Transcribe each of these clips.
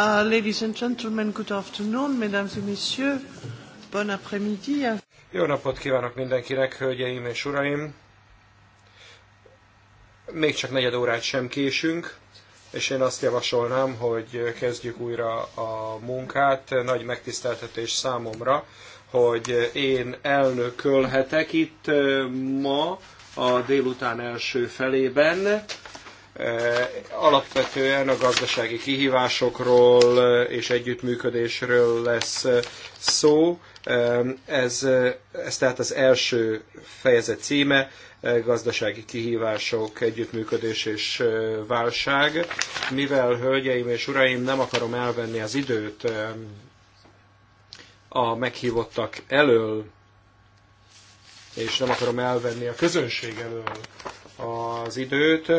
Uh, ladies and gentlemen, good afternoon, mesdames et messieurs, bon après-midi. Jó napot kívánok mindenkinek, hölgyeim és uraim! Még csak negyed órát sem késünk, és én azt javasolnám, hogy kezdjük újra a munkát. Nagy megtiszteltetés számomra, hogy én elnökölhetek itt eh, ma a délután első felében Eh, alapvetően a gazdasági kihívásokról eh, és együttműködésről lesz eh, szó. Ez, ez tehát az első fejezet címe, gazdasági kihívások, együttműködés és válság. Mivel, hölgyeim és uraim, nem akarom elvenni az időt a meghívottak elől, és nem akarom elvenni a közönség elől az időt,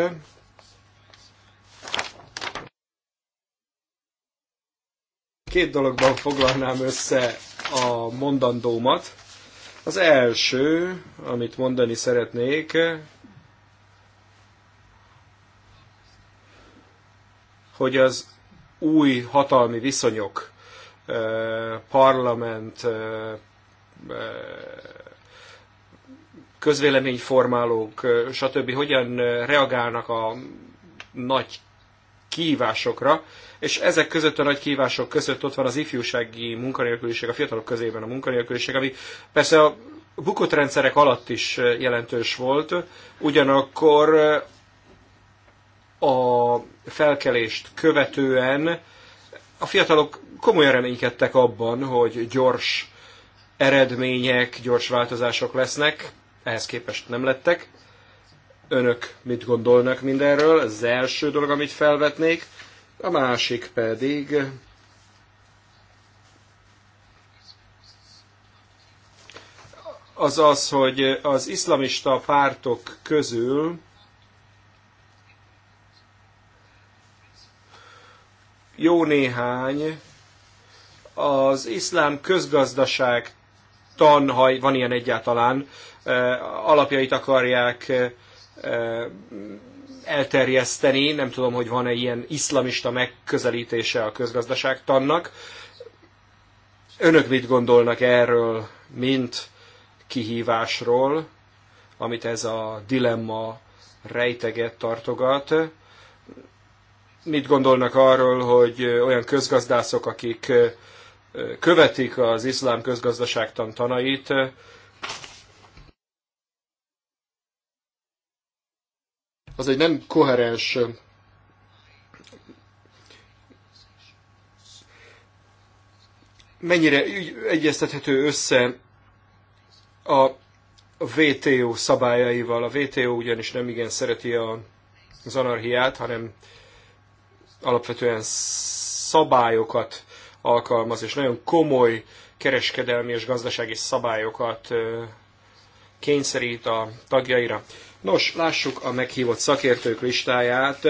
Két dologban foglalnám össze a mondandómat. Az első, amit mondani szeretnék, hogy az új hatalmi viszonyok, parlament, közvéleményformálók, stb. hogyan reagálnak a nagy kihívásokra, és ezek között a nagy kihívások között ott van az ifjúsági munkanélküliség, a fiatalok közében a munkanélküliség, ami persze a bukott rendszerek alatt is jelentős volt, ugyanakkor a felkelést követően a fiatalok komolyan reménykedtek abban, hogy gyors eredmények, gyors változások lesznek, ehhez képest nem lettek önök mit gondolnak mindenről, ez az első dolog, amit felvetnék, a másik pedig az az, hogy az iszlamista pártok közül jó néhány az iszlám közgazdaság tanhaj, van ilyen egyáltalán, eh, alapjait akarják eh, elterjeszteni, nem tudom, hogy van-e ilyen iszlamista megközelítése a közgazdaságtannak. Önök mit gondolnak erről, mint kihívásról, amit ez a dilemma rejteget tartogat? Mit gondolnak arról, hogy olyan közgazdászok, akik követik az iszlám közgazdaságtan tanait, az egy nem koherens mennyire egyeztethető össze a VTO szabályaival. A VTO ugyanis nem igen szereti a, az anarhiát, hanem alapvetően szabályokat alkalmaz, és nagyon komoly kereskedelmi és gazdasági szabályokat kényszerít a tagjaira. Nos, lássuk a meghívott szakértők listáját.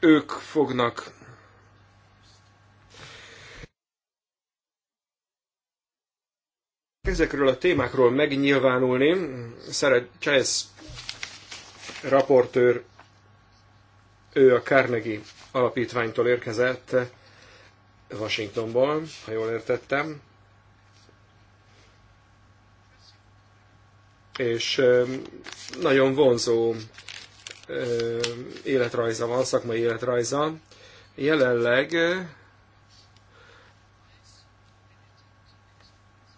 Ők fognak ezekről a témákról megnyilvánulni. Szeret Csajsz raportőr, ő a Carnegie alapítványtól érkezett Washingtonból, ha jól értettem. és nagyon vonzó életrajza van, szakmai életrajza. Jelenleg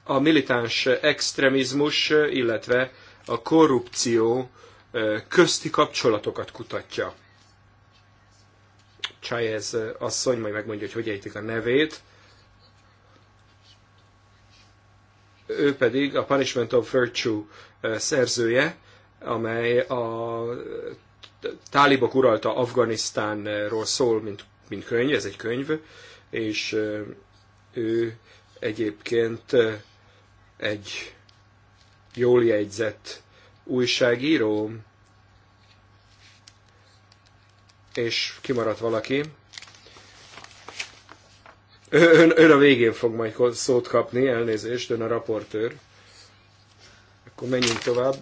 a militáns extremizmus, illetve a korrupció közti kapcsolatokat kutatja. Csájez asszony majd megmondja, hogy hogy ejtik a nevét. Ő pedig a Punishment of Virtue szerzője, amely a tálibok uralta Afganisztánról szól, mint, mint könyv, ez egy könyv, és ő egyébként egy jól jegyzett újságíró, és kimaradt valaki. Ön, ön a végén fog majd szót kapni, elnézést, ön a raportőr. Akkor menjünk tovább.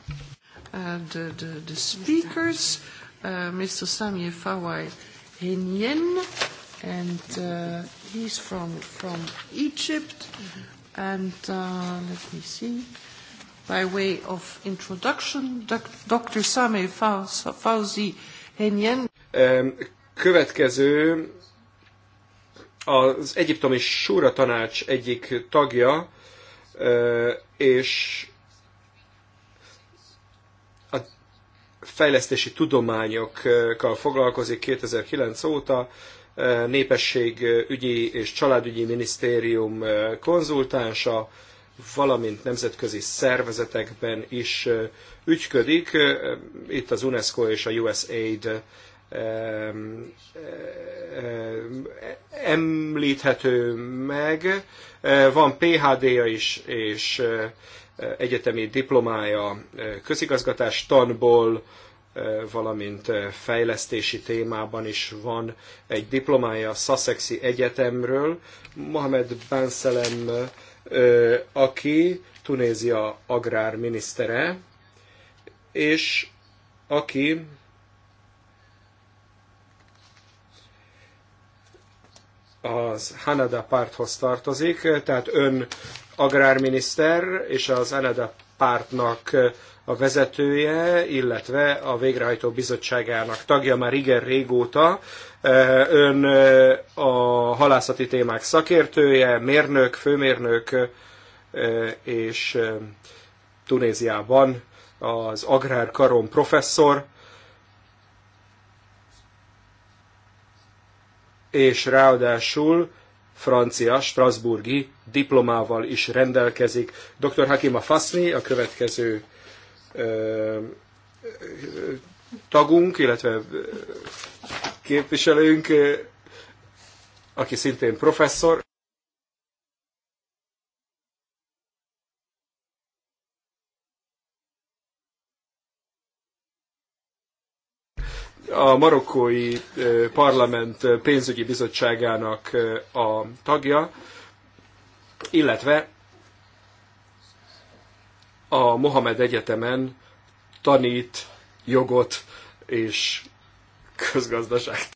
Uh, the, the, the speakers, uh, Mr. Samir Fawai Henyen, and uh, he's from, from Egypt. And uh, let me see. By way of introduction, Dr. Sami Fauzi Henyen. Um, következő az egyiptomi Súra tanács egyik tagja, uh, és fejlesztési tudományokkal foglalkozik 2009 óta, e, népességügyi e, és családügyi minisztérium e, konzultánsa, valamint nemzetközi szervezetekben is ügyködik. Itt az UNESCO és a USAID említhető meg. Van PHD-ja is, és egyetemi diplomája e, közigazgatás tanból, e, valamint e, fejlesztési témában is van egy diplomája a Sussexi Egyetemről, Mohamed Banselem, aki Tunézia agrárminisztere, és aki az Hanada párthoz tartozik, tehát ön agrárminiszter és az Eneda pártnak a vezetője, illetve a végrehajtó bizottságának tagja már igen régóta. Ön a halászati témák szakértője, mérnök, főmérnök, és Tunéziában az agrárkaron professzor, és ráadásul francia, strasburgi diplomával is rendelkezik. Dr. Hakima Faszni a következő ö, tagunk, illetve képviselőnk, aki szintén professzor. a marokkói parlament pénzügyi bizottságának a tagja, illetve a Mohamed Egyetemen tanít jogot és közgazdaságot.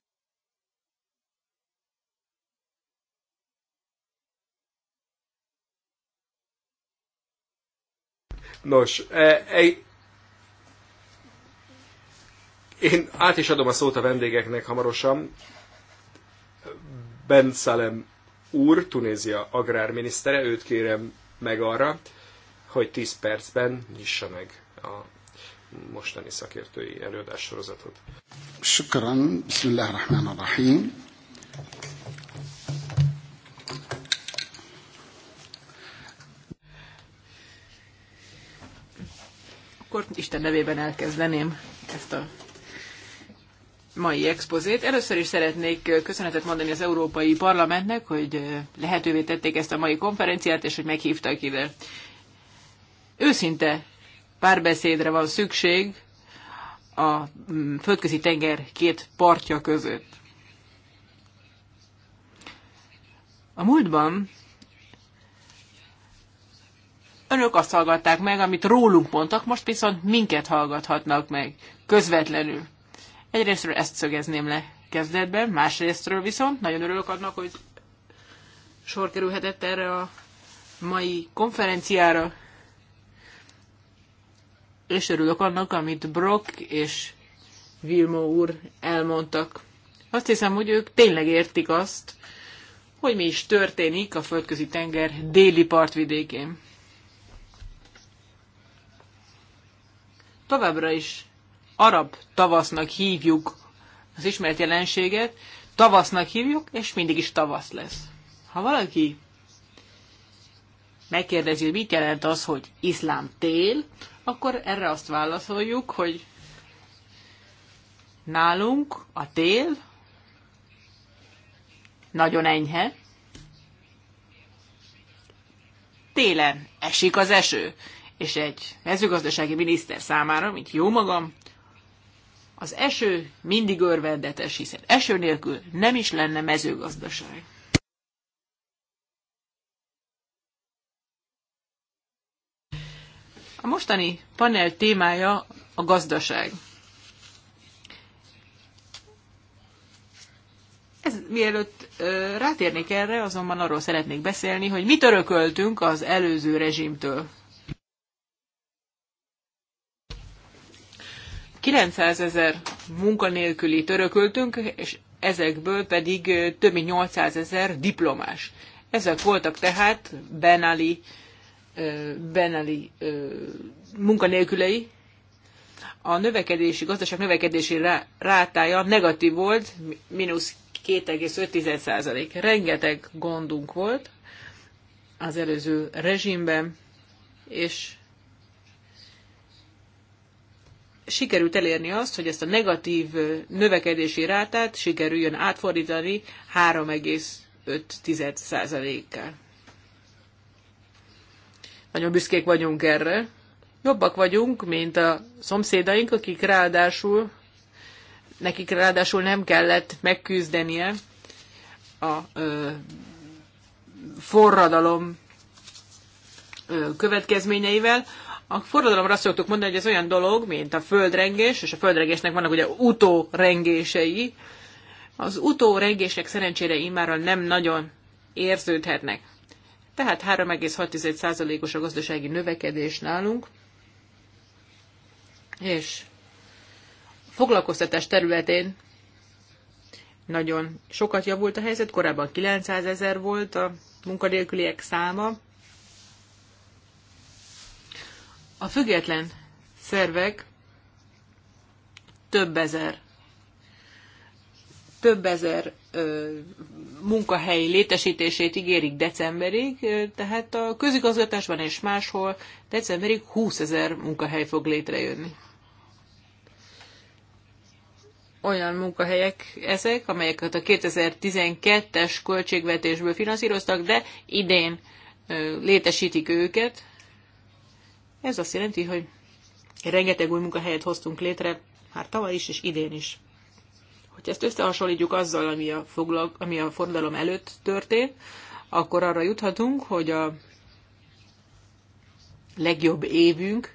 Nos, e, e, én át is adom a szót a vendégeknek hamarosan. Ben Salem úr, Tunézia agrárminisztere, őt kérem meg arra, hogy 10 percben nyissa meg a mostani szakértői előadás sorozatot. Sukran, bismillahirrahmanirrahim. Akkor Isten nevében elkezdeném ezt a mai expozét. Először is szeretnék köszönetet mondani az Európai Parlamentnek, hogy lehetővé tették ezt a mai konferenciát, és hogy meghívtak ide. Őszinte párbeszédre van szükség a mm, földközi tenger két partja között. A múltban önök azt hallgatták meg, amit rólunk mondtak, most viszont minket hallgathatnak meg közvetlenül. Egyrésztről ezt szögezném le kezdetben, másrésztről viszont nagyon örülök annak, hogy sor kerülhetett erre a mai konferenciára, és örülök annak, amit Brock és Vilmo úr elmondtak. Azt hiszem, hogy ők tényleg értik azt, hogy mi is történik a földközi tenger déli partvidékén. Továbbra is arab tavasznak hívjuk az ismert jelenséget, tavasznak hívjuk, és mindig is tavasz lesz. Ha valaki megkérdezi, hogy mit jelent az, hogy iszlám tél, akkor erre azt válaszoljuk, hogy nálunk a tél nagyon enyhe, télen esik az eső, és egy mezőgazdasági miniszter számára, mint jó magam, az eső mindig örvendetes, hiszen eső nélkül nem is lenne mezőgazdaság. A mostani panel témája a gazdaság. Ez, mielőtt ö, rátérnék erre, azonban arról szeretnék beszélni, hogy mit örököltünk az előző rezsimtől. 900 ezer munkanélküli törököltünk, és ezekből pedig több mint 800 ezer diplomás. Ezek voltak tehát Benali, Benali munkanélkülei. A növekedési, gazdaság növekedési rátája negatív volt, mínusz 2,5%. Rengeteg gondunk volt az előző rezsimben, és sikerült elérni azt, hogy ezt a negatív növekedési rátát sikerüljön átfordítani 3,5%-kal. Nagyon büszkék vagyunk erre. Jobbak vagyunk, mint a szomszédaink, akik ráadásul, nekik ráadásul nem kellett megküzdenie a ö, forradalom ö, következményeivel, a forradalomra azt szoktuk mondani, hogy ez olyan dolog, mint a földrengés, és a földrengésnek vannak ugye utórengései. Az utórengések szerencsére immára nem nagyon érződhetnek. Tehát 3,6%-os a gazdasági növekedés nálunk, és a foglalkoztatás területén nagyon sokat javult a helyzet, korábban 900 ezer volt a munkanélküliek száma, A független szervek több ezer több ezer ö, munkahely létesítését ígérik decemberig, tehát a közigazgatásban és máshol decemberig 20 ezer munkahely fog létrejönni. Olyan munkahelyek ezek, amelyeket a 2012-es költségvetésből finanszíroztak, de idén ö, létesítik őket, ez azt jelenti, hogy rengeteg új munkahelyet hoztunk létre, már tavaly is és idén is. Hogyha ezt összehasonlítjuk azzal, ami a, foglalk, ami a forradalom előtt történt, akkor arra juthatunk, hogy a legjobb évünk,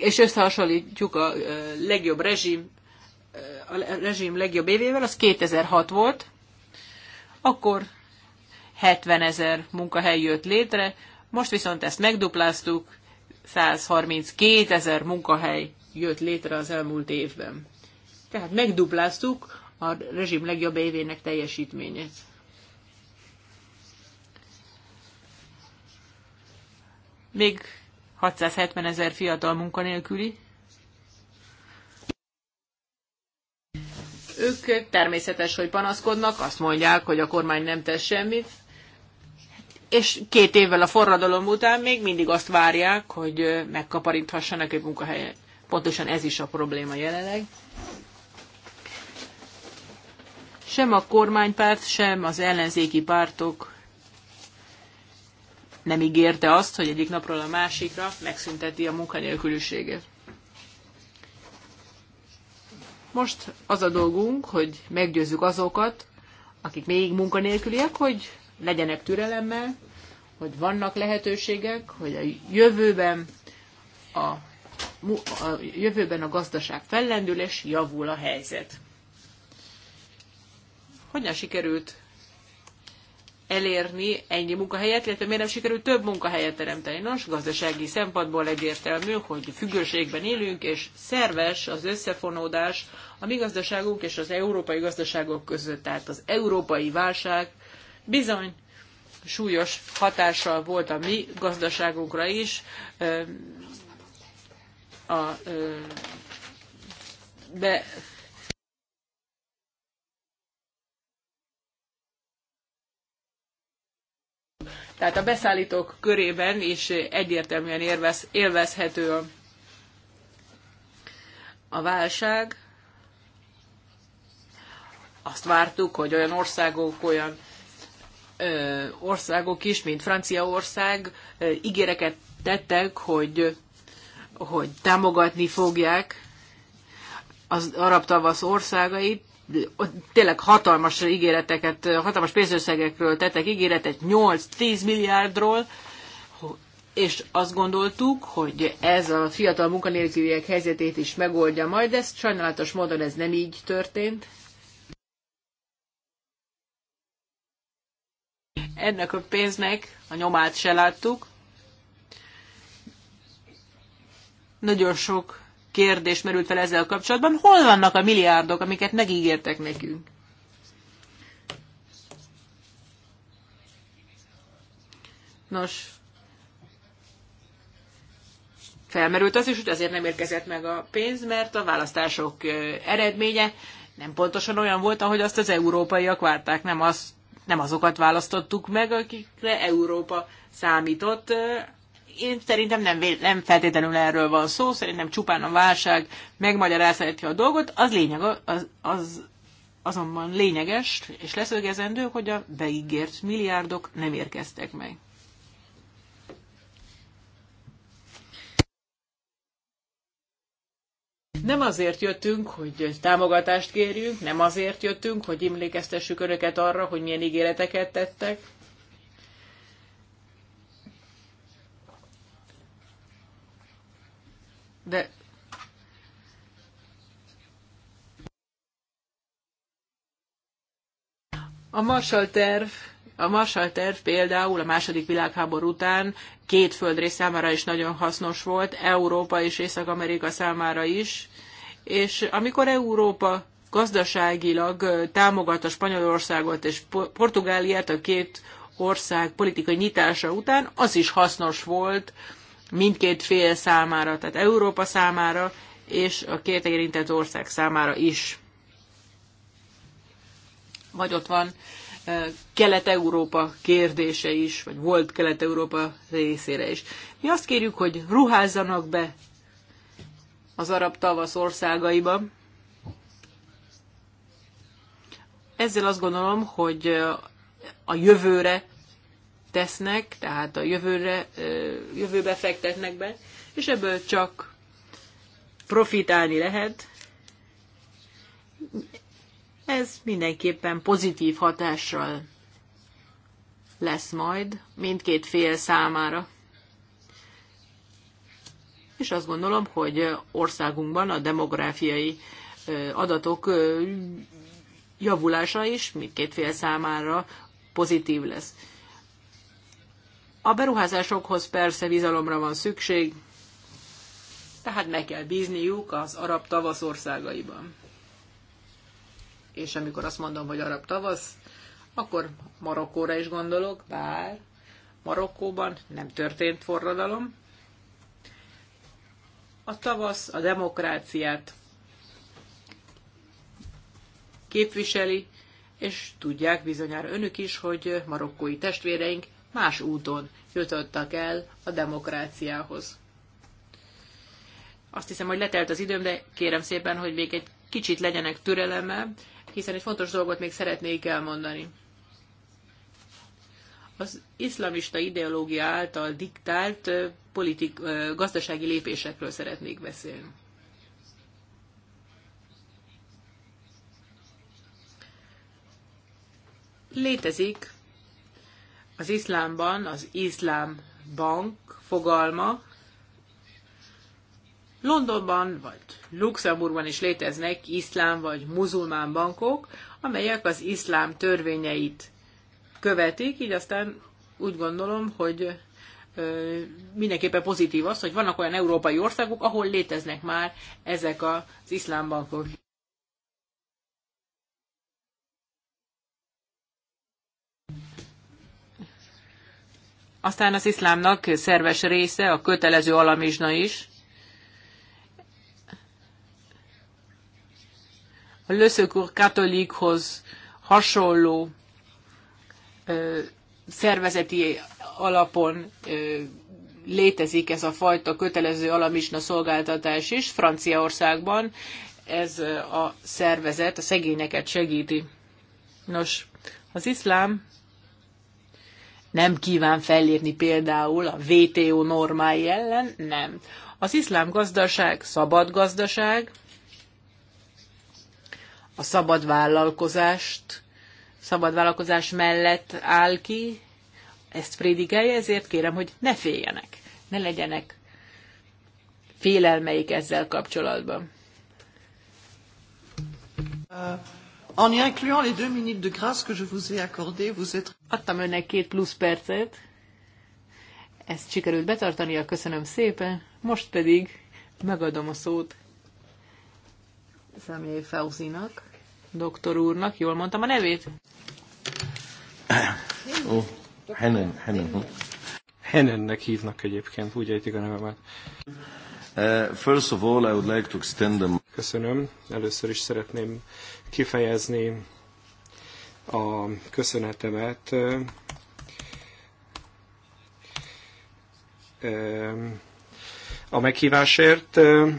és összehasonlítjuk a legjobb rezsim, a rezsim legjobb évével, az 2006 volt, akkor 70 ezer munkahely jött létre, most viszont ezt megdupláztuk, 132 ezer munkahely jött létre az elmúlt évben. Tehát megdupláztuk a rezsim legjobb évének teljesítményét. Még 670 ezer fiatal munkanélküli. Ők természetes, hogy panaszkodnak, azt mondják, hogy a kormány nem tesz semmit, és két évvel a forradalom után még mindig azt várják, hogy megkaparinthassanak egy munkahelyet. Pontosan ez is a probléma jelenleg. Sem a kormánypárt, sem az ellenzéki pártok nem ígérte azt, hogy egyik napról a másikra megszünteti a munkanélküliséget. Most az a dolgunk, hogy meggyőzzük azokat, akik még munkanélküliek, hogy legyenek türelemmel, hogy vannak lehetőségek, hogy a jövőben a, a jövőben a gazdaság fellendül és javul a helyzet. Hogyan sikerült elérni ennyi munkahelyet, illetve miért nem sikerült több munkahelyet teremteni. Nos, gazdasági szempontból egyértelmű, hogy függőségben élünk, és szerves az összefonódás a mi gazdaságunk és az európai gazdaságok között. Tehát az európai válság bizony súlyos hatással volt a mi gazdaságunkra is, a be Tehát a beszállítók körében is egyértelműen élvez, élvezhető a, a válság. Azt vártuk, hogy olyan országok, olyan országok is, mint Franciaország ígéreket tettek, hogy, hogy támogatni fogják az arab tavasz országait, tényleg hatalmas ígéreteket, hatalmas pénzösszegekről tettek ígéretet, 8-10 milliárdról, és azt gondoltuk, hogy ez a fiatal munkanélküliek helyzetét is megoldja majd, de sajnálatos módon ez nem így történt. ennek a pénznek a nyomát se láttuk. Nagyon sok kérdés merült fel ezzel kapcsolatban. Hol vannak a milliárdok, amiket megígértek nekünk? Nos, felmerült az is, hogy azért nem érkezett meg a pénz, mert a választások eredménye nem pontosan olyan volt, ahogy azt az európaiak várták, nem azt nem azokat választottuk meg, akikre Európa számított. Én szerintem nem, nem feltétlenül erről van szó, szerintem csupán a válság megmagyarázhatja a dolgot. Az lényeg, az, az azonban lényeges és leszögezendő, hogy a beígért milliárdok nem érkeztek meg. Nem azért jöttünk, hogy támogatást kérjünk, nem azért jöttünk, hogy emlékeztessük önöket arra, hogy milyen ígéreteket tettek. De a Marshall terv a Marshall terv például a második világháború után két földrész számára is nagyon hasznos volt, Európa és Észak-Amerika számára is, és amikor Európa gazdaságilag támogatta Spanyolországot és Portugáliát a két ország politikai nyitása után, az is hasznos volt mindkét fél számára, tehát Európa számára és a két érintett ország számára is. Vagy ott van Kelet-Európa kérdése is, vagy volt Kelet-Európa részére is. Mi azt kérjük, hogy ruházzanak be az arab tavasz országaiba. Ezzel azt gondolom, hogy eh, a jövőre tesznek, tehát a jövőre, eh, jövőbe fektetnek be, és ebből csak profitálni lehet. Ez mindenképpen pozitív hatással lesz majd mindkét fél számára. És azt gondolom, hogy országunkban a demográfiai adatok javulása is mindkét fél számára pozitív lesz. A beruházásokhoz persze bizalomra van szükség, tehát meg kell bízniuk az arab tavasz országaiban és amikor azt mondom, hogy arab tavasz, akkor Marokkóra is gondolok, bár Marokkóban nem történt forradalom. A tavasz a demokráciát képviseli, és tudják bizonyára önök is, hogy marokkói testvéreink más úton jutottak el a demokráciához. Azt hiszem, hogy letelt az időm, de kérem szépen, hogy még egy kicsit legyenek türelemmel hiszen egy fontos dolgot még szeretnék elmondani. Az iszlamista ideológia által diktált politik, gazdasági lépésekről szeretnék beszélni. Létezik az iszlámban az iszlám bank fogalma, Londonban vagy Luxemburgban is léteznek iszlám vagy muzulmán bankok, amelyek az iszlám törvényeit követik, így aztán úgy gondolom, hogy ö, mindenképpen pozitív az, hogy vannak olyan európai országok, ahol léteznek már ezek az iszlám bankok. Aztán az iszlámnak szerves része a kötelező alamizsna is, a löszökur katolikhoz hasonló ö, szervezeti alapon ö, létezik ez a fajta kötelező alamisna szolgáltatás is. Franciaországban ez a szervezet a szegényeket segíti. Nos, az iszlám nem kíván fellérni például a WTO normái ellen, nem. Az iszlám gazdaság szabad gazdaság, a szabad vállalkozást, szabad vállalkozás mellett áll ki, ezt prédikálja, ezért kérem, hogy ne féljenek, ne legyenek félelmeik ezzel kapcsolatban. Euh, en y incluant les deux minutes de grâce que je vous ai accordées, vous êtes... Adtam önnek két plusz percet. Ezt sikerült betartania, köszönöm szépen. Most pedig megadom a szót Személy Fauzinak doktor úrnak. Jól mondtam a nevét? Ó, oh, Henen, Henen. Henennek hívnak egyébként, úgy ejtik a nevemet. Uh, first of all, I would like to extend them. Köszönöm. Először is szeretném kifejezni a köszönetemet uh, um, a meghívásért. Uh,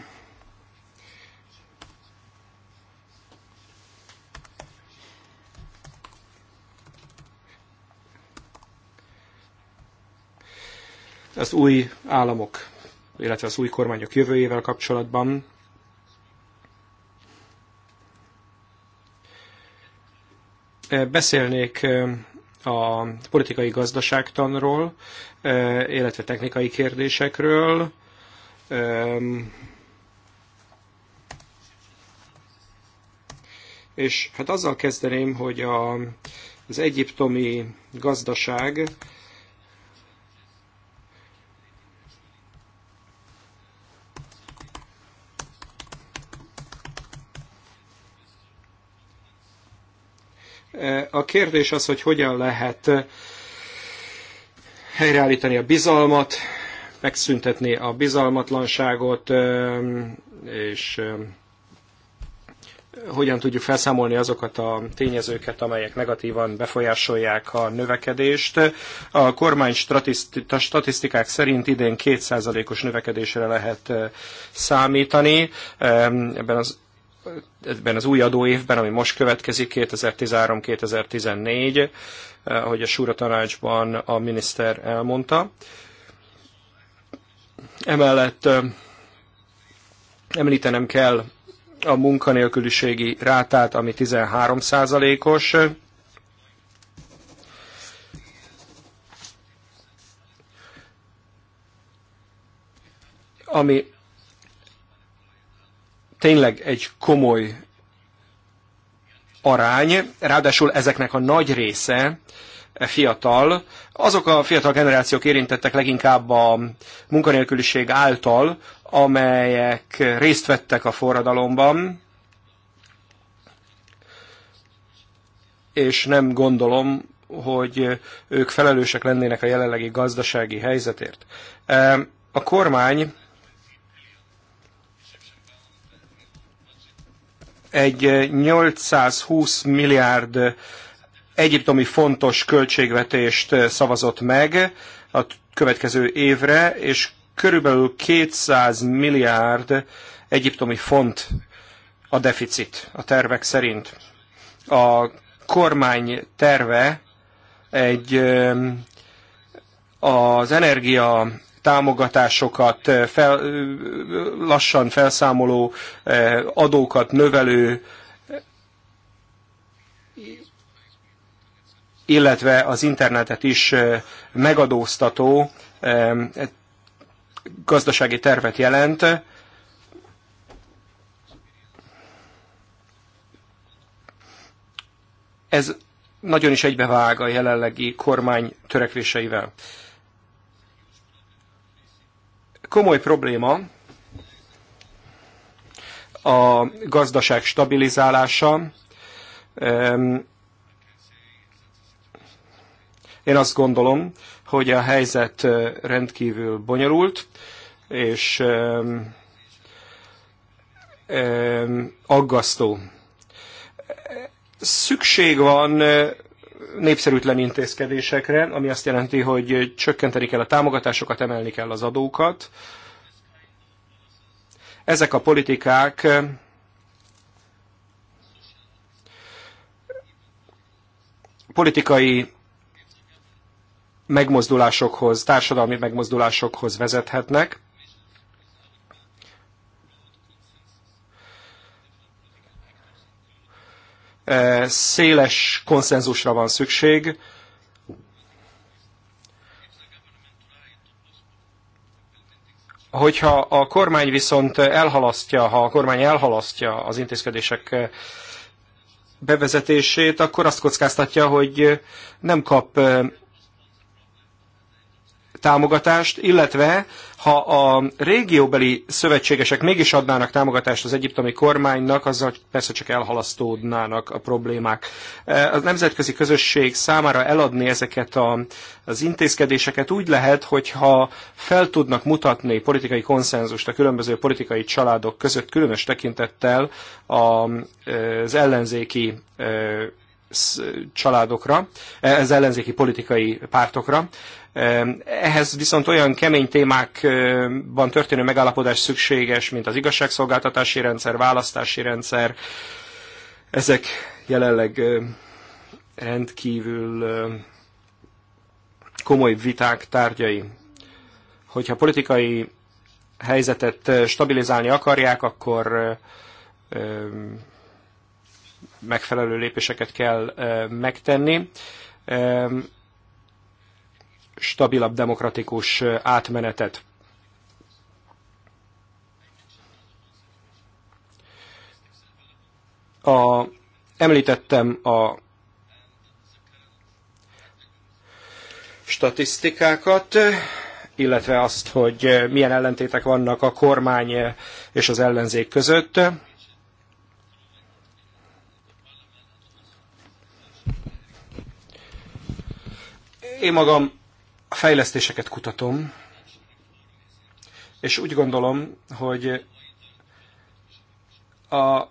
az új államok, illetve az új kormányok jövőjével kapcsolatban. Beszélnék eh, a politikai gazdaságtanról, eh, illetve technikai kérdésekről, és hát azzal kezdeném, hogy a, az egyiptomi gazdaság A kérdés az, hogy hogyan lehet helyreállítani a bizalmat, megszüntetni a bizalmatlanságot, és hogyan tudjuk felszámolni azokat a tényezőket, amelyek negatívan befolyásolják a növekedést. A kormány statisztikák szerint idén 2%-os növekedésre lehet számítani. Ebben az ebben az új adóévben, ami most következik, 2013-2014, eh, ahogy a Súra tanácsban a miniszter elmondta. Emellett eh, említenem kell a munkanélküliségi rátát, ami 13 os Ami tényleg egy komoly arány, ráadásul ezeknek a nagy része e, fiatal. Azok a fiatal generációk érintettek leginkább a munkanélküliség által, amelyek részt vettek a forradalomban, és nem gondolom, hogy ők felelősek lennének a jelenlegi gazdasági helyzetért. E, a kormány egy 820 eh, milliárd eh, egyiptomi fontos költségvetést eh, szavazott meg a következő évre, és körülbelül 200 milliárd egyiptomi font a deficit a tervek szerint. A kormány terve egy az energia támogatásokat, eh, fel, eh, lassan felszámoló eh, adókat növelő, illetve az internetet is megadóztató gazdasági tervet jelent. Ez nagyon is egybevág a jelenlegi kormány törekvéseivel komoly probléma a gazdaság stabilizálása. Én azt gondolom, hogy a helyzet rendkívül bonyolult, és aggasztó. Szükség van népszerűtlen intézkedésekre, ami azt jelenti, hogy csökkenteni kell a támogatásokat, emelni kell az adókat. Ezek a politikák politikai megmozdulásokhoz, társadalmi megmozdulásokhoz vezethetnek. Széles konszenzusra van szükség. Hogyha a kormány viszont elhalasztja, ha a kormány elhalasztja az intézkedések bevezetését, akkor azt kockáztatja, hogy nem kap támogatást, illetve ha a régióbeli szövetségesek mégis adnának támogatást az egyiptomi kormánynak, azzal persze csak elhalasztódnának a problémák. E, a nemzetközi közösség számára eladni ezeket a, az intézkedéseket úgy lehet, hogyha fel tudnak mutatni politikai konszenzust a különböző politikai családok között, különös tekintettel e, az ellenzéki e, családokra, az e, ellenzéki politikai pártokra. E, ehhez viszont olyan kemény témákban történő megállapodás szükséges, mint az igazságszolgáltatási rendszer, választási rendszer. Ezek jelenleg e, rendkívül komoly viták tárgyai. Hogyha politikai helyzetet stabilizálni akarják, akkor megfelelő lépéseket kell megtenni. Stabilabb demokratikus átmenetet. A, említettem a statisztikákat, illetve azt, hogy milyen ellentétek vannak a kormány és az ellenzék között. Én magam a fejlesztéseket kutatom, és úgy gondolom, hogy a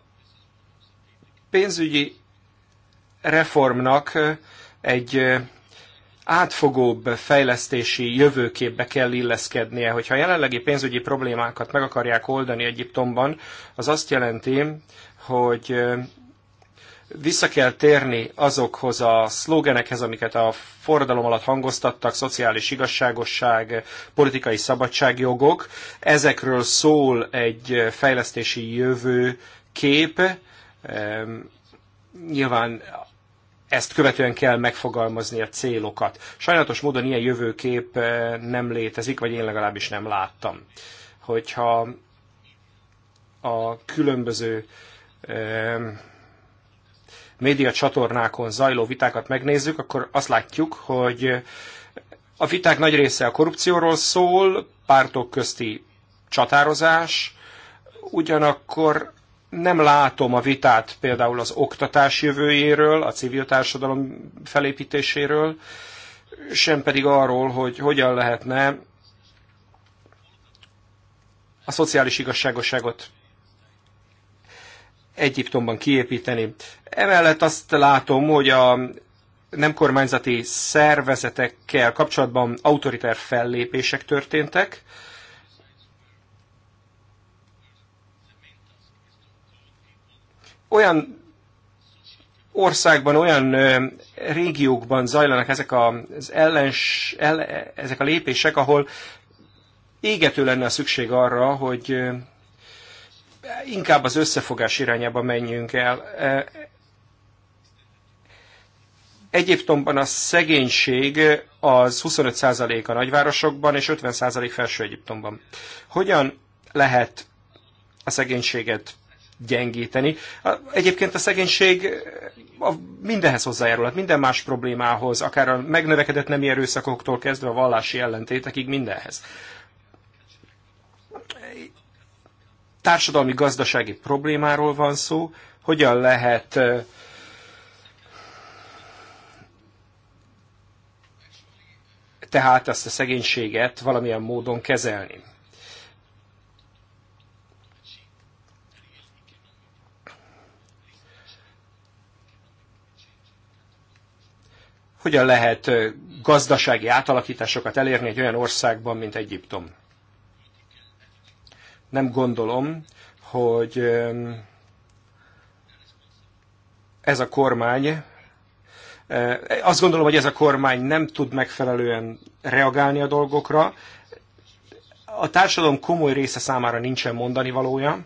pénzügyi reformnak egy átfogóbb fejlesztési jövőképbe kell illeszkednie. Hogyha a jelenlegi pénzügyi problémákat meg akarják oldani Egyiptomban, az azt jelenti, hogy vissza kell térni azokhoz a szlógenekhez, amiket a forradalom alatt hangoztattak, szociális igazságosság, politikai szabadságjogok. Ezekről szól egy fejlesztési jövő kép. Ehm, nyilván ezt követően kell megfogalmazni a célokat. Sajnálatos módon ilyen jövőkép eh, nem létezik, vagy én legalábbis nem láttam. Hogyha a különböző ehm, média csatornákon zajló vitákat megnézzük, akkor azt látjuk, hogy a viták nagy része a korrupcióról szól, pártok közti csatározás, ugyanakkor nem látom a vitát például az oktatás jövőjéről, a civil társadalom felépítéséről, sem pedig arról, hogy hogyan lehetne a szociális igazságosságot Egyiptomban kiépíteni. Emellett azt látom, hogy a nem kormányzati szervezetekkel kapcsolatban autoritár fellépések történtek. Olyan országban, olyan régiókban zajlanak ezek a, az ellens, ezek a lépések, ahol égető lenne a szükség arra, hogy inkább az összefogás irányába menjünk el. E, Egyiptomban a szegénység az 25% a nagyvárosokban, és 50% felső Egyiptomban. Hogyan lehet a szegénységet gyengíteni. Egyébként a szegénység a mindenhez hozzájárulhat, minden más problémához, akár a megnövekedett nemi erőszakoktól kezdve a vallási ellentétekig mindenhez. társadalmi-gazdasági problémáról van szó, hogyan lehet tehát ezt a szegénységet valamilyen módon kezelni. Hogyan lehet gazdasági átalakításokat elérni egy olyan országban, mint Egyiptom? nem gondolom, hogy ez a kormány, azt gondolom, hogy ez a kormány nem tud megfelelően reagálni a dolgokra. A társadalom komoly része számára nincsen mondani valója.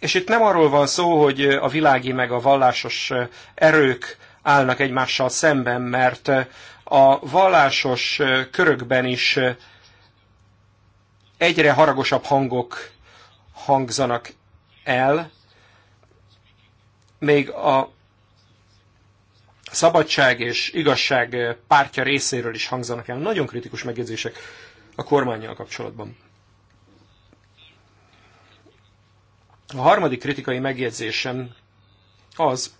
És itt nem arról van szó, hogy a világi meg a vallásos eh, erők állnak egymással szemben, mert eh, a vallásos eh, körökben is egyre haragosabb hangok hangzanak el, még a szabadság és igazság pártja részéről is hangzanak el nagyon kritikus megjegyzések a kormányjal kapcsolatban. A harmadik kritikai megjegyzésem az,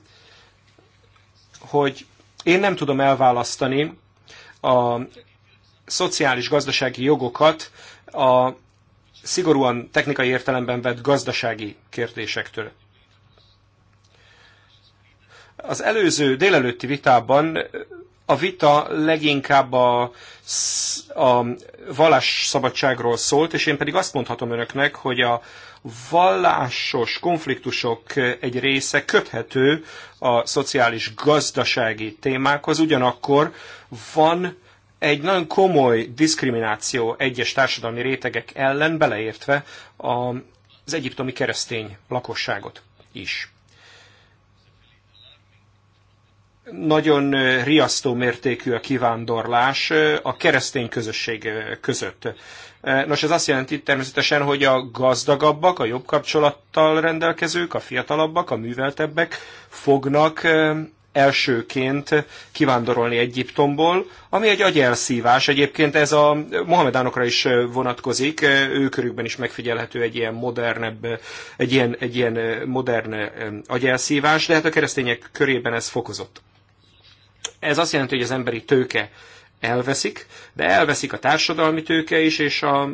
hogy én nem tudom elválasztani a szociális-gazdasági jogokat a szigorúan technikai értelemben vett gazdasági kérdésektől. Az előző délelőtti vitában a vita leginkább a, a vallásszabadságról szólt, és én pedig azt mondhatom önöknek, hogy a vallásos konfliktusok egy része köthető a szociális-gazdasági témákhoz, ugyanakkor van egy nagyon komoly diszkrimináció egyes társadalmi rétegek ellen, beleértve az egyiptomi keresztény lakosságot is. Nagyon riasztó mértékű a kivándorlás a keresztény közösség között. Nos, ez azt jelenti természetesen, hogy a gazdagabbak, a jobb kapcsolattal rendelkezők, a fiatalabbak, a műveltebbek fognak elsőként kivándorolni Egyiptomból, ami egy agyelszívás. Egyébként ez a Mohamedánokra is vonatkozik, ő körükben is megfigyelhető egy ilyen modernebb, egy ilyen, egy ilyen modern agyelszívás, de hát a keresztények körében ez fokozott. Ez azt jelenti, hogy az emberi tőke elveszik, de elveszik a társadalmi tőke is, és a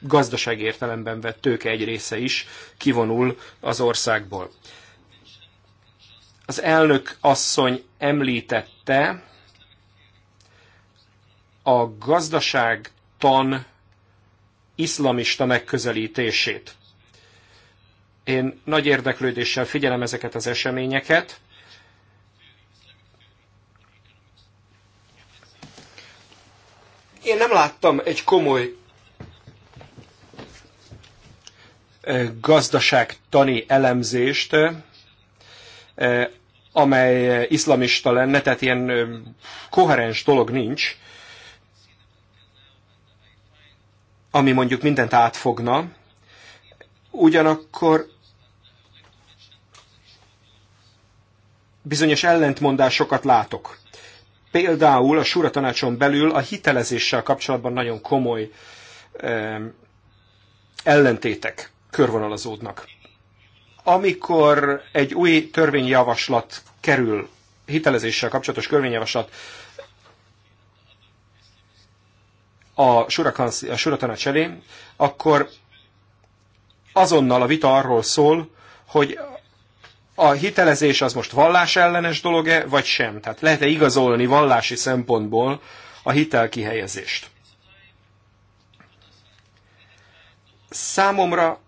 gazdaság értelemben vett tőke egy része is kivonul az országból. Az elnök asszony említette a gazdaságtan iszlamista megközelítését. Én nagy érdeklődéssel figyelem ezeket az eseményeket. Én nem láttam egy komoly eh, gazdaságtani elemzést amely iszlamista lenne, tehát ilyen koherens dolog nincs, ami mondjuk mindent átfogna. Ugyanakkor bizonyos ellentmondásokat látok. Például a Súra tanácson belül a hitelezéssel kapcsolatban nagyon komoly ellentétek körvonalazódnak. Amikor egy új törvényjavaslat kerül, hitelezéssel kapcsolatos törvényjavaslat a suratanács sura elé, akkor azonnal a vita arról szól, hogy a hitelezés az most vallásellenes dolog-e, vagy sem? Tehát lehet-e igazolni vallási szempontból a kihelyezést? Számomra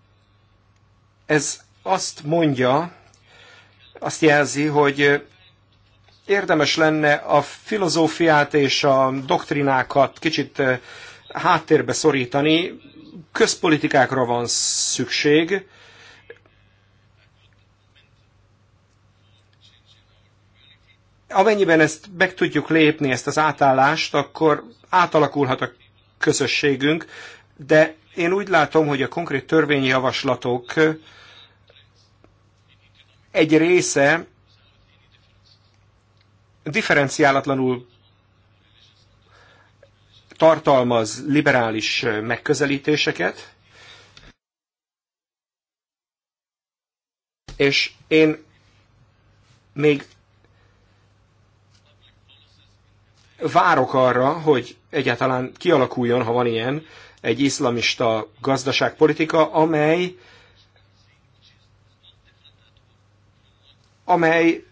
ez azt mondja, azt jelzi, hogy érdemes lenne a filozófiát és a doktrinákat kicsit eh, háttérbe szorítani, közpolitikákra van szükség, amennyiben ezt meg tudjuk lépni, ezt az átállást, akkor átalakulhat a közösségünk, de én úgy látom, hogy a konkrét törvényjavaslatok egy része differenciálatlanul tartalmaz liberális megközelítéseket, és én még várok arra, hogy egyáltalán kialakuljon, ha van ilyen, egy iszlamista gazdaságpolitika, amely amely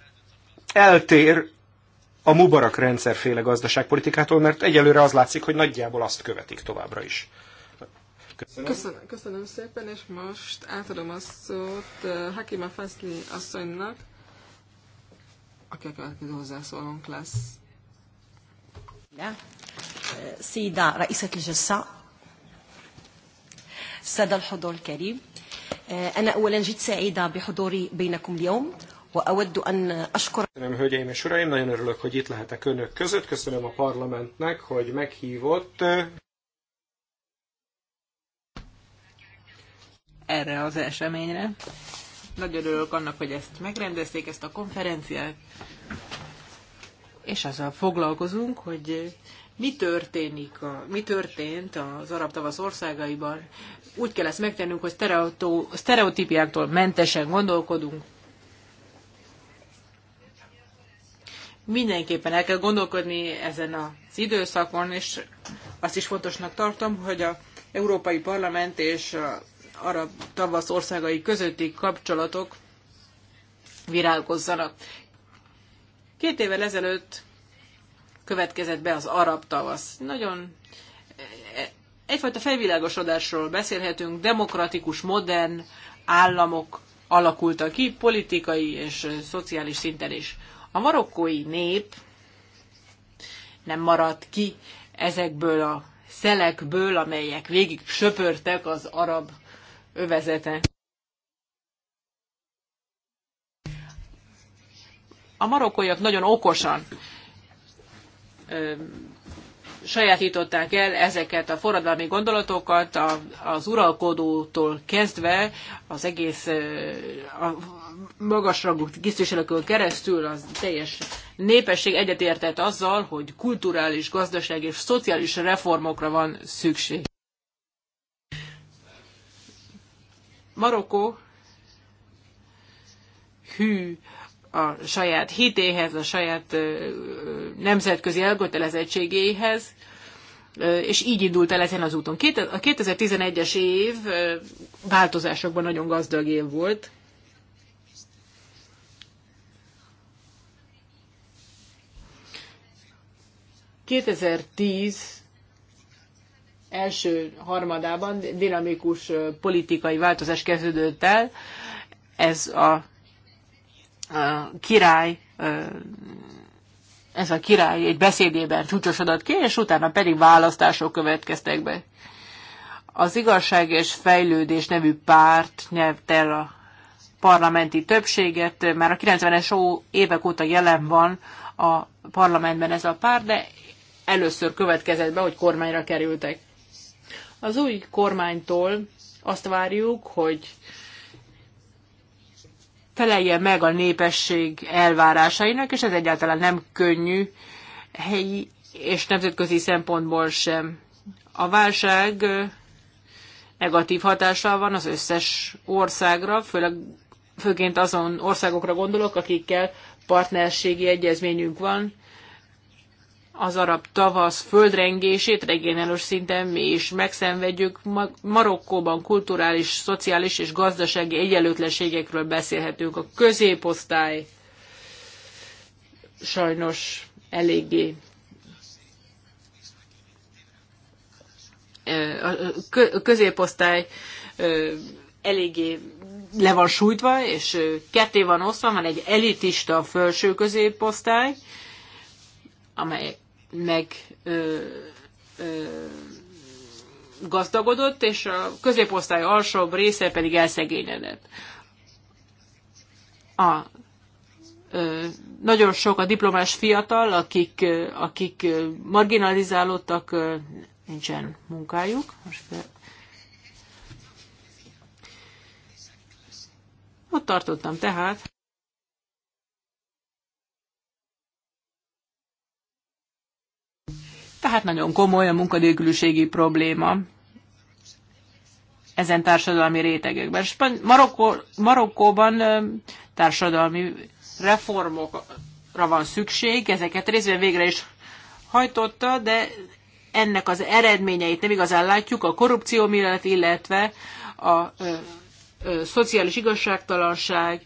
eltér a Mubarak rendszerféle gazdaságpolitikától, mert egyelőre az látszik, hogy nagyjából azt követik továbbra is. Köszönöm. Köszönöm, köszönöm szépen, és most átadom a szót Hakima Feszli asszonynak, aki a következő hozzászólónk lesz. Szída, رئيسة الجلسة szedal Hodol Keri. Én eh, أولا جد szída bihodori bénekum liom. وأود أن أشكر Köszönöm, hölgyeim és uraim, nagyon örülök, hogy itt lehetek önök között. Köszönöm a parlamentnek, hogy meghívott. Erre az eseményre. Nagyon örülök annak, hogy ezt megrendezték, ezt a konferenciát. És azzal foglalkozunk, hogy mi történik, a, mi történt az arab tavasz országaiban. Úgy kell ezt megtennünk, hogy sztereotípiáktól mentesen gondolkodunk, mindenképpen el kell gondolkodni ezen az időszakon, és azt is fontosnak tartom, hogy a Európai Parlament és a arab tavasz országai közötti kapcsolatok virágozzanak. Két évvel ezelőtt következett be az arab tavasz. Nagyon e, egyfajta felvilágosodásról beszélhetünk, demokratikus, modern államok alakultak ki, politikai és szociális szinten is. A marokkói nép nem maradt ki ezekből a szelekből, amelyek végig söpörtek az arab övezete. A marokkóiak nagyon okosan ö, sajátították el ezeket a forradalmi gondolatokat, a, az uralkodótól kezdve az egész, a, magasrangú tisztviselőkön keresztül az teljes népesség egyetértett azzal, hogy kulturális, gazdaság és szociális reformokra van szükség. Marokkó hű a saját hitéhez, a saját nemzetközi elkötelezettségéhez, és így indult el ezen az úton. A 2011-es év változásokban nagyon gazdag év volt. 2010 első harmadában dinamikus politikai változás kezdődött el. Ez a, a király ez a király egy beszédében csúcsosodott ki, és utána pedig választások következtek be. Az Igazság és Fejlődés nevű párt nyert el a parlamenti többséget, már a 90-es évek óta jelen van a parlamentben ez a párt, de először következett be, hogy kormányra kerültek. Az új kormánytól azt várjuk, hogy felelje meg a népesség elvárásainak, és ez egyáltalán nem könnyű helyi és nemzetközi szempontból sem. A válság negatív hatással van az összes országra, főleg, főként azon országokra gondolok, akikkel partnerségi egyezményünk van, az arab tavasz földrengését regionális szinten mi is megszenvedjük. Marokkóban kulturális, szociális és gazdasági egyenlőtlenségekről beszélhetünk. A középosztály sajnos eléggé a középosztály eléggé le van sújtva, és ketté van osztva, van egy elitista felső középosztály, amely meg ö, ö, gazdagodott, és a középosztály alsóbb része pedig elszegényedett. A, ö, nagyon sok a diplomás fiatal, akik, ö, akik marginalizálódtak, ö, nincsen munkájuk. Most Ott tartottam tehát. Tehát nagyon komoly a munkanélküliségi probléma ezen társadalmi rétegekben. Span- Marokko Marokkóban társadalmi reformokra van szükség, ezeket részben végre is hajtotta, de ennek az eredményeit nem igazán látjuk, a korrupció miatt, illetve a ö, ö, szociális igazságtalanság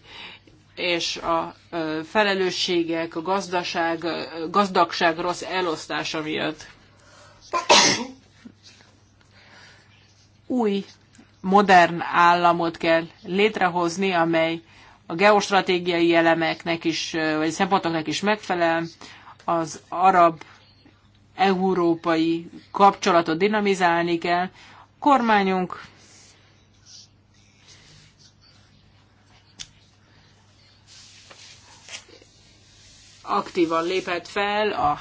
és a felelősségek, a gazdaság, gazdagság rossz elosztása miatt. Új, modern államot kell létrehozni, amely a geostratégiai elemeknek is, vagy szempontoknak is megfelel, az arab európai kapcsolatot dinamizálni kell. A kormányunk aktívan lépett fel a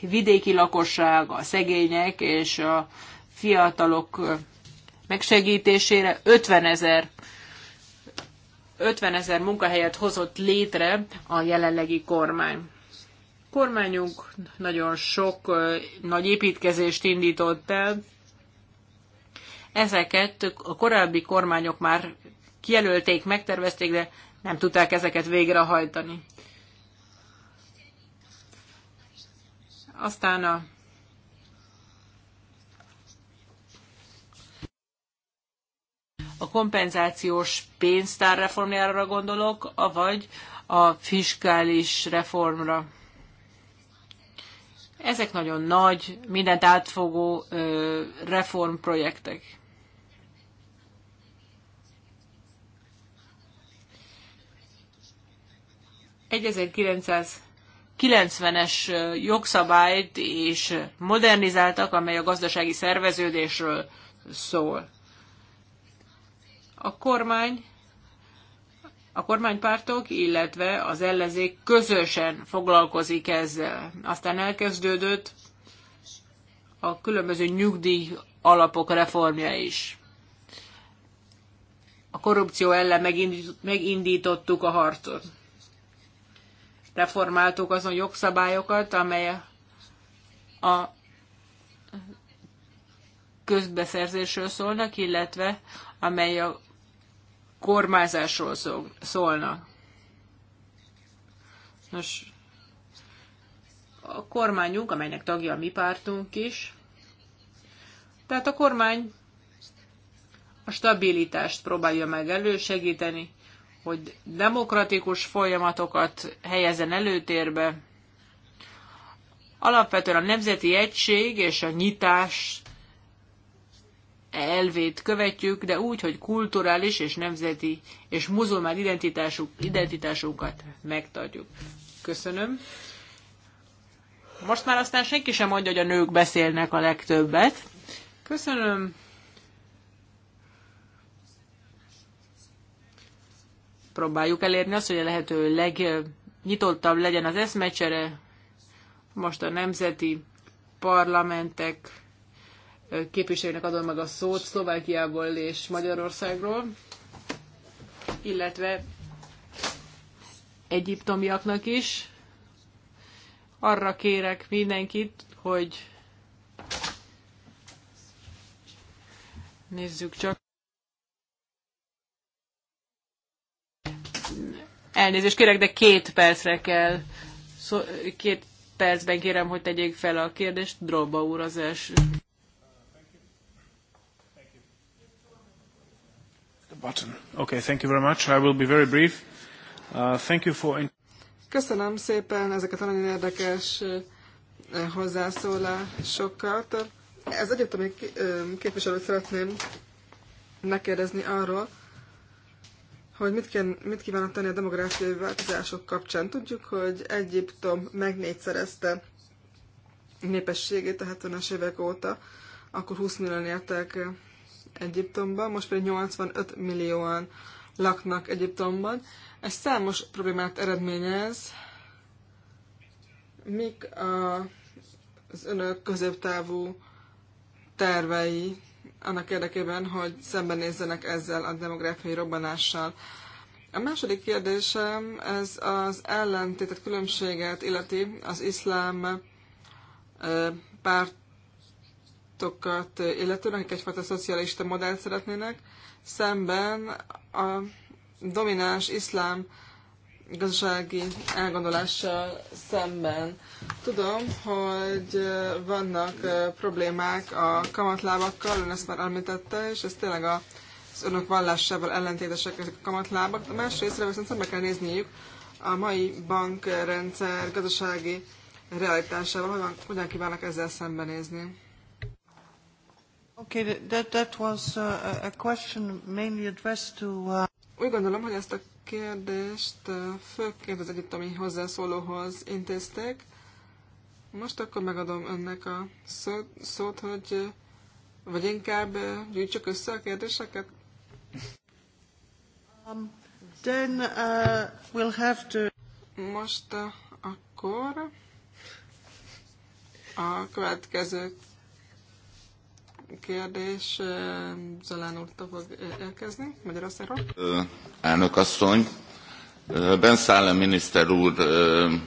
vidéki lakosság, a szegények és a fiatalok megsegítésére 50 ezer 50 ezer munkahelyet hozott létre a jelenlegi kormány. Kormányunk nagyon sok nagy építkezést indított el. Ezeket a korábbi kormányok már kijelölték, megtervezték, de nem tudták ezeket végrehajtani. Aztán a a kompenzációs pénztár reformjára gondolok, avagy a fiskális reformra. Ezek nagyon nagy, mindent átfogó reformprojektek. Egy 90-es jogszabályt és modernizáltak, amely a gazdasági szerveződésről szól. A kormány a kormánypártok, illetve az ellenzék közösen foglalkozik ezzel. Aztán elkezdődött a különböző nyugdíj alapok reformja is. A korrupció ellen megindítottuk a harcot reformáltuk azon jogszabályokat, amely a közbeszerzésről szólnak, illetve amely a kormányzásról szólnak. Nos, a kormányunk, amelynek tagja a mi pártunk is, tehát a kormány a stabilitást próbálja meg elősegíteni, hogy demokratikus folyamatokat helyezen előtérbe. Alapvetően a nemzeti egység és a nyitás elvét követjük, de úgy, hogy kulturális és nemzeti és muzulmán identitásuk, identitásunkat megtartjuk. Köszönöm. Most már aztán senki sem mondja, hogy a nők beszélnek a legtöbbet. Köszönöm. Próbáljuk elérni azt, hogy a lehető legnyitottabb legyen az eszmecsere. Most a nemzeti parlamentek képviselőnek adom meg a szót Szlovákiából és Magyarországról, illetve egyiptomiaknak is. Arra kérek mindenkit, hogy nézzük csak. Elnézést kérek, de két percre kell. Szó, két percben kérem, hogy tegyék fel a kérdést. Droba úr az első. button. Okay, thank you very much. I will be very brief. Uh, thank you for... Köszönöm szépen ezeket a nagyon érdekes uh, hozzászólásokat. Ez egyébként még um, képviselőt szeretném megkérdezni arról, hogy mit, kén, mit kívánok tenni a demográfiai változások kapcsán. Tudjuk, hogy Egyiptom megnégyszerezte népességét a 70-es évek óta, akkor 20 millióan éltek Egyiptomban, most pedig 85 millióan laknak Egyiptomban. Ez számos problémát eredményez. Mik a, az önök középtávú tervei annak érdekében, hogy szembenézzenek ezzel a demográfiai robbanással. A második kérdésem ez az ellentétet, különbséget illeti az iszlám pártokat illetően, akik egyfajta szocialista modellt szeretnének, szemben a domináns iszlám gazdasági elgondolással szemben. Tudom, hogy vannak problémák a kamatlábakkal, ön ezt már említette, és ez tényleg az önök vallásával ellentétesek ezek a kamatlábak, de másrésztről viszont szembe kell nézniük a mai bankrendszer gazdasági realitásával, hogyan, hogyan kívánnak ezzel szembenézni. Okay, that, that was a, uh, a question mainly addressed to, uh... Úgy gondolom, hogy ezt a kérdést főként az egyiptomi hozzászólóhoz intézték. Most akkor megadom önnek a szót, szót hogy vagy inkább gyűjtsük össze a kérdéseket? Um, then uh, we'll have to... Most uh, akkor a következő kérdés Zalán úrtól fog érkezni Magyarországról. Elnök asszony, Ben Szállem miniszter úr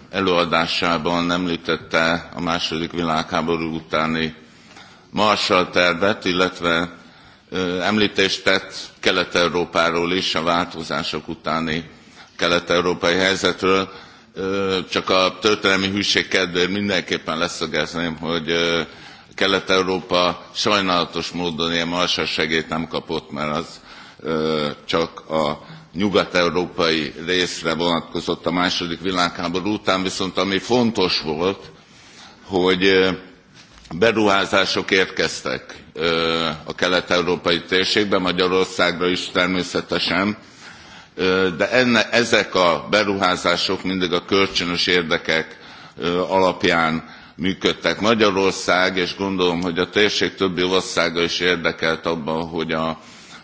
előadásában említette a második világháború utáni Marshall tervet, illetve említést tett Kelet-Európáról is, a változások utáni kelet-európai helyzetről. Csak a történelmi hűség kedvéért mindenképpen leszögezném, hogy Kelet-Európa sajnálatos módon ilyen marsasegélyt nem kapott, mert az ö, csak a nyugat-európai részre vonatkozott a második világháború után, viszont ami fontos volt, hogy beruházások érkeztek a kelet-európai térségbe, Magyarországra is természetesen, de enne, ezek a beruházások mindig a kölcsönös érdekek alapján működtek. Magyarország, és gondolom, hogy a térség többi országa is érdekelt abban, hogy a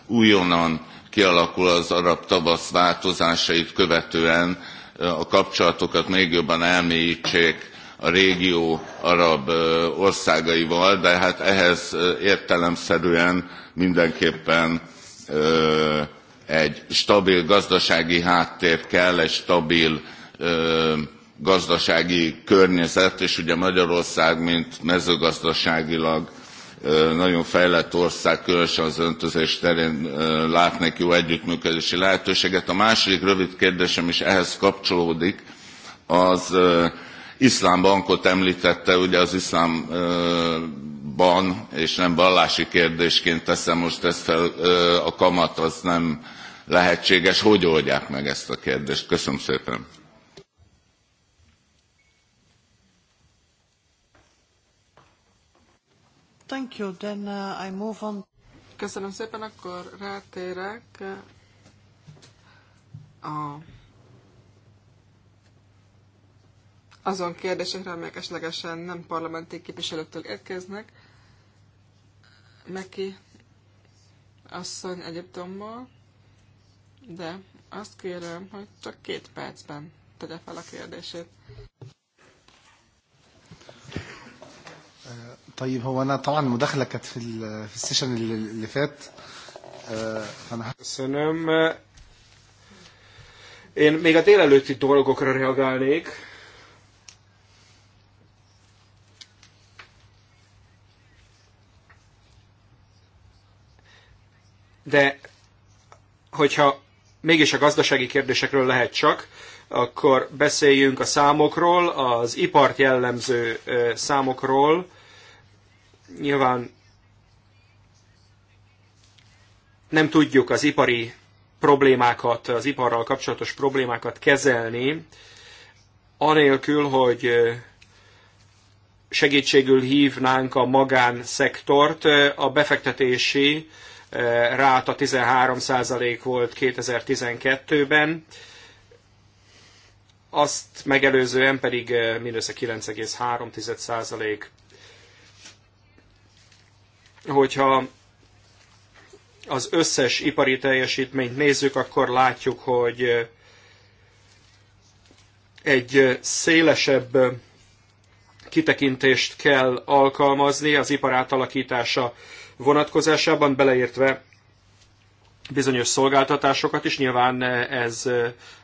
újonnan kialakul az arab tavasz változásait követően a kapcsolatokat még jobban elmélyítsék a régió arab országaival, de hát ehhez értelemszerűen mindenképpen egy stabil gazdasági háttér kell, egy stabil gazdasági környezet, és ugye Magyarország, mint mezőgazdaságilag nagyon fejlett ország, különösen az öntözés terén látnék jó együttműködési lehetőséget. A második rövid kérdésem is ehhez kapcsolódik, az iszlám bankot említette, ugye az iszlámban, és nem vallási kérdésként teszem most ezt fel, a kamat az nem lehetséges. Hogy oldják meg ezt a kérdést? Köszönöm szépen. Thank you. Then uh, I move on. Köszönöm szépen, akkor rátérek uh, a azon kérdésekre, amelyek esetlegesen nem parlamenti képviselőktől érkeznek. Meki asszony Egyiptomból, de azt kérem, hogy csak két percben tegye fel a kérdését. طيب هو انا طبعا المداخله كانت في في السيشن اللي فات فانا köszönöm. Én még a délelőtti dolgokra reagálnék. De hogyha mégis a gazdasági kérdésekről lehet csak, akkor beszéljünk a számokról, az ipart jellemző számokról, Nyilván nem tudjuk az ipari problémákat, az iparral kapcsolatos problémákat kezelni, anélkül, hogy segítségül hívnánk a magánszektort. A befektetési ráta 13% volt 2012-ben, azt megelőzően pedig mindössze 9,3% hogyha az összes ipari teljesítményt nézzük, akkor látjuk, hogy egy szélesebb kitekintést kell alkalmazni az ipar átalakítása vonatkozásában, beleértve bizonyos szolgáltatásokat is. Nyilván ez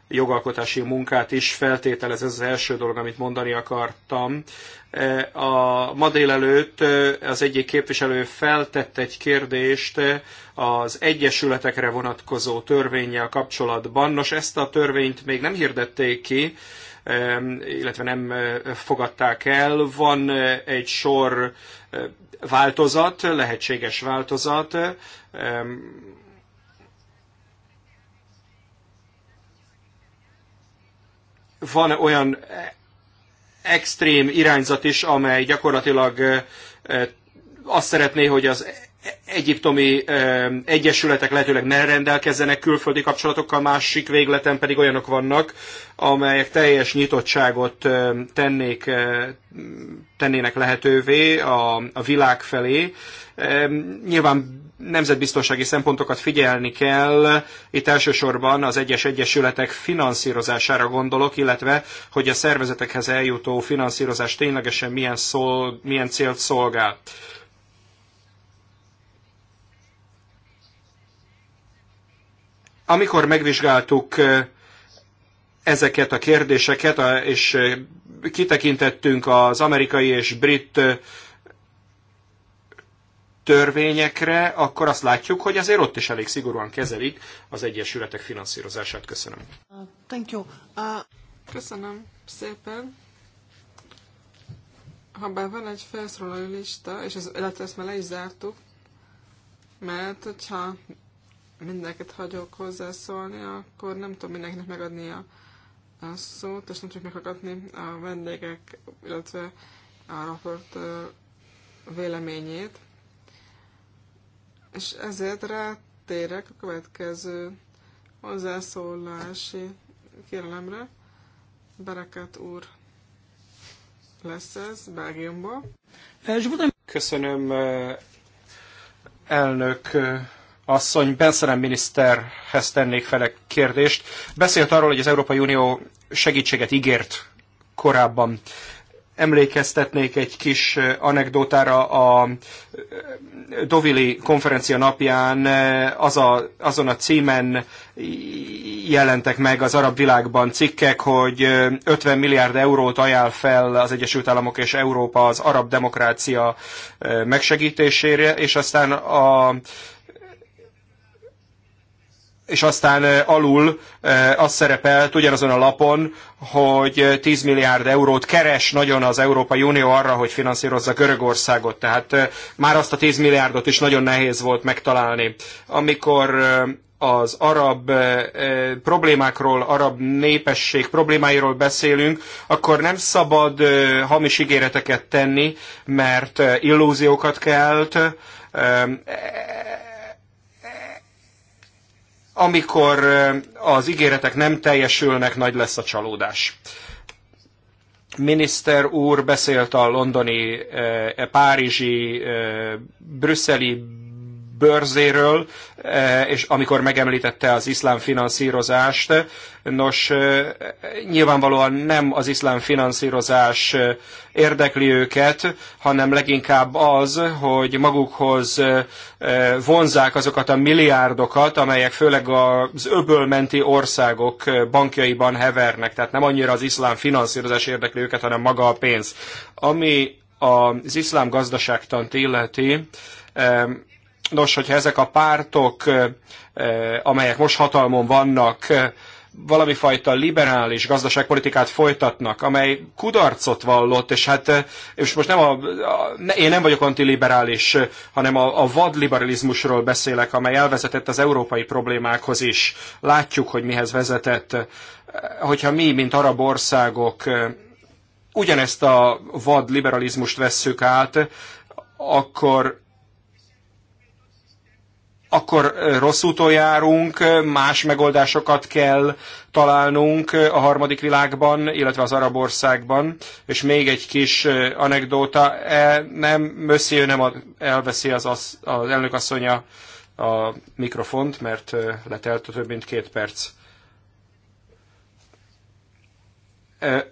jogalkotási munkát is feltételez, ez az első dolog, amit mondani akartam. A ma délelőtt az egyik képviselő feltett egy kérdést az egyesületekre vonatkozó törvényel kapcsolatban. Nos, ezt a törvényt még nem hirdették ki, illetve nem fogadták el. Van egy sor változat, lehetséges változat, van olyan extrém irányzat is, amely gyakorlatilag azt szeretné, hogy az egyiptomi egyesületek lehetőleg ne rendelkezzenek külföldi kapcsolatokkal, másik végleten pedig olyanok vannak, amelyek teljes nyitottságot tennék, tennének lehetővé a, a világ felé, Nyilván nemzetbiztonsági szempontokat figyelni kell. Itt elsősorban az egyes egyesületek finanszírozására gondolok, illetve hogy a szervezetekhez eljutó finanszírozás ténylegesen milyen, szol, milyen célt szolgál. Amikor megvizsgáltuk eh, ezeket a kérdéseket, és eh, kitekintettünk az amerikai és brit eh, törvényekre, akkor azt látjuk, hogy azért ott is elég szigorúan kezelik az egyesületek finanszírozását. Köszönöm. Uh, thank you. Uh... Köszönöm szépen. Ha bár van egy felszólaló lista, és az, illetve ezt már le is zártuk, mert hogyha mindenkit hagyok hozzászólni, akkor nem tudom mindenkinek megadni a, a szót, és nem tudjuk meghallgatni a vendégek, illetve a raport véleményét. És ezért rátérek a következő hozzászólási kérelemre. Bereket úr lesz ez Belgiumból. Köszönöm elnök asszony, Benszerem miniszterhez tennék fel egy kérdést. Beszélt arról, hogy az Európai Unió segítséget ígért korábban emlékeztetnék egy kis anekdotára a Dovili konferencia napján az a, azon a címen jelentek meg az arab világban cikkek, hogy 50 milliárd eurót ajánl fel az Egyesült Államok és Európa az arab demokrácia megsegítésére, és aztán a és aztán alul az szerepelt ugyanazon a lapon, hogy 10 milliárd eurót keres nagyon az Európai Unió arra, hogy finanszírozza Görögországot. Tehát már azt a 10 milliárdot is nagyon nehéz volt megtalálni. Amikor az arab problémákról, arab népesség problémáiról beszélünk, akkor nem szabad hamis ígéreteket tenni, mert illúziókat kelt, amikor az ígéretek nem teljesülnek, nagy lesz a csalódás. Miniszter úr beszélt a londoni, e párizsi, brüsszeli bőrzéről, e, és amikor megemlítette az iszlám finanszírozást, nos, e, nyilvánvalóan nem az iszlám finanszírozás érdekli őket, hanem leginkább az, hogy magukhoz e, vonzák azokat a milliárdokat, amelyek főleg az öbölmenti országok bankjaiban hevernek. Tehát nem annyira az iszlám finanszírozás érdekli őket, hanem maga a pénz. Ami az iszlám gazdaságtant illeti, Nos, hogyha ezek a pártok, amelyek most hatalmon vannak, valami fajta liberális gazdaságpolitikát folytatnak, amely kudarcot vallott, és hát, és most nem a, a én nem vagyok antiliberális, hanem a, a liberalizmusról beszélek, amely elvezetett az európai problémákhoz is. Látjuk, hogy mihez vezetett. Hogyha mi, mint arab országok, ugyanezt a vad liberalizmust vesszük át, akkor akkor rossz úton járunk, más megoldásokat kell találnunk a harmadik világban, illetve az arab országban. És még egy kis anekdóta, e, nem, Mössziő nem elveszi az, az, az elnök asszonya a mikrofont, mert letelt több mint két perc.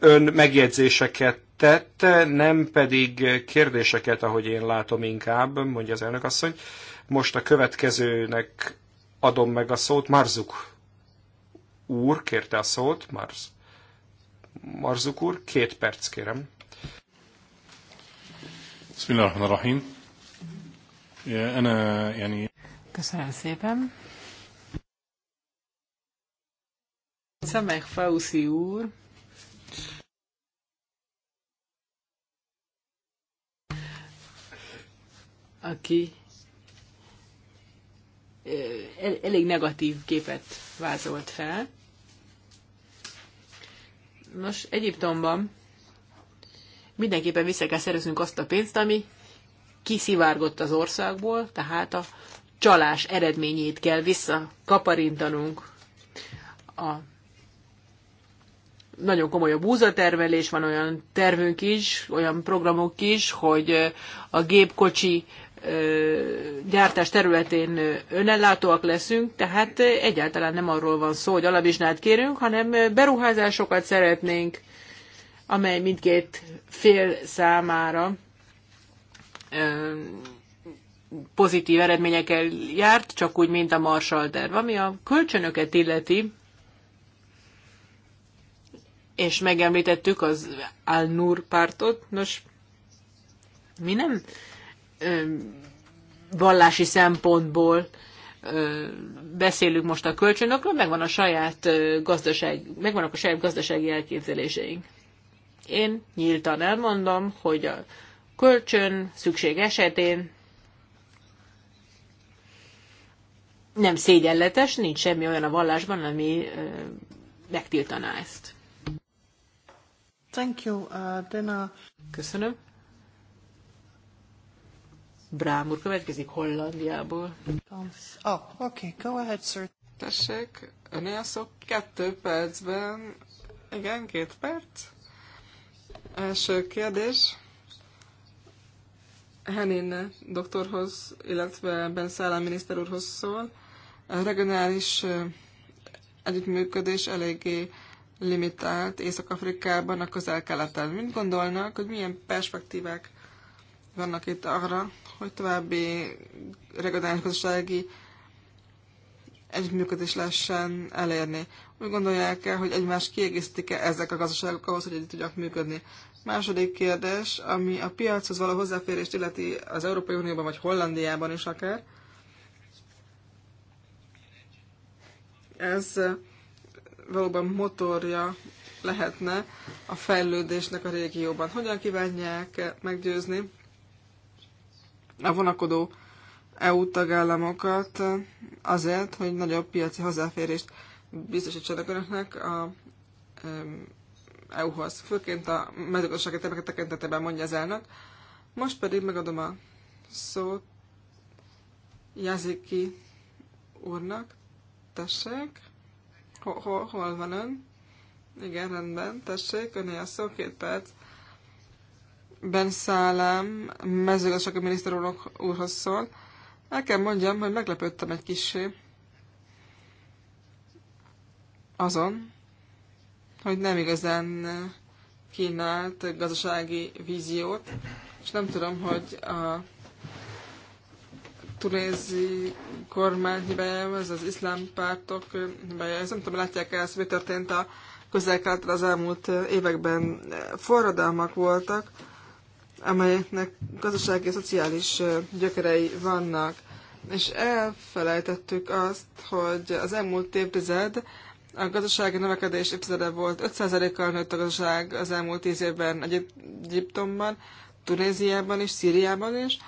Ön megjegyzéseket tett, nem pedig kérdéseket, ahogy én látom inkább, mondja az elnök asszony. Most a következőnek adom meg a szót. Marzuk úr kérte a szót. Marz. Marzuk úr, két perc kérem. Bismillahirrahmanirrahim. Köszönöm szépen. Szemek Fauszi úr. Aki elég negatív képet vázolt fel. Nos, Egyiptomban mindenképpen vissza kell szereznünk azt a pénzt, ami kiszivárgott az országból, tehát a csalás eredményét kell visszakaparintanunk. A nagyon komoly a búzatermelés, van olyan tervünk is, olyan programok is, hogy a gépkocsi gyártás területén önellátóak leszünk, tehát egyáltalán nem arról van szó, hogy alapizsnát kérünk, hanem beruházásokat szeretnénk, amely mindkét fél számára pozitív eredményekkel járt, csak úgy, mint a Marshall terv. Ami a kölcsönöket illeti, és megemlítettük az Al-Nur pártot, nos, mi nem vallási szempontból beszélünk most a kölcsönökről, megvan a saját gazdaság, megvannak a saját gazdasági elképzeléseink. Én nyíltan elmondom, hogy a kölcsön szükség esetén nem szégyenletes, nincs semmi olyan a vallásban, ami megtiltaná ezt. Thank you, uh, Dana. Uh, Köszönöm. Brámur következik Hollandiából. Oh, okay, go ahead, sir. Tessék, öné a kettő percben. Igen, két perc. Első kérdés. Henin doktorhoz, illetve Ben Szállán miniszter úrhoz szól. A regionális együttműködés eléggé limitált Észak-Afrikában, a közel-keleten. Mit gondolnak, hogy milyen perspektívák vannak itt arra, hogy további regionális gazdasági együttműködés lehessen elérni. Úgy gondolják el, hogy egymást kiegészítik-e ezek a gazdaságok ahhoz, hogy együtt tudjak működni. Második kérdés, ami a piachoz való hozzáférést illeti az Európai Unióban vagy Hollandiában is akár. Ez valóban motorja lehetne a fejlődésnek a régióban. Hogyan kívánják meggyőzni a vonakodó EU tagállamokat azért, hogy nagyobb piaci hozzáférést biztosítsanak önöknek a EU-hoz, e főként a mezőgazdasági termékek tekintetében mondja az elnök. Most pedig megadom a szót Jaziki úrnak. Tessék. Hol, hol, hol van ön? Igen, rendben. Tessék, öné a szó, két perc. Ben Szálem mezőgazdasági miniszter úrhoz szól. El kell mondjam, hogy meglepődtem egy kicsi azon, hogy nem igazán kínált gazdasági víziót, és nem tudom, hogy a tunézi kormány hibája, ez az iszlám pártok hibája, és nem tudom, látják -e ezt, mi történt a közel az elmúlt években forradalmak voltak, amelyeknek gazdasági és szociális gyökerei vannak. És elfelejtettük azt, hogy az elmúlt évtized a gazdasági növekedés évtizede volt. 5%-kal nőtt a gazdaság az elmúlt 10 évben Egyiptomban, Tunéziában és Szíriában is,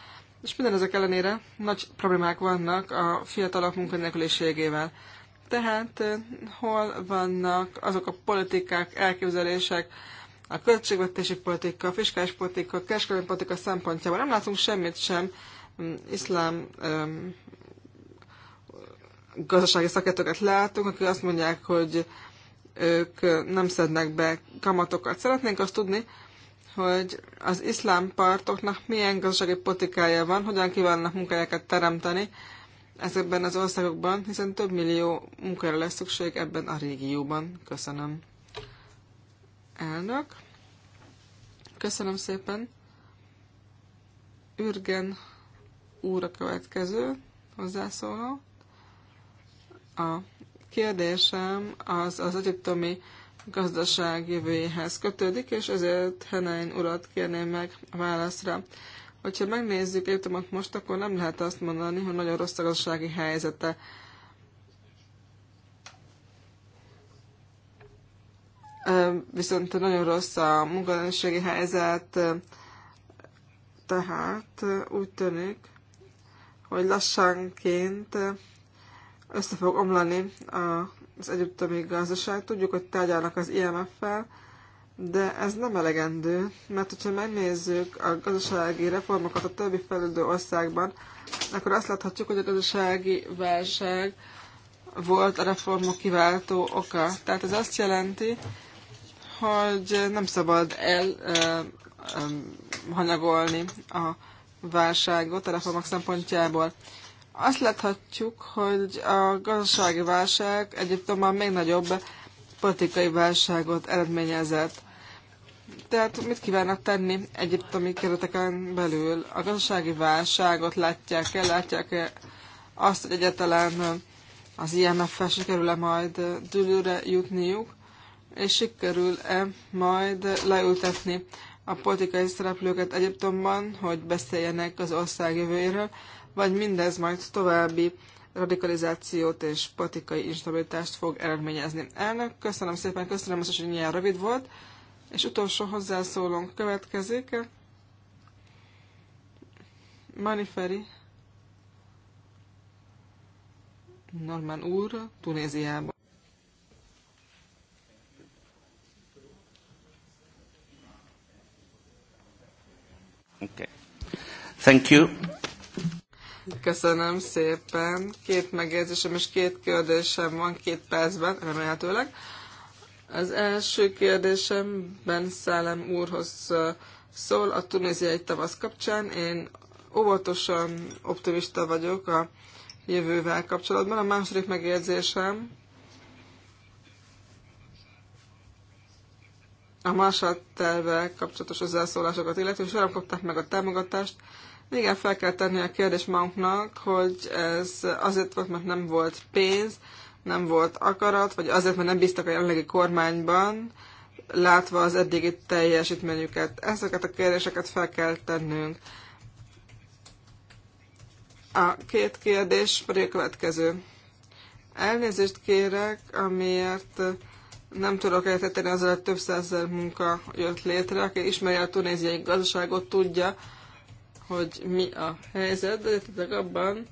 és minden ezek ellenére nagy problémák vannak a fiatalok munkanélküliségével. Tehát hol vannak azok a politikák, elképzelések, a költségvetési politika, a fiskális politika, a kereskedelmi politika szempontjából nem látunk semmit sem mm, iszlám öm, mm, gazdasági szakértőket látunk, akik azt mondják, hogy ők nem szednek be kamatokat. Szeretnénk azt tudni, hogy az iszlám pártoknak milyen gazdasági politikája van, hogyan kívánnak munkahelyeket teremteni ezekben az országokban, hiszen több millió munkára lesz szükség ebben a régióban. Köszönöm. Elnök. Köszönöm szépen. Ürgen úr a következő hozzászóló. A kérdésem az az egyiptomi gazdaság jövőjéhez kötődik, és ezért Henein urat kérném meg a válaszra. Hogyha megnézzük Egyiptomot most, akkor nem lehet azt mondani, hogy nagyon rossz a gazdasági helyzete. viszont nagyon rossz a munkanőségi helyzet, tehát úgy tűnik, hogy lassanként össze fog omlani az egyiptomi gazdaság. Tudjuk, hogy tárgyalnak az IMF-fel, de ez nem elegendő, mert hogyha megnézzük a gazdasági reformokat a többi felüldő országban, akkor azt láthatjuk, hogy a gazdasági válság volt a reformok kiváltó oka. Tehát ez azt jelenti, hogy nem szabad elhanyagolni a válságot a reformok szempontjából. Azt láthatjuk, hogy a gazdasági válság egyébként még nagyobb politikai válságot eredményezett. Tehát mit kívánnak tenni egyiptomi kereteken belül? A gazdasági válságot látják el, látják -e azt, hogy egyáltalán az IMF-fel sikerül-e majd dőlőre jutniuk? és sikerül-e majd leültetni a politikai szereplőket Egyiptomban, hogy beszéljenek az ország jövőjéről, vagy mindez majd további radikalizációt és politikai instabilitást fog eredményezni. Elnök, köszönöm szépen, köszönöm azt, hogy ilyen rövid volt, és utolsó hozzászólónk következik. Maniferi. Norman úr, Tunéziában. Okay. Thank you. Köszönöm szépen. Két megjegyzésem és két kérdésem van két percben, remélhetőleg. Az első kérdésem Ben Szálem úrhoz szól a tunéziai tavasz kapcsán. Én óvatosan optimista vagyok a jövővel kapcsolatban. A második megjegyzésem a másod tervvel kapcsolatos hozzászólásokat illetve, és nem kapták meg a támogatást. Igen, fel kell tenni a kérdés magunknak, hogy ez azért volt, mert nem volt pénz, nem volt akarat, vagy azért, mert nem bíztak a jelenlegi kormányban, látva az eddigi teljesítményüket. Ezeket a kérdéseket fel kell tennünk. A két kérdés pedig a következő. Elnézést kérek, amiért nem tudok értetni azzal, több százezer munka jött létre. Aki ismeri a tunéziai gazdaságot, tudja, hogy mi a helyzet, de értetek abban,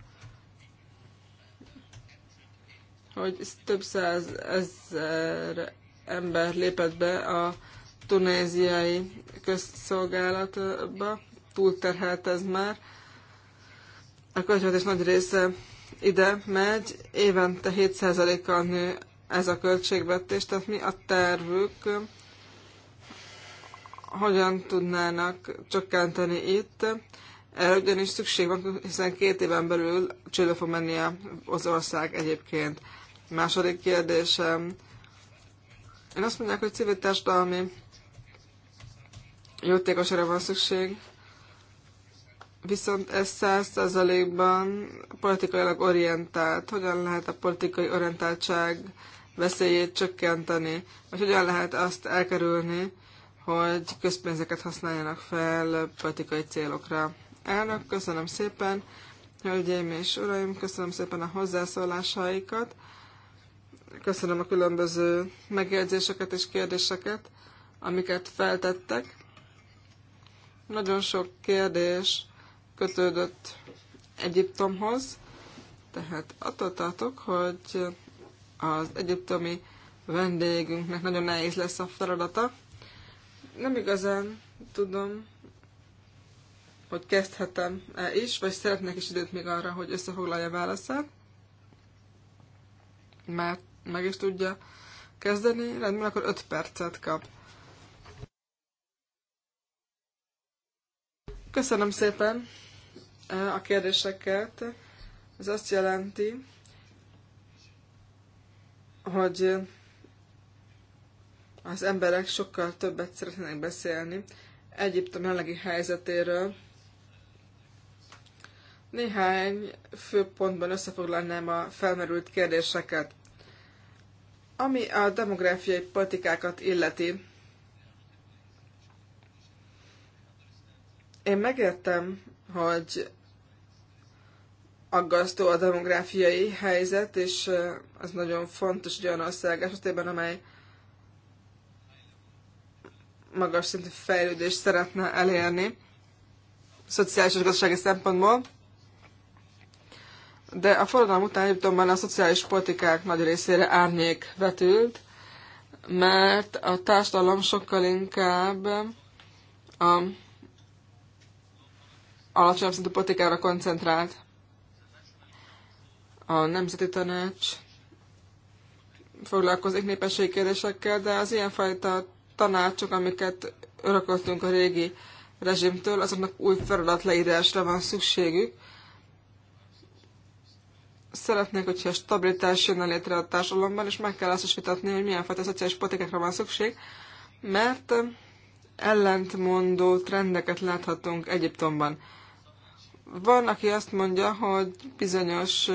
hogy több száz ezer ember lépett be a tunéziai közszolgálatba, túlterhelt ez már. A költségvetés nagy része ide megy, évente 7%-kal nő ez a költségvetés, tehát mi a tervük, hogyan tudnának csökkenteni itt. Erre ugyanis szükség van, hiszen két éven belül csődbe fog menni az ország egyébként. Második kérdésem. Én azt mondják, hogy civil társadalmi jótékosra van szükség, viszont ez száz százalékban politikailag orientált. Hogyan lehet a politikai orientáltság veszélyét csökkenteni, vagy hogyan lehet azt elkerülni, hogy közpénzeket használjanak fel politikai célokra. Elnök, köszönöm szépen, hölgyeim és uraim, köszönöm szépen a hozzászólásaikat, köszönöm a különböző megjegyzéseket és kérdéseket, amiket feltettek. Nagyon sok kérdés kötődött Egyiptomhoz, tehát attól tartok, hogy az egyiptomi vendégünknek nagyon nehéz lesz a feladata. Nem igazán tudom, hogy kezdhetem -e is, vagy szeretnék is időt még arra, hogy összefoglalja válaszát. Mert meg is tudja kezdeni, rendben, akkor 5 percet kap. Köszönöm szépen eh, a kérdéseket. Ez azt jelenti, hogy az emberek sokkal többet szeretnének beszélni Egyiptom jelenlegi helyzetéről. Néhány fő pontban összefoglalnám a felmerült kérdéseket. Ami a demográfiai politikákat illeti, én megértem, hogy aggasztó a demográfiai helyzet, és az nagyon fontos hogy olyan ország esetében, amely magas szintű fejlődést szeretne elérni szociális és gazdasági szempontból. De a forradalom után Egyiptomban a szociális politikák nagy részére árnyék vetült, mert a társadalom sokkal inkább a alacsonyabb szintű politikára koncentrált a Nemzeti Tanács foglalkozik kérdésekkel, de az ilyenfajta tanácsok, amiket örököltünk a régi rezsimtől, azoknak új leírásra van szükségük. Szeretnék, hogyha stabilitás jönne létre a társadalomban, és meg kell azt is vitatni, hogy milyen fajta szociális politikákra van szükség, mert ellentmondó trendeket láthatunk Egyiptomban. Van, aki azt mondja, hogy bizonyos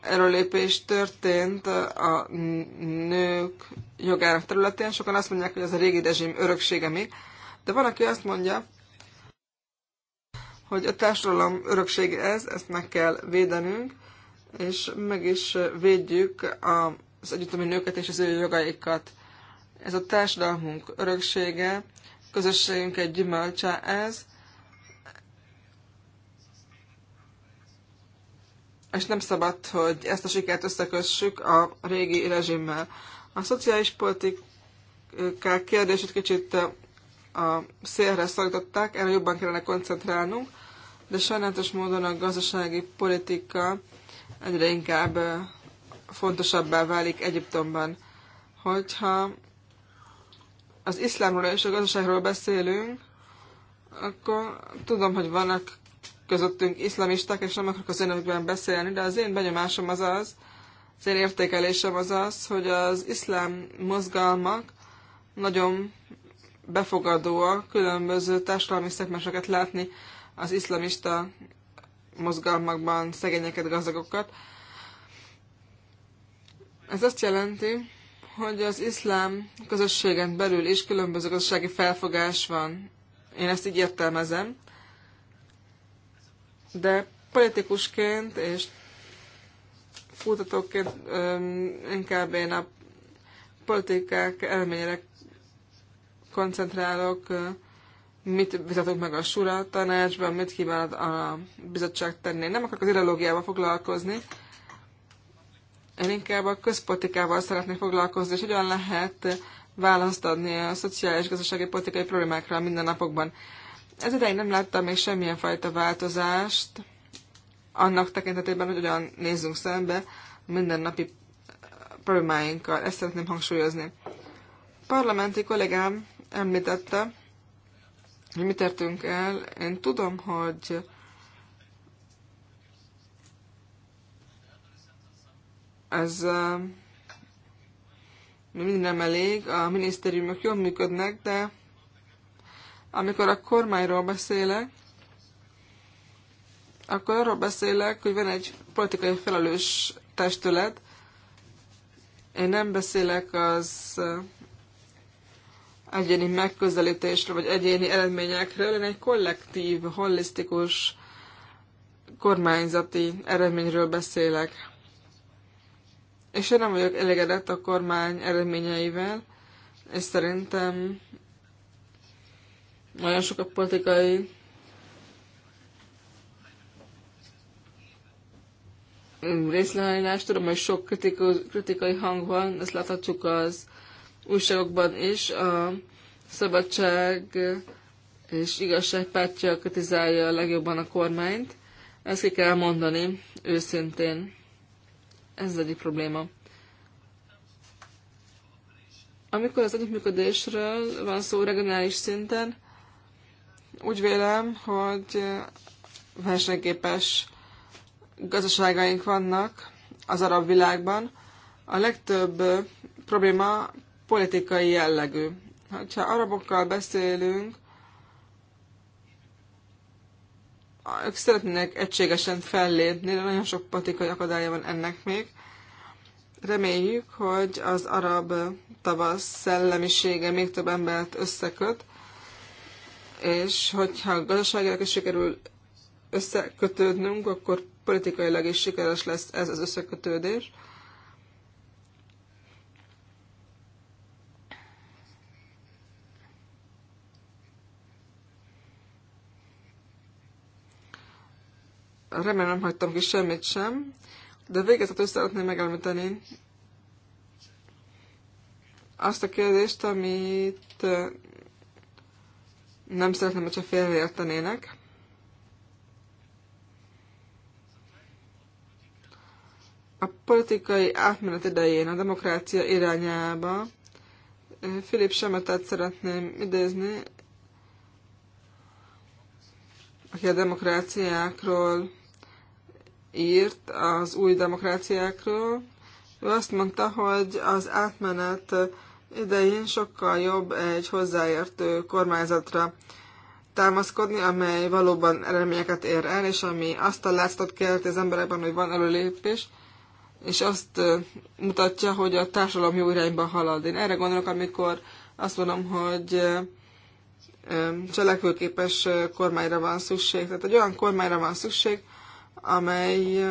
erőlépés történt a nők jogának területén. Sokan azt mondják, hogy ez a régi rezsim öröksége még, de van, aki azt mondja, hogy a társadalom öröksége ez, ezt meg kell védenünk, és meg is védjük az együttemi nőket és az ő jogaikat. Ez a társadalmunk öröksége, közösségünk egy gyümölcse ez, és nem szabad, hogy ezt a sikert összekössük a régi rezsimmel. A szociális politikák kérdését kicsit a szélre szorították, erre jobban kellene koncentrálnunk, de sajnálatos módon a gazdasági politika egyre inkább fontosabbá válik Egyiptomban. Hogyha az iszlámról és a gazdaságról beszélünk, akkor tudom, hogy vannak közöttünk iszlamisták, és nem akarok az önökben beszélni, de az én benyomásom az az, az én értékelésem az az, hogy az iszlám mozgalmak nagyon befogadóak, különböző társadalmi szegmenseket látni az iszlamista mozgalmakban, szegényeket, gazdagokat. Ez azt jelenti, hogy az iszlám közösségen belül is különböző gazdasági felfogás van. Én ezt így értelmezem de politikusként és kutatóként inkább én a politikák elményére koncentrálok, mit vitatunk meg a sura tanácsban, mit kíván a bizottság tenni. Nem akarok az ideológiával foglalkozni, én inkább a közpolitikával szeretnék foglalkozni, és hogyan lehet választ adni a szociális gazdasági politikai problémákra a mindennapokban. Ez ideig nem láttam még semmilyen fajta változást, annak tekintetében, hogy olyan nézzünk szembe mindennapi eh, problémáinkkal. Ezt szeretném hangsúlyozni. A parlamenti kollégám említette, hogy mit értünk el. Én tudom, hogy ez uh, minden elég, a minisztériumok jól működnek, de amikor a kormányról beszélek, akkor arról beszélek, hogy van egy politikai felelős testület. Én nem beszélek az eh, egyéni megközelítésről, vagy egyéni eredményekről, én egy kollektív, holisztikus kormányzati eredményről beszélek. És én nem vagyok elégedett a kormány eredményeivel, és szerintem nagyon sok a politikai részlehajlás. Tudom, hogy sok kritikus, kritikai hang van, ezt láthatjuk az újságokban is. A szabadság és igazság pártja kritizálja a legjobban a kormányt. Ezt ki kell mondani őszintén. Ez az egyik probléma. Amikor az együttműködésről van szó regionális szinten, úgy vélem, hogy versenyképes gazdaságaink vannak az arab világban. A legtöbb probléma politikai jellegű. Ha arabokkal beszélünk, ők szeretnének egységesen fellépni, de nagyon sok politikai akadálya van ennek még. Reméljük, hogy az arab tavasz szellemisége még több embert összeköt, és hogyha gazdaságilag is sikerül összekötődnünk, akkor politikailag is sikeres lesz ez az összekötődés. Remélem nem hagytam ki semmit sem, de végezetül szeretném megelmíteni azt a kérdést, amit nem szeretném, hogyha félreértenének. A politikai átmenet idején a demokrácia irányába Filip eh, Semetet szeretném idézni, aki a demokráciákról írt, az új demokráciákról. Ő azt mondta, hogy az átmenet idején sokkal jobb egy hozzáértő kormányzatra támaszkodni, amely valóban eredményeket ér el, és ami azt a látszatot kelt az emberekben, hogy van előlépés, és azt mutatja, hogy a társadalom jó irányba halad. Én erre gondolok, amikor azt mondom, hogy cselekvőképes kormányra van szükség. Tehát egy olyan kormányra van szükség, amely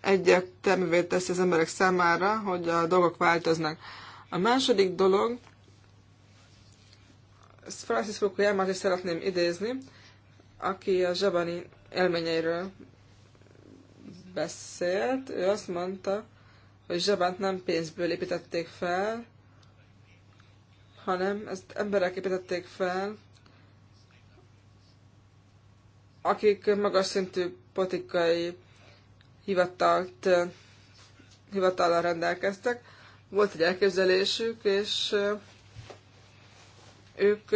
egyértelművé teszi az emberek számára, hogy a dolgok változnak. A második dolog, ezt Francis Fukuyamát is szeretném idézni, aki a zsabani élményeiről beszélt, ő azt mondta, hogy zsabát nem pénzből építették fel, hanem ezt emberek építették fel, akik magas szintű politikai hivatalt, hivatallal rendelkeztek, volt egy elképzelésük, és ők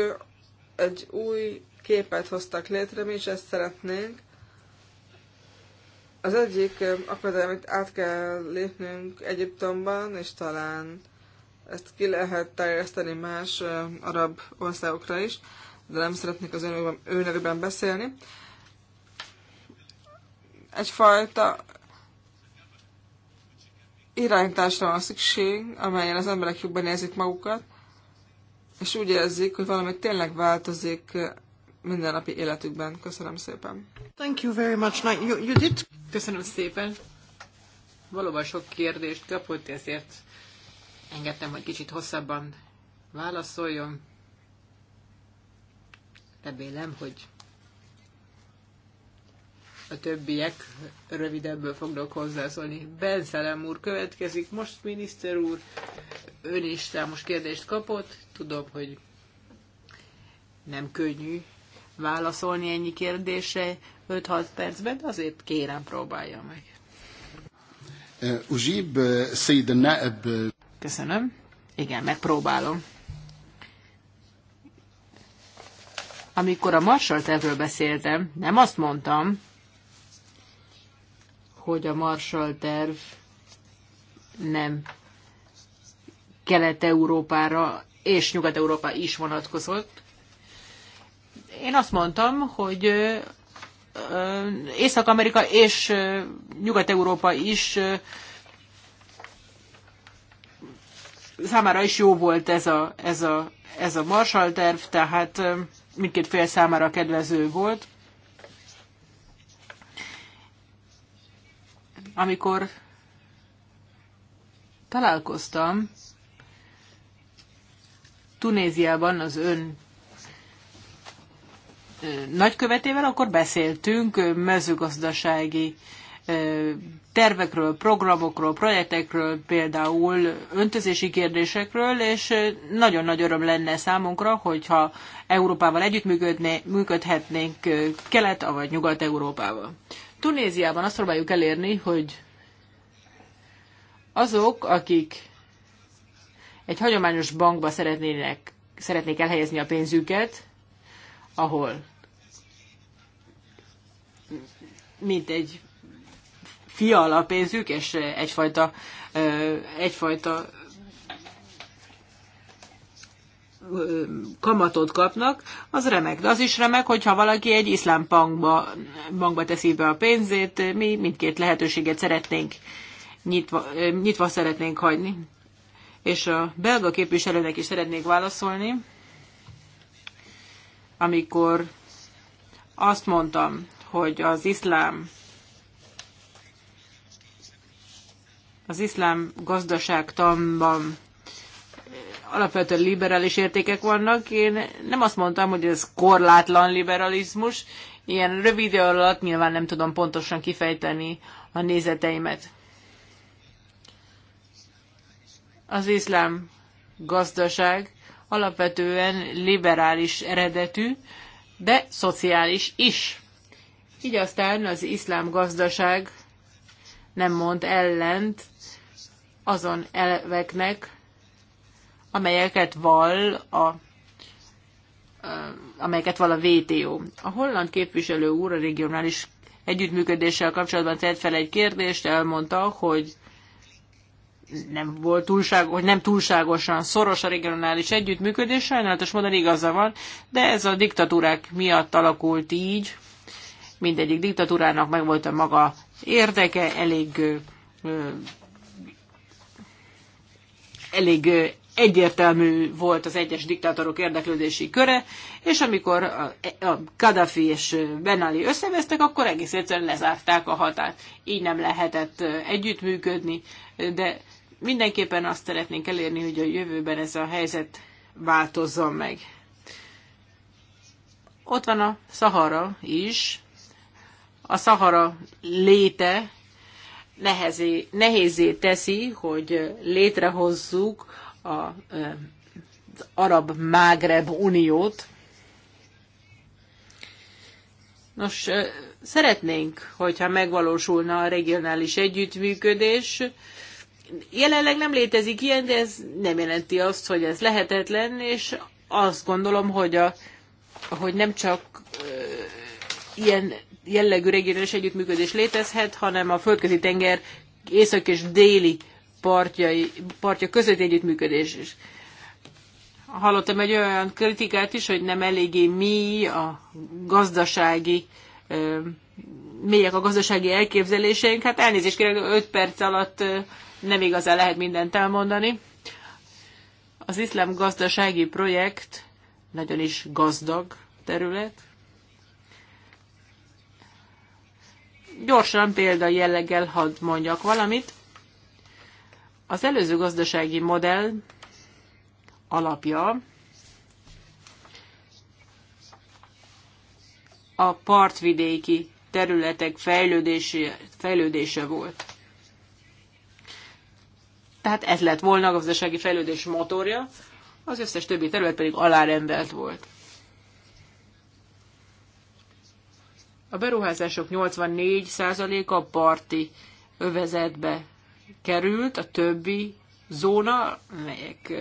egy új képet hoztak létre, mi is ezt szeretnénk. Az egyik akadály, amit át kell lépnünk Egyiptomban, és talán ezt ki lehet terjeszteni más arab országokra is, de nem szeretnék az ő nevükben beszélni. Egyfajta irányításra van szükség, amelyen az emberek jobban érzik magukat, és úgy érzik, hogy valami tényleg változik mindennapi életükben. Köszönöm szépen. Thank you very much. you, you did... Köszönöm szépen. Valóban sok kérdést kapott, ezért engedtem, hogy kicsit hosszabban válaszoljon. Remélem, hogy a többiek rövidebből fognak hozzászólni. Benszelem úr következik, most miniszter úr, ön is számos kérdést kapott, tudom, hogy nem könnyű válaszolni ennyi kérdésre 5-6 percben, de azért kérem, próbálja meg. Eh, Ujib, eh, Széd Naeb. Eh. Köszönöm. Igen, megpróbálom. Amikor a marsalt erről beszéltem, nem azt mondtam, hogy a Marshall terv nem Kelet-Európára és Nyugat-Európa is vonatkozott. Én azt mondtam, hogy Észak-Amerika és Nyugat-Európa is számára is jó volt ez a, ez a, ez a Marshall terv, tehát mindkét fél számára kedvező volt. amikor találkoztam Tunéziában az ön nagykövetével, akkor beszéltünk mezőgazdasági tervekről, programokról, projektekről, például öntözési kérdésekről, és nagyon nagy öröm lenne számunkra, hogyha Európával együttműködhetnénk Kelet- vagy Nyugat-Európával. Tunéziában azt próbáljuk elérni, hogy azok, akik egy hagyományos bankba szeretnének, szeretnék elhelyezni a pénzüket, ahol mint egy fiala pénzük, és egyfajta, egyfajta kamatot kapnak, az remek. De az is remek, hogyha valaki egy iszlám bankba, bankba teszi be a pénzét, mi mindkét lehetőséget szeretnénk nyitva, nyitva szeretnénk hagyni. És a belga képviselőnek is szeretnék válaszolni, amikor azt mondtam, hogy az iszlám az iszlám gazdaságtanban alapvetően liberális értékek vannak. Én nem azt mondtam, hogy ez korlátlan liberalizmus. Ilyen rövid idő alatt nyilván nem tudom pontosan kifejteni a nézeteimet. Az iszlám gazdaság alapvetően liberális eredetű, de szociális is. Így aztán az iszlám gazdaság nem mond ellent azon elveknek, amelyeket val a amelyeket vala VTO. A holland képviselő úr a regionális együttműködéssel kapcsolatban tett fel egy kérdést, elmondta, hogy nem volt túlság, hogy nem túlságosan szoros a regionális együttműködés, sajnálatos módon igaza van, de ez a diktatúrák miatt alakult így. Mindegyik diktatúrának megvolt a maga érdeke, elég elég egyértelmű volt az egyes diktátorok érdeklődési köre, és amikor a, a Kadhafi és Ben Ali összevesztek, akkor egész egyszerűen lezárták a határt. Így nem lehetett együttműködni, de mindenképpen azt szeretnénk elérni, hogy a jövőben ez a helyzet változzon meg. Ott van a Szahara is. A Szahara léte nehezé, nehézé teszi, hogy létrehozzuk a, az Arab Mágreb Uniót. Nos, szeretnénk, hogyha megvalósulna a regionális együttműködés. Jelenleg nem létezik ilyen, de ez nem jelenti azt, hogy ez lehetetlen, és azt gondolom, hogy, a, hogy nem csak ilyen jellegű regionális együttműködés létezhet, hanem a földközi tenger észak és déli partjai, partja között együttműködés is. Hallottam egy olyan kritikát is, hogy nem eléggé mi a gazdasági mélyek a gazdasági elképzeléseink. Hát elnézést kérek, 5 perc alatt nem igazán lehet mindent elmondani. Az iszlám gazdasági projekt nagyon is gazdag terület. Gyorsan példa jelleggel hadd mondjak valamit. Az előző gazdasági modell alapja a partvidéki területek fejlődése, fejlődése volt. Tehát ez lett volna a gazdasági fejlődés motorja, az összes többi terület pedig alárendelt volt. A beruházások 84%-a parti övezetbe került, a többi zóna, melyek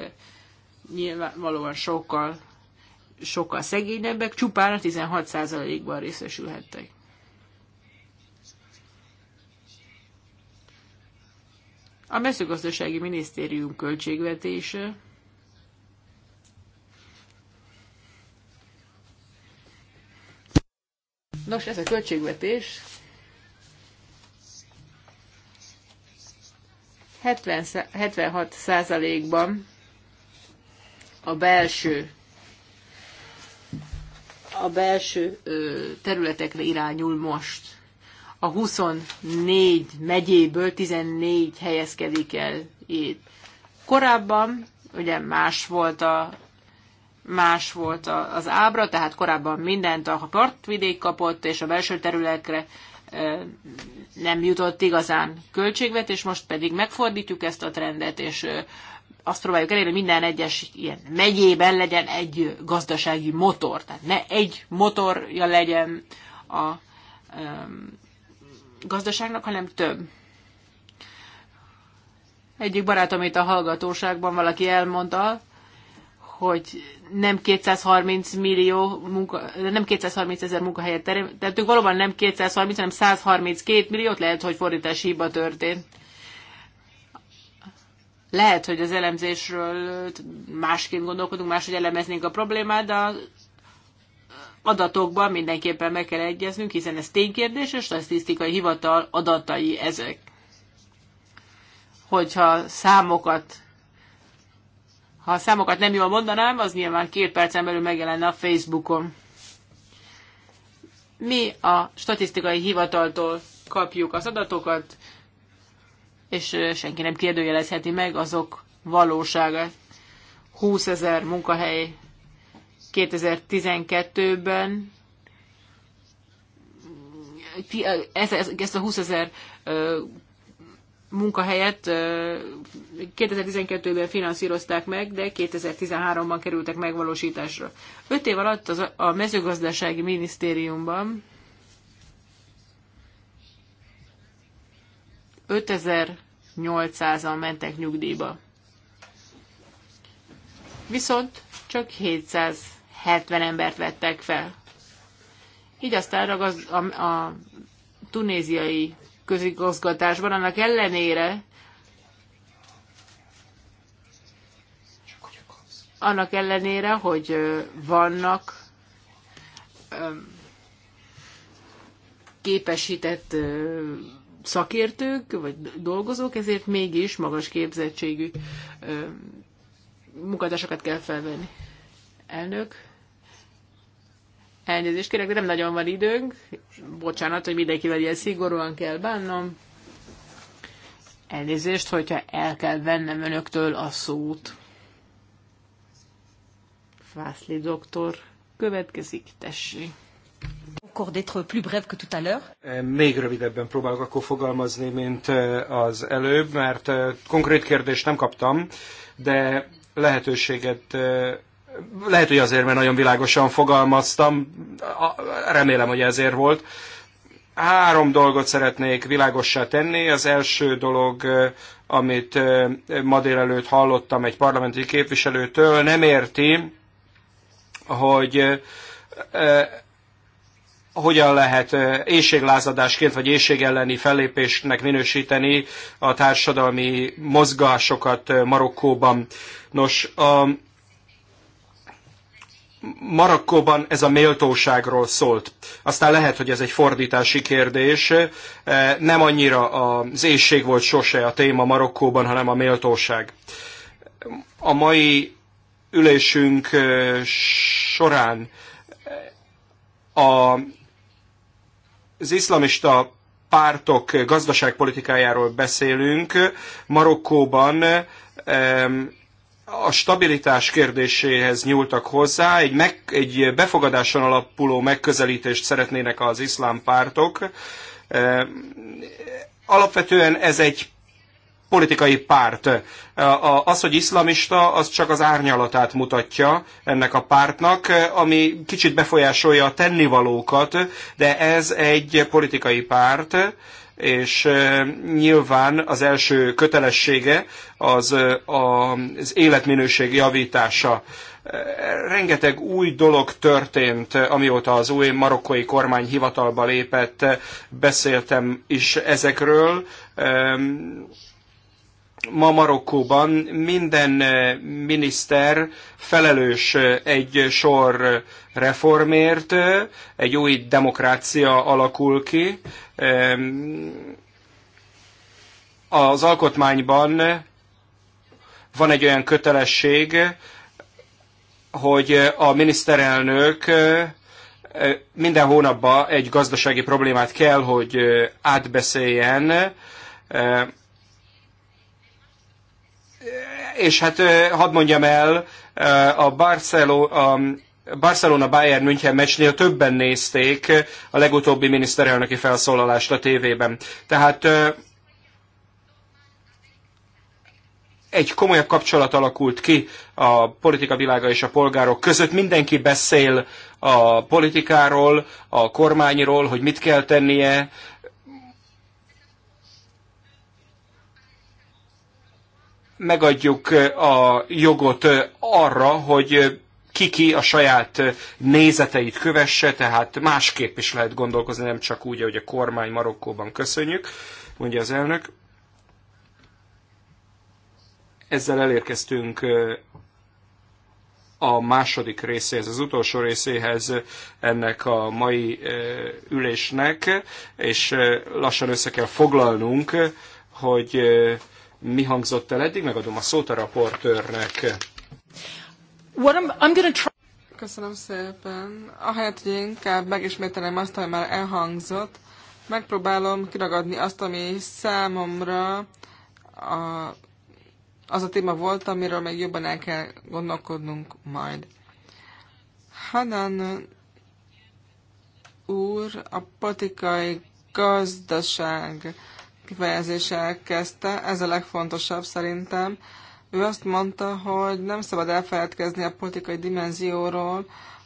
nyilvánvalóan sokkal, sokkal szegényebbek, csupán a 16%-ban részesülhettek. A mezőgazdasági minisztérium költségvetése Nos, ez a költségvetés 70, 76%-ban a belső a belső területekre irányul most. A 24 megyéből 14 helyezkedik el itt. Korábban ugye más volt a más volt az ábra, tehát korábban mindent a partvidék kapott, és a belső területekre nem jutott igazán és most pedig megfordítjuk ezt a trendet, és azt próbáljuk elérni, hogy minden egyes ilyen megyében legyen egy gazdasági motor. Tehát ne egy motorja legyen a gazdaságnak, hanem több. Egyik barátom itt a hallgatóságban valaki elmondta, hogy nem 230 millió munka, nem 230 ezer munkahelyet teremtettünk, valóban nem 230, hanem 132 milliót, lehet, hogy fordítás hiba történt. Lehet, hogy az elemzésről másként gondolkodunk, máshogy elemeznénk a problémát, de adatokban mindenképpen meg kell egyeznünk, hiszen ez ténykérdés, és a statisztikai hivatal adatai ezek. Hogyha számokat ha a számokat nem jól mondanám, az nyilván két percen belül megjelenne a Facebookon. Mi a statisztikai hivataltól kapjuk az adatokat, és senki nem kérdőjelezheti meg azok valóságát. 20 ezer munkahely 2012-ben, ezt a 20 ezer munkahelyet 2012-ben finanszírozták meg, de 2013-ban kerültek megvalósításra. Öt év alatt az a mezőgazdasági minisztériumban 5800-an mentek nyugdíjba. Viszont csak 770 embert vettek fel. Így aztán a, a, a tunéziai közigazgatásban, annak ellenére, annak ellenére, hogy vannak képesített szakértők, vagy dolgozók, ezért mégis magas képzettségű munkatársakat kell felvenni. Elnök, Elnézést kérek, de nem nagyon van időnk. Bocsánat, hogy mindenkivel ilyen szigorúan kell bánnom. Elnézést, hogyha el kell vennem önöktől a szót. Fászli doktor következik, tessék. Encore d'être plus que tout à l'heure. Eh, még rövidebben próbálok akkor fogalmazni, mint eh, az előbb, mert eh, konkrét kérdést nem kaptam, de lehetőséget lehet, hogy azért, mert nagyon világosan fogalmaztam, remélem, hogy ezért volt. Három dolgot szeretnék világossá tenni. Az első dolog, amit ma délelőtt hallottam egy parlamenti képviselőtől, nem érti, hogy hogyan lehet éjséglázadásként vagy éjség elleni fellépésnek minősíteni a társadalmi mozgásokat Marokkóban. Nos, a Marokkóban ez a méltóságról szólt. Aztán lehet, hogy ez egy fordítási kérdés. E, nem annyira az éjség volt sose a téma Marokkóban, hanem a méltóság. A mai ülésünk e, során e, a, az iszlamista pártok gazdaságpolitikájáról beszélünk. Marokkóban a stabilitás kérdéséhez nyúltak hozzá, egy, meg, egy befogadáson alapuló megközelítést szeretnének az iszlám pártok. Alapvetően ez egy politikai párt. Az, hogy iszlamista, az csak az árnyalatát mutatja ennek a pártnak, ami kicsit befolyásolja a tennivalókat, de ez egy politikai párt, és nyilván az első kötelessége az az életminőség javítása. Rengeteg új dolog történt, amióta az új marokkói kormány hivatalba lépett, beszéltem is ezekről ma Marokkóban minden eh, miniszter felelős eh, egy sor eh, reformért, egy új demokrácia alakul ki. Az alkotmányban van egy olyan kötelesség, hogy a miniszterelnök minden hónapban egy gazdasági problémát kell, hogy átbeszéljen, és hát hadd mondjam el, a Barcelona, a Barcelona-Bayern München meccsnél többen nézték a legutóbbi miniszterelnöki felszólalást a tévében. Tehát egy komolyabb kapcsolat alakult ki a politika világa és a polgárok között. Mindenki beszél a politikáról, a kormányról, hogy mit kell tennie, megadjuk a jogot arra, hogy kiki a saját nézeteit kövesse, tehát másképp is lehet gondolkozni, nem csak úgy, ahogy a kormány Marokkóban köszönjük, mondja az elnök. Ezzel elérkeztünk a második részéhez, az utolsó részéhez ennek a mai ülésnek, és lassan össze kell foglalnunk, hogy mi hangzott el eddig, megadom a szót a raportőrnek. What I'm, I'm gonna try... Köszönöm szépen. Ahelyett, hogy inkább megismételem azt, ami már elhangzott, megpróbálom kiragadni azt, ami számomra a, az a téma volt, amiről még jobban el kell gondolkodnunk majd. Hanan úr a politikai gazdaság kifejezéssel kezdte, ez a legfontosabb szerintem. Ő azt mondta, hogy nem szabad elfeledkezni a politikai dimenzióról,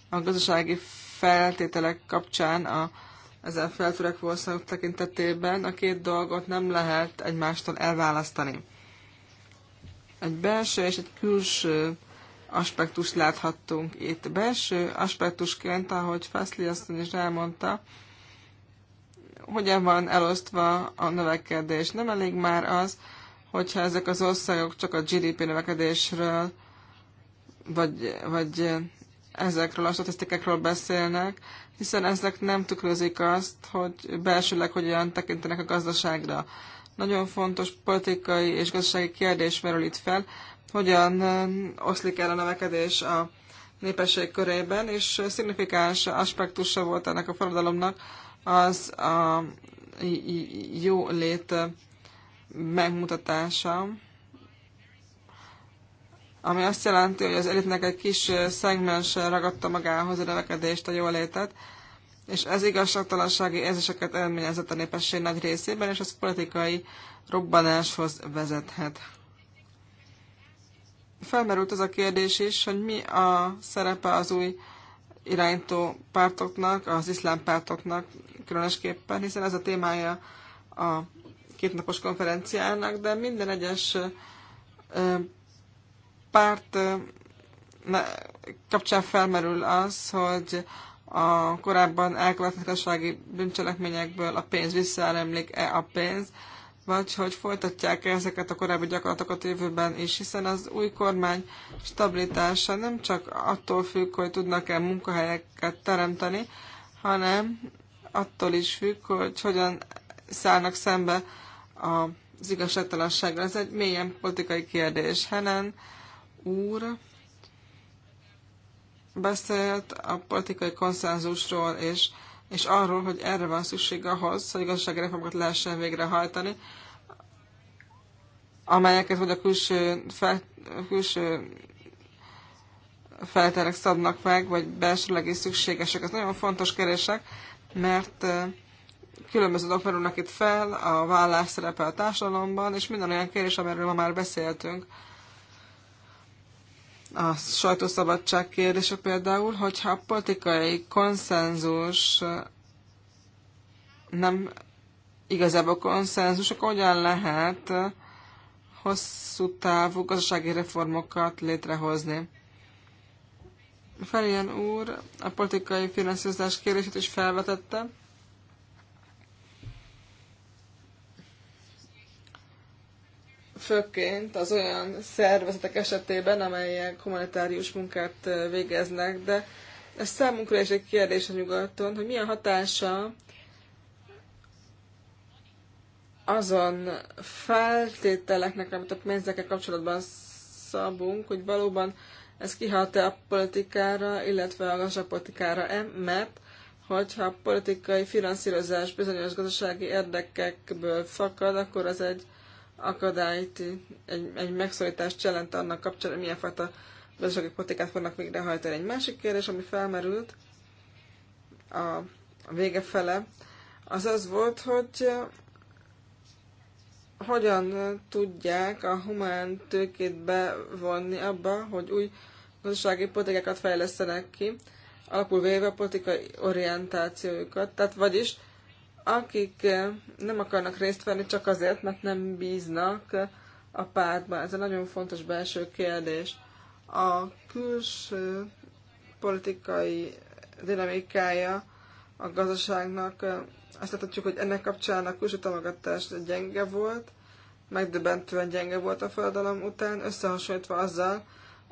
a gazdasági feltételek kapcsán a ezzel feltörekvő országok tekintetében a két dolgot nem lehet egymástól elválasztani. Egy belső és egy külső aspektust láthattunk itt. Belső aspektusként, ahogy Feszli azt is elmondta, hogyan van elosztva a növekedés. Nem elég már az, hogyha ezek az országok csak a GDP növekedésről, vagy, vagy ezekről a statisztikákról beszélnek, hiszen ezek nem tükrözik azt, hogy belsőleg hogyan tekintenek a gazdaságra. Nagyon fontos politikai és gazdasági kérdés merül itt fel, hogyan oszlik el a növekedés a népesség körében, és szignifikáns aspektusa volt ennek a forradalomnak, az a jó lét megmutatása, ami azt jelenti, hogy az elitnek egy kis szegmens ragadta magához a növekedést, a jólétet, és ez igazságtalansági érzéseket eredményezett a népesség nagy részében, és ez politikai robbanáshoz vezethet. Felmerült az a kérdés is, hogy mi a szerepe az új iránytó pártoknak, az iszlám pártoknak különösképpen, hiszen ez a témája a kétnapos konferenciának, de minden egyes párt kapcsán felmerül az, hogy a korábban elkövetett bűncselekményekből a pénz visszaáramlik-e a pénz, vagy hogy folytatják -e ezeket a korábbi gyakorlatokat jövőben is, hiszen az új kormány stabilitása nem csak attól függ, hogy tudnak-e munkahelyeket teremteni, hanem attól is függ, hogy hogyan szállnak szembe az igazságtalansággal. Ez egy mélyen politikai kérdés. Henen úr beszélt a politikai konszenzusról, és, és arról, hogy erre van szükség ahhoz, hogy reformokat lehessen végrehajtani, amelyeket vagy a külső, fel, külső felterek szabnak meg, vagy belsőleg is szükségesek. Ez nagyon fontos kérdések, mert különböző dolgok merülnek itt fel, a vállás szerepe a társadalomban, és minden olyan kérdés, amiről ma már beszéltünk. A sajtószabadság kérdése például, hogyha a politikai konszenzus nem igazából konszenzus, akkor hogyan lehet hosszú távú gazdasági reformokat létrehozni. Ferien úr a politikai finanszírozás kérését is felvetette. Főként az olyan szervezetek esetében, amelyek humanitárius munkát végeznek, de ez számunkra is egy kérdés a nyugaton, hogy milyen hatása azon feltételeknek, amit a pénzekkel kapcsolatban szabunk, hogy valóban uh, ez kihat-e a politikára, illetve a gazdaságpolitikára-e, mert hogyha a politikai finanszírozás bizonyos gazdasági érdekekből fakad, akkor az egy akadályt, egy, egy megszorítást jelent annak kapcsán, hogy milyen fajta gazdasági politikát fognak végrehajtani. Egy másik kérdés, ami felmerült a vége fele, az az volt, hogy hogyan tudják a humán tőkét bevonni abba, hogy új gazdasági politikákat fejlesztenek ki, alapul véve a politikai orientációjukat. Tehát vagyis, akik eh, nem akarnak részt venni csak azért, mert nem bíznak a pártban. Ez egy nagyon fontos belső kérdés. A külső politikai dinamikája a gazdaságnak, eh, azt láthatjuk, hogy ennek kapcsán a külső támogatás gyenge volt, megdöbbentően gyenge volt a forradalom után, összehasonlítva azzal,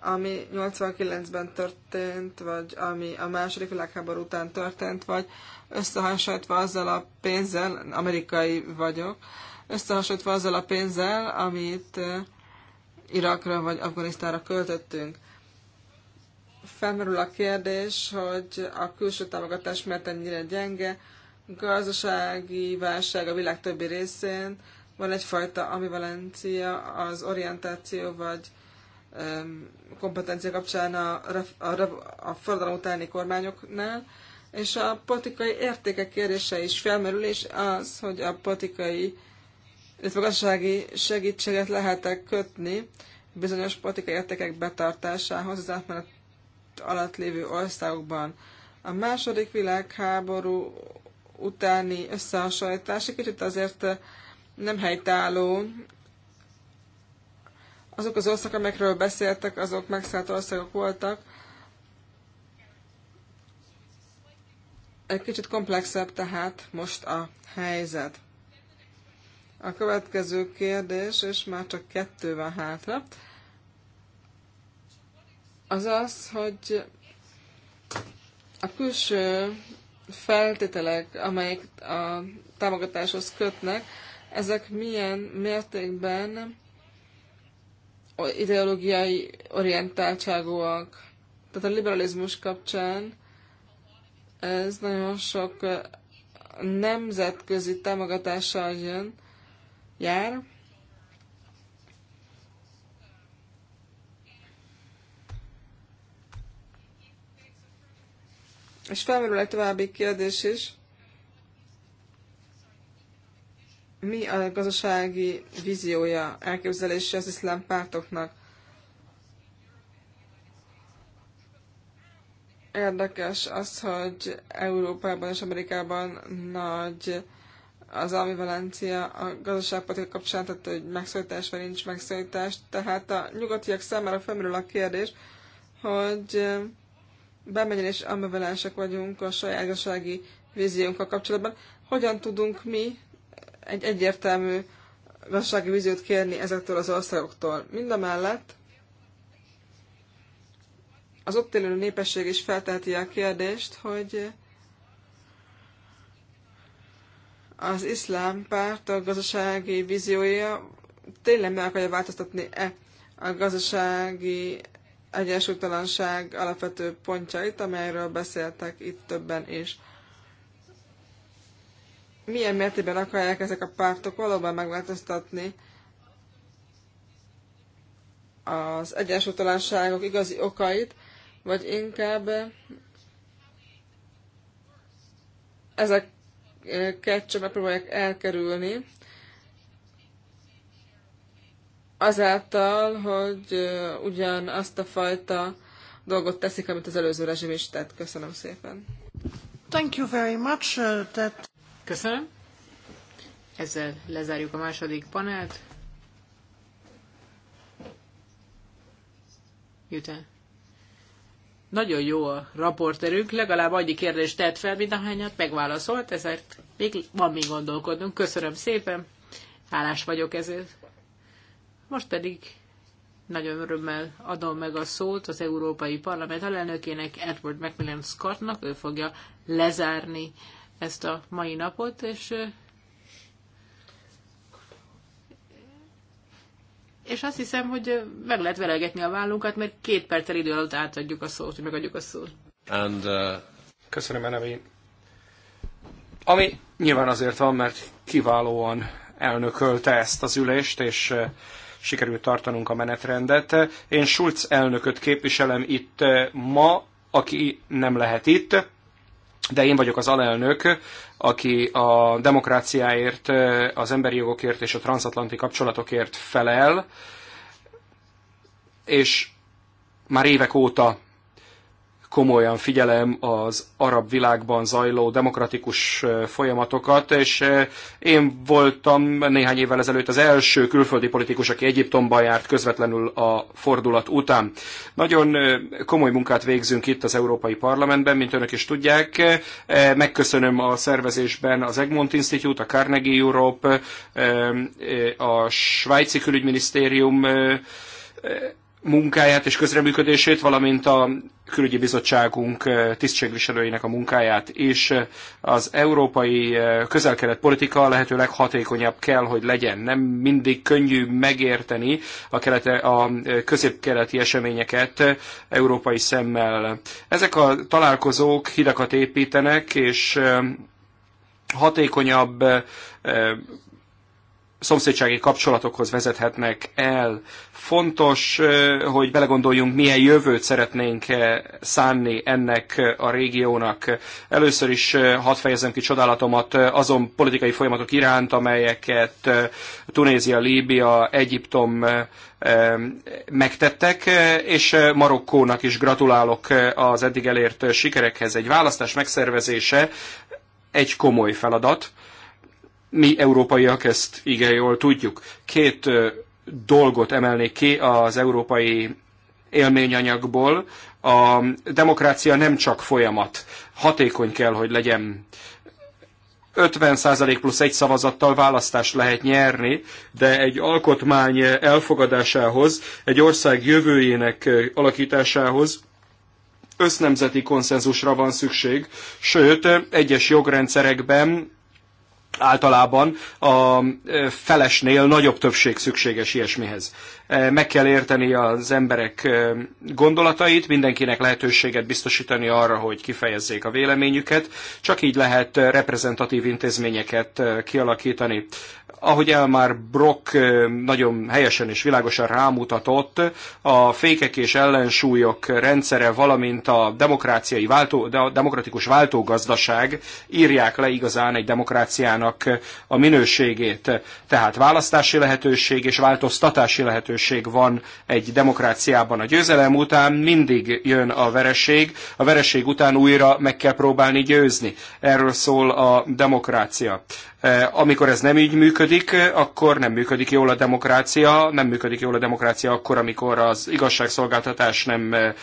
ami 89-ben történt, vagy ami a második világháború után történt, vagy összehasonlítva azzal a pénzzel, amerikai vagyok, összehasonlítva azzal a pénzzel, amit Irakra vagy Afganisztára költöttünk. Felmerül a kérdés, hogy a külső támogatás miért ennyire gyenge, gazdasági válság a világ többi részén, van egyfajta ambivalencia az orientáció vagy kompetencia kapcsán a, a, a forradalom utáni kormányoknál, és a politikai értékek kérdése is felmerül, és az, hogy a politikai, illetve gazdasági segítséget lehet-e kötni bizonyos politikai értékek betartásához az átmenet alatt lévő országokban. A második világháború utáni összehasonlítás egy kicsit azért nem helytálló azok az országok, amikről beszéltek, azok megszállt országok voltak. Egy kicsit komplexebb tehát most a helyzet. A következő kérdés, és már csak kettő van hátra, az az, hogy a külső feltételek, amelyek a támogatáshoz kötnek, ezek milyen mértékben ideológiai orientáltságúak. Tehát a liberalizmus kapcsán ez nagyon sok nemzetközi támogatással jön, jár. És felmerül egy további kérdés is, mi a gazdasági víziója, elképzelése az iszlám pártoknak. Érdekes az, hogy Európában és Amerikában nagy az Valencia a gazdaságpolitika kapcsán, tehát hogy megszólítás vagy nincs megszólítás. Tehát a nyugatiak számára felmerül a kérdés, hogy bemenjen és ambivalensek vagyunk a saját gazdasági víziónkkal kapcsolatban. Hogyan tudunk mi egy egyértelmű gazdasági víziót kérni ezektől az országoktól. Mind a mellett az ott élő népesség is felteheti a kérdést, hogy az iszlám párt a gazdasági víziója tényleg meg akarja változtatni-e a gazdasági egyensúlytalanság alapvető pontjait, amelyről beszéltek itt többen is milyen mértében akarják ezek a pártok valóban megváltoztatni az egyensúlytalanságok igazi okait, vagy inkább ezeket csak megpróbálják elkerülni, azáltal, hogy ugyan azt a fajta dolgot teszik, amit az előző rezsim is tett. Köszönöm szépen. Thank you very much. Uh, that... Köszönöm. Ezzel lezárjuk a második panelt. Jután. Nagyon jó a raporterünk, legalább annyi kérdést tett fel, mint ahányat megválaszolt, ezért még van mi gondolkodnunk. Köszönöm szépen, hálás vagyok ezért. Most pedig nagyon örömmel adom meg a szót az Európai Parlament alelnökének, Edward Macmillan Scottnak, ő fogja lezárni ezt a mai napot, és és azt hiszem, hogy meg lehet velegetni a vállunkat, mert két perccel idő alatt átadjuk a szót, hogy megadjuk a szót. And, uh... Köszönöm, Enemi. Ami nyilván azért van, mert kiválóan elnökölte ezt az ülést, és sikerült tartanunk a menetrendet. Én Schulz elnököt képviselem itt ma, aki nem lehet itt, de én vagyok az alelnök, aki a demokráciáért, az emberi jogokért és a transatlanti kapcsolatokért felel, és már évek óta komolyan figyelem az arab világban zajló demokratikus folyamatokat, és én voltam néhány évvel ezelőtt az első külföldi politikus, aki Egyiptomban járt közvetlenül a fordulat után. Nagyon komoly munkát végzünk itt az Európai Parlamentben, mint önök is tudják. Megköszönöm a szervezésben az Egmont Institute, a Carnegie Europe, a Svájci Külügyminisztérium, munkáját és közreműködését, valamint a külügyi bizottságunk eh, tisztségviselőinek a munkáját, és eh, az európai eh, közelkelet politika lehetőleg hatékonyabb kell, hogy legyen. Nem mindig könnyű megérteni a, kelete, a középkeleti eseményeket európai szemmel. Ezek a találkozók hidakat építenek, és hatékonyabb szomszédsági kapcsolatokhoz vezethetnek el. Fontos, hogy belegondoljunk, milyen jövőt szeretnénk szánni ennek a régiónak. Először is hadd fejezem ki csodálatomat azon politikai folyamatok iránt, amelyeket Tunézia, Líbia, Egyiptom megtettek, és Marokkónak is gratulálok az eddig elért sikerekhez. Egy választás megszervezése egy komoly feladat, mi európaiak ezt igen jól tudjuk. Két dolgot emelnék ki az európai élményanyagból. A demokrácia nem csak folyamat, hatékony kell, hogy legyen. 50% plusz egy szavazattal választást lehet nyerni, de egy alkotmány elfogadásához, egy ország jövőjének alakításához össznemzeti konszenzusra van szükség, sőt, egyes jogrendszerekben általában a felesnél nagyobb többség szükséges ilyesmihez. Meg kell érteni az emberek gondolatait, mindenkinek lehetőséget biztosítani arra, hogy kifejezzék a véleményüket, csak így lehet reprezentatív intézményeket kialakítani ahogy Elmar Brock nagyon helyesen és világosan rámutatott, a fékek és ellensúlyok rendszere, valamint a, demokráciai váltó, de a demokratikus váltógazdaság írják le igazán egy demokráciának a minőségét. Tehát választási lehetőség és változtatási lehetőség van egy demokráciában. A győzelem után mindig jön a vereség, a vereség után újra meg kell próbálni győzni. Erről szól a demokrácia. Eh, amikor ez nem így működik, eh, akkor nem működik jól a demokrácia, nem működik jól a demokrácia akkor, amikor az igazságszolgáltatás nem eh,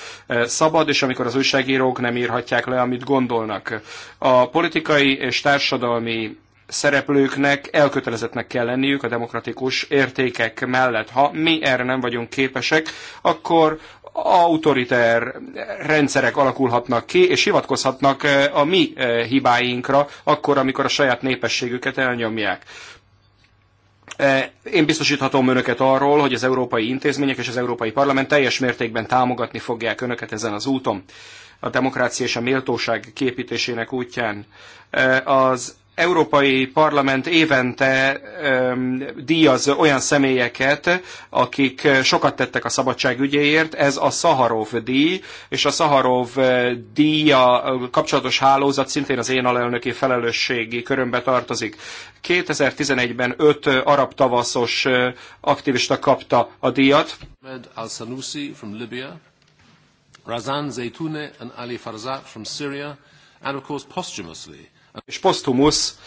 szabad, és amikor az újságírók nem írhatják le, amit gondolnak. A politikai és társadalmi szereplőknek elkötelezettnek kell lenniük a demokratikus értékek mellett. Ha mi erre nem vagyunk képesek, akkor autoriter rendszerek alakulhatnak ki, és hivatkozhatnak eh, a mi eh, hibáinkra, akkor, amikor a saját népességüket elnyomják. Eh, én biztosíthatom önöket arról, hogy az európai intézmények és az európai parlament teljes mértékben támogatni fogják önöket ezen az úton, a demokrácia és a méltóság képítésének útján. Az Európai Parlament évente díjaz olyan személyeket, akik sokat tettek a szabadság ügyéért, ez a Szaharov díj, és a Szaharov díja kapcsolatos hálózat szintén az én alelnöki felelősségi körömbe tartozik. 2011-ben öt arab tavaszos aktivista kapta a díjat. Razan and Ali from Syria, and of course posthumously és posztumusz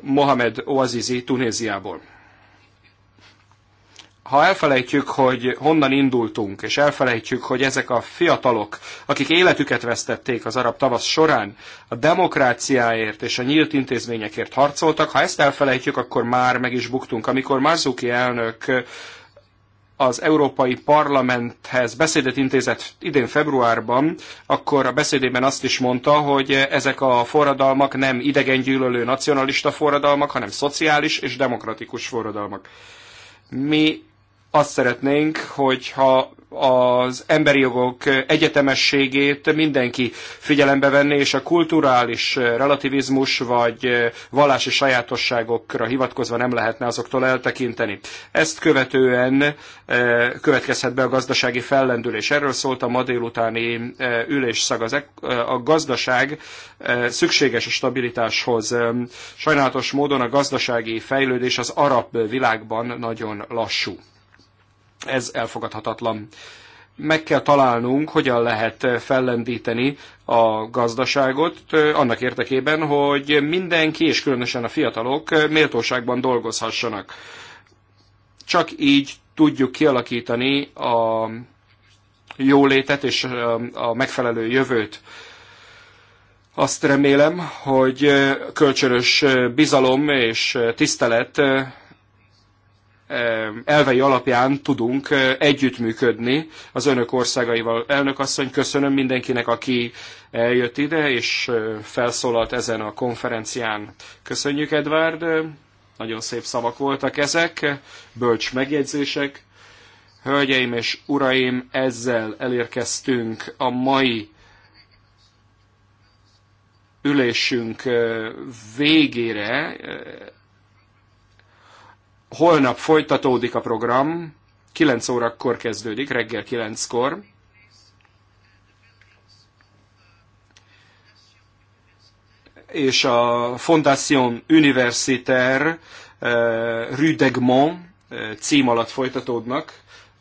Mohamed Oazizi Tunéziából. Ha elfelejtjük, hogy honnan indultunk, és elfelejtjük, hogy ezek a fiatalok, akik életüket vesztették az arab tavasz során, a demokráciáért és a nyílt intézményekért harcoltak, ha ezt elfelejtjük, akkor már meg is buktunk. Amikor Marzuki elnök az Európai Parlamenthez beszédet intézett idén februárban, akkor a beszédében azt is mondta, hogy ezek a forradalmak nem idegengyűlölő nacionalista forradalmak, hanem szociális és demokratikus forradalmak. Mi azt szeretnénk, hogyha az emberi jogok egyetemességét mindenki figyelembe venné és a kulturális relativizmus vagy vallási sajátosságokra hivatkozva nem lehetne azoktól eltekinteni. Ezt követően eh, következhet be a gazdasági fellendülés. Erről szólt a ma délutáni eh, ülésszag. Eh, a gazdaság szükséges a stabilitáshoz. Sajnálatos módon a gazdasági fejlődés az arab világban nagyon lassú. Ez elfogadhatatlan. Meg kell találnunk, hogyan lehet fellendíteni a gazdaságot annak érdekében, hogy mindenki, és különösen a fiatalok méltóságban dolgozhassanak. Csak így tudjuk kialakítani a jólétet és a megfelelő jövőt. Azt remélem, hogy kölcsönös bizalom és tisztelet Eh, elvei alapján tudunk eh, együttműködni az önök országaival. Elnök asszony, köszönöm mindenkinek, aki eljött ide és eh, felszólalt ezen a konferencián. Köszönjük, Edvard, nagyon szép szavak voltak ezek, bölcs megjegyzések. Hölgyeim és uraim, ezzel elérkeztünk a mai ülésünk végére. Holnap folytatódik a program, 9 órakor kezdődik, reggel 9-kor. És a Fondation Universitaire eh, Rue d'Egmont eh, cím alatt folytatódnak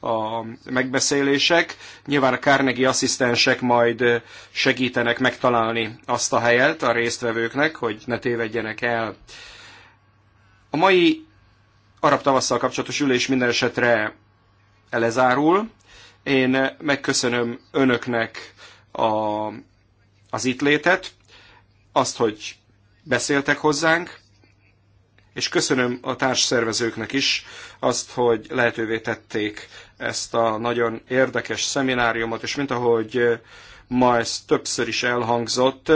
a megbeszélések. Nyilván a Carnegie asszisztensek majd eh, segítenek megtalálni azt a helyet a résztvevőknek, hogy ne tévedjenek el. A mai arab tavasszal kapcsolatos ülés minden esetre elezárul. Én megköszönöm önöknek a, az itt létet, azt, hogy beszéltek hozzánk, és köszönöm a társszervezőknek is azt, hogy lehetővé tették ezt a nagyon érdekes szemináriumot, és mint ahogy ma ez többször is elhangzott,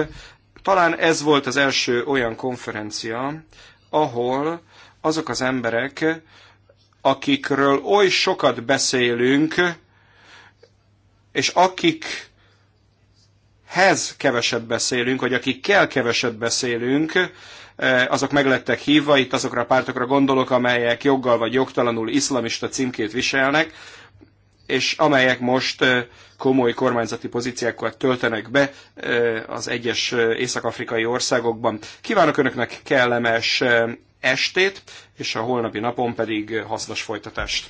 talán ez volt az első olyan konferencia, ahol azok az emberek, akikről oly sokat beszélünk, és akikhez keveset beszélünk, vagy akikkel keveset beszélünk, e, azok meglettek hívva, itt azokra a pártokra gondolok, amelyek joggal vagy jogtalanul iszlamista címkét viselnek, és amelyek most e, komoly kormányzati pozíciákat töltenek be e, az egyes észak-afrikai országokban. Kívánok Önöknek kellemes estét, és a holnapi napon pedig hasznos folytatást.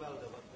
well, though.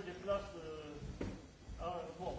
de place euh, à Bon.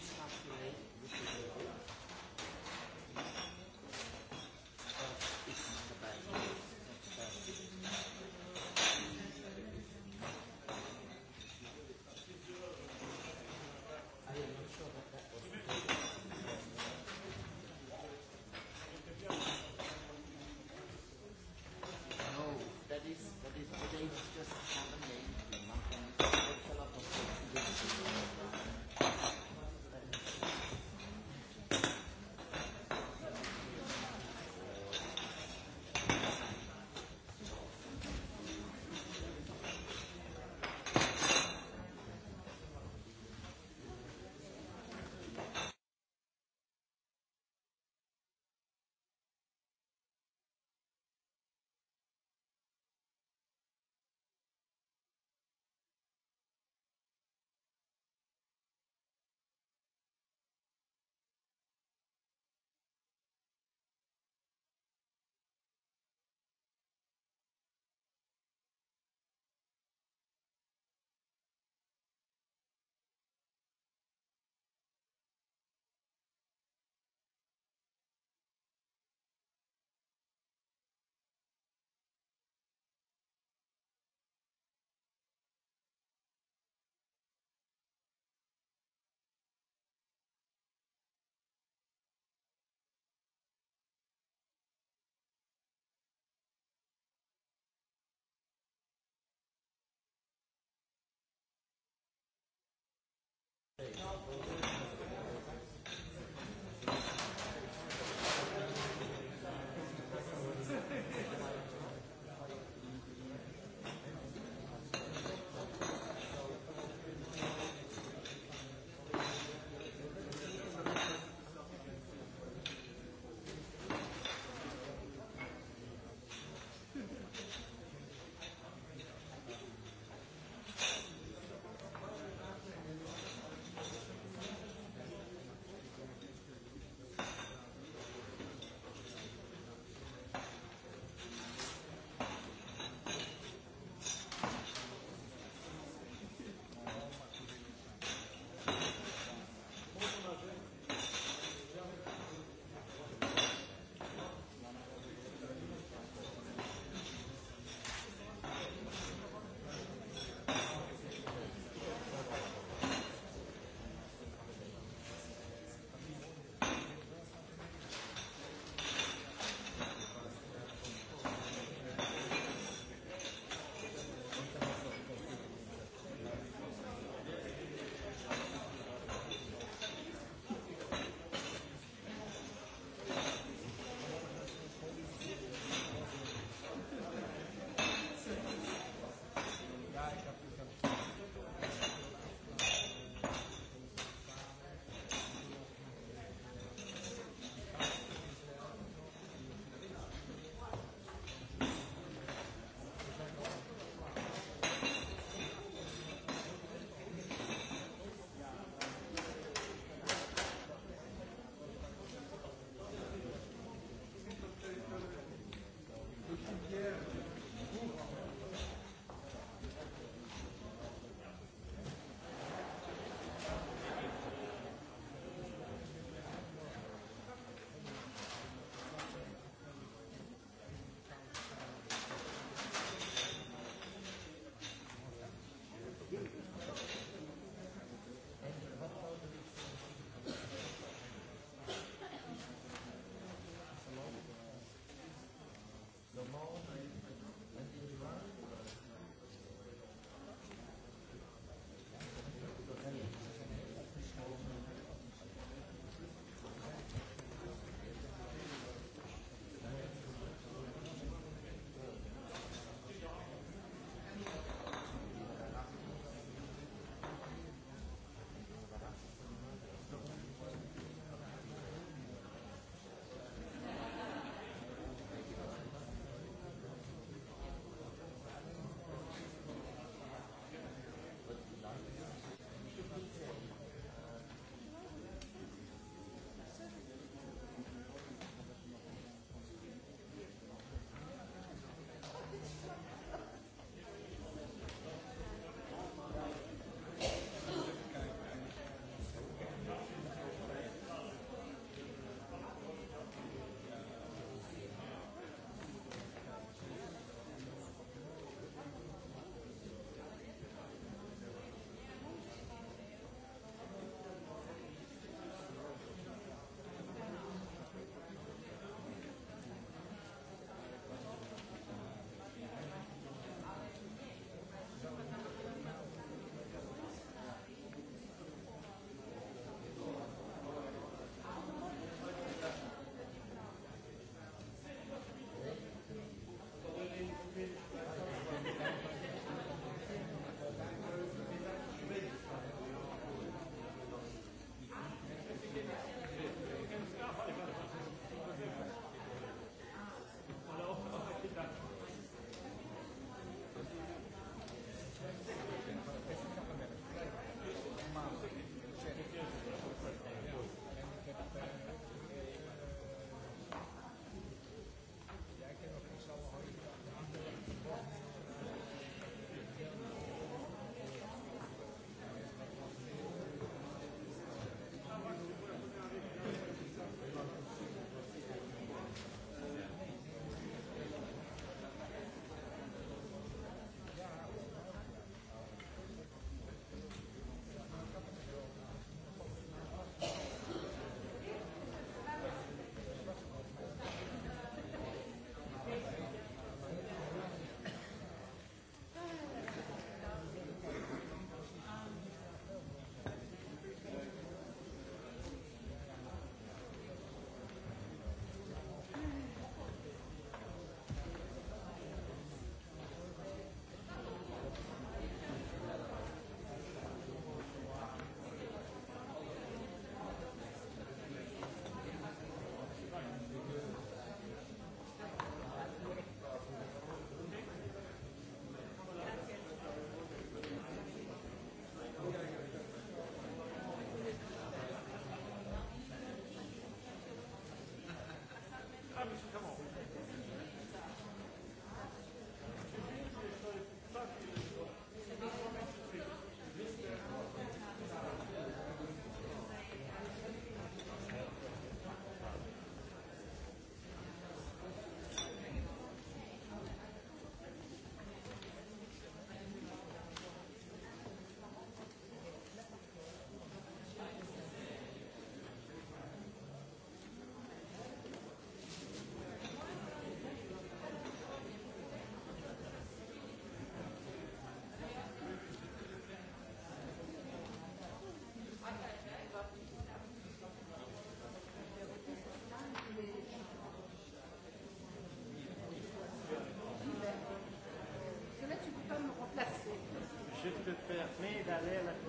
ですか？الأسماء إذا لا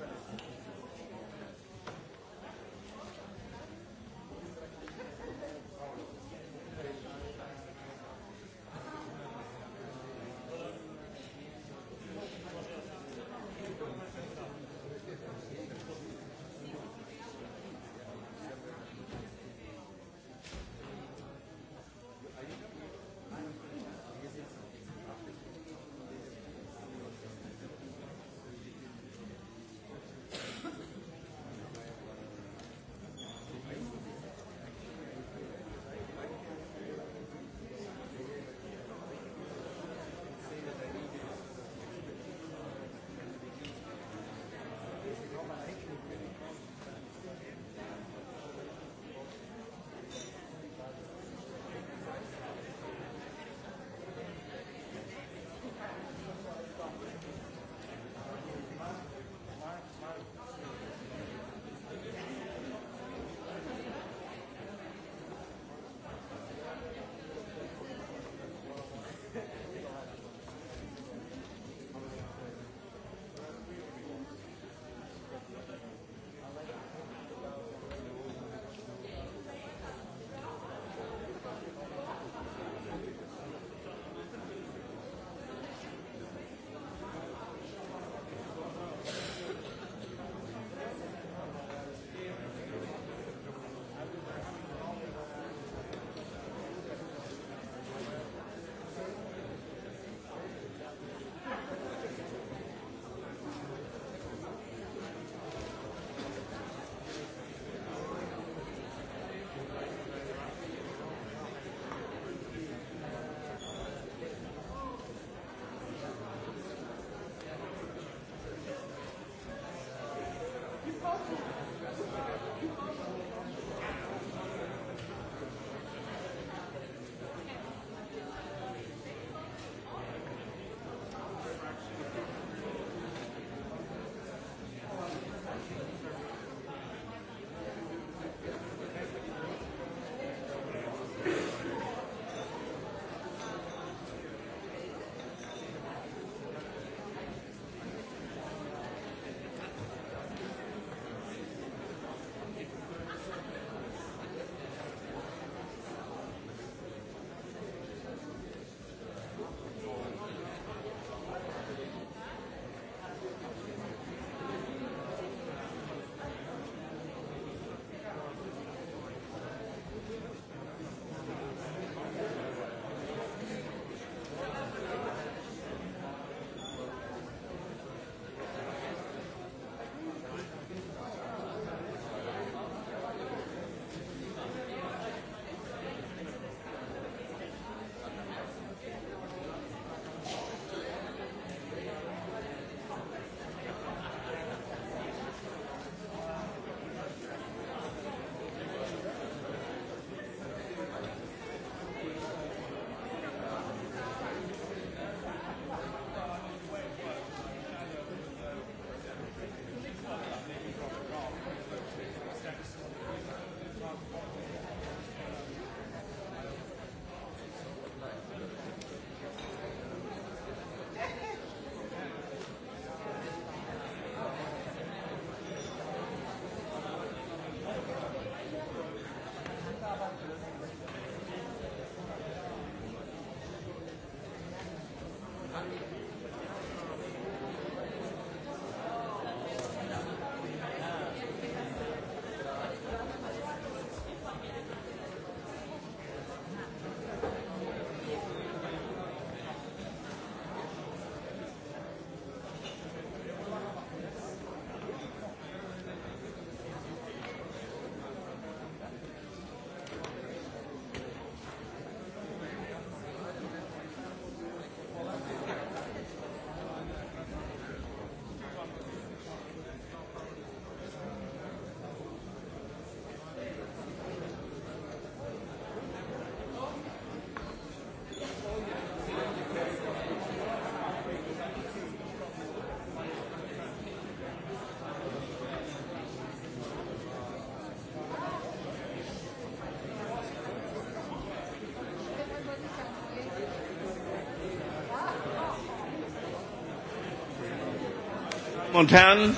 und Herren!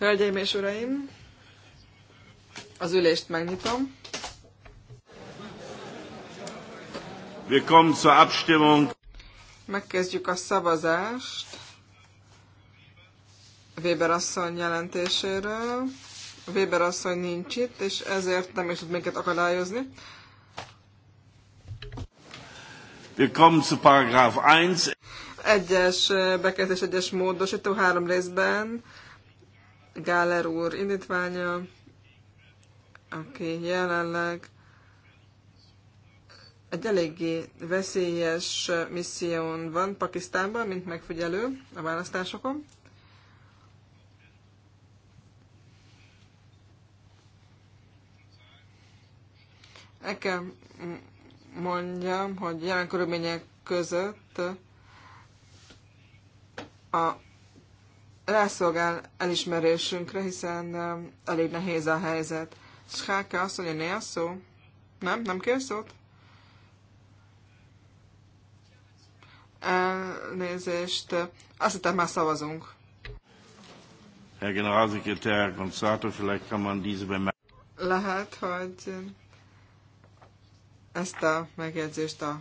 Hölgyeim és Uraim! Az ülést megnyitom. Willkommen zur Abstimmung. Megkezdjük a szavazást Weber asszony jelentéséről. Weber asszony nincs itt, és ezért nem is tud minket akadályozni. Willkommen zu Paragraph 1 egyes bekezdés, egyes módosító három részben. Gáler úr indítványa, aki jelenleg egy eléggé veszélyes misszión van Pakisztánban, mint megfigyelő a választásokon. Nekem mondjam, hogy jelen körülmények között a rászolgál elismerésünkre, hiszen um, elég nehéz a helyzet. Scháke azt mondja, ne a szó? Nem? Nem kér szót? Elnézést. Azt hittem, már szavazunk. Herr Generalsekretär Gonzato, vielleicht kann man diese Lehet, hogy ezt a megjegyzést a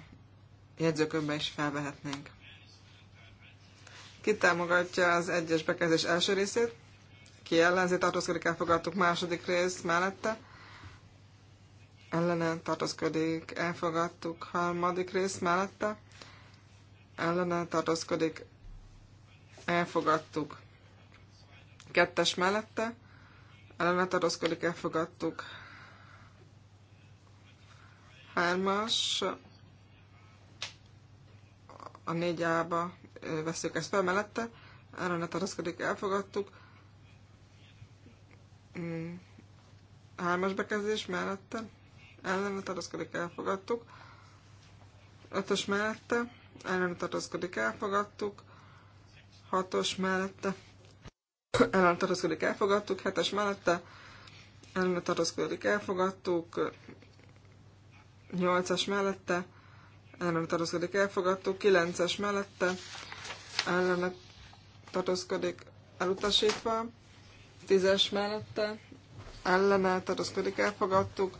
jegyzőkönyvben is felvehetnénk. Ki támogatja az egyes bekezdés első részét? Ki ellenzi? Tartózkodik, elfogadtuk második rész mellette. Ellene tartózkodik, elfogadtuk harmadik rész mellette. Ellene tartózkodik, elfogadtuk kettes mellette. Ellene tartózkodik, elfogadtuk hármas a négy ába veszük ezt fel mellette, erre ne tartozkodik, elfogadtuk. Hmm. Hármas bekezdés mellette, ne tartozkodik, elfogadtuk. Ötös mellette, ne tartozkodik, elfogadtuk. Hatos mellette, ne tartozkodik, elfogadtuk. Hetes mellette, ne tartozkodik, elfogadtuk. Nyolcas mellette, ne tartozkodik, elfogadtuk. Kilences mellette, ellenek tartózkodik elutasítva, tízes mellette ellene tartózkodik elfogadtuk,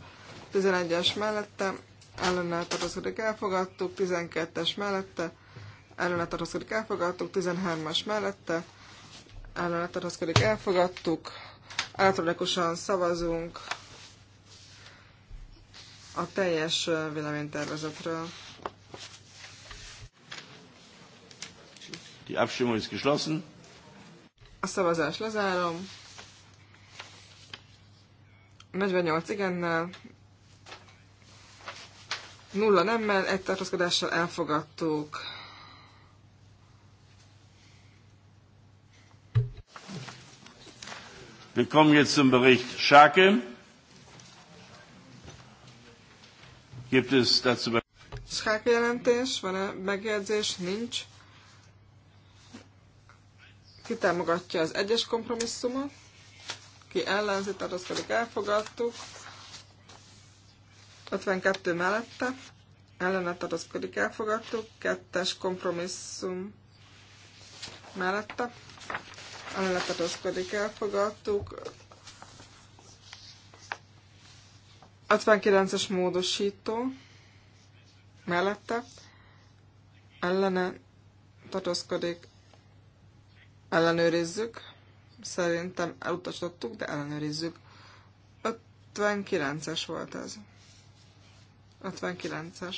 tizenegyes mellette ellene tartózkodik elfogadtuk, tizenkettes mellette ellene tartózkodik elfogadtuk, tizenhármas mellette ellene tartózkodik elfogadtuk, Általánosan szavazunk a teljes véleménytervezetről. Die Abstimmung ist geschlossen. A szavazás lezárom. 48 igennel, nulla nemmel, egy tartózkodással elfogadtuk. Wir kommen jetzt zum Bericht Schake. Gibt es dazu Schake jelentés? Van-e megjegyzés? Nincs. Ki támogatja az egyes kompromisszumot? Ki ellenzi, pedig elfogadtuk. 52 mellette ellene tartózkodik, elfogadtuk. Kettes kompromisszum mellette ellene tartózkodik, elfogadtuk. 59-es módosító mellette ellene tartózkodik, Ellenőrizzük. Szerintem elutasítottuk, de ellenőrizzük. 59-es volt ez. 59-es.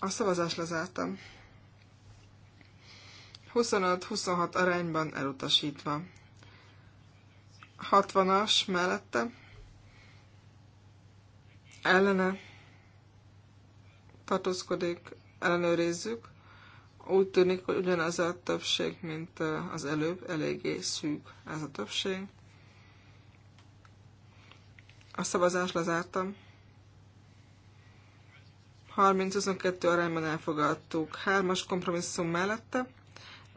A szavazás lezártam. 25-26 arányban elutasítva. 60-as mellette. Ellene tartózkodik, ellenőrizzük úgy tűnik, hogy ugyanaz a többség, mint az előbb, eléggé szűk ez a többség. A szavazást lezártam. 30-22 arányban elfogadtuk. 3-as kompromisszum mellette.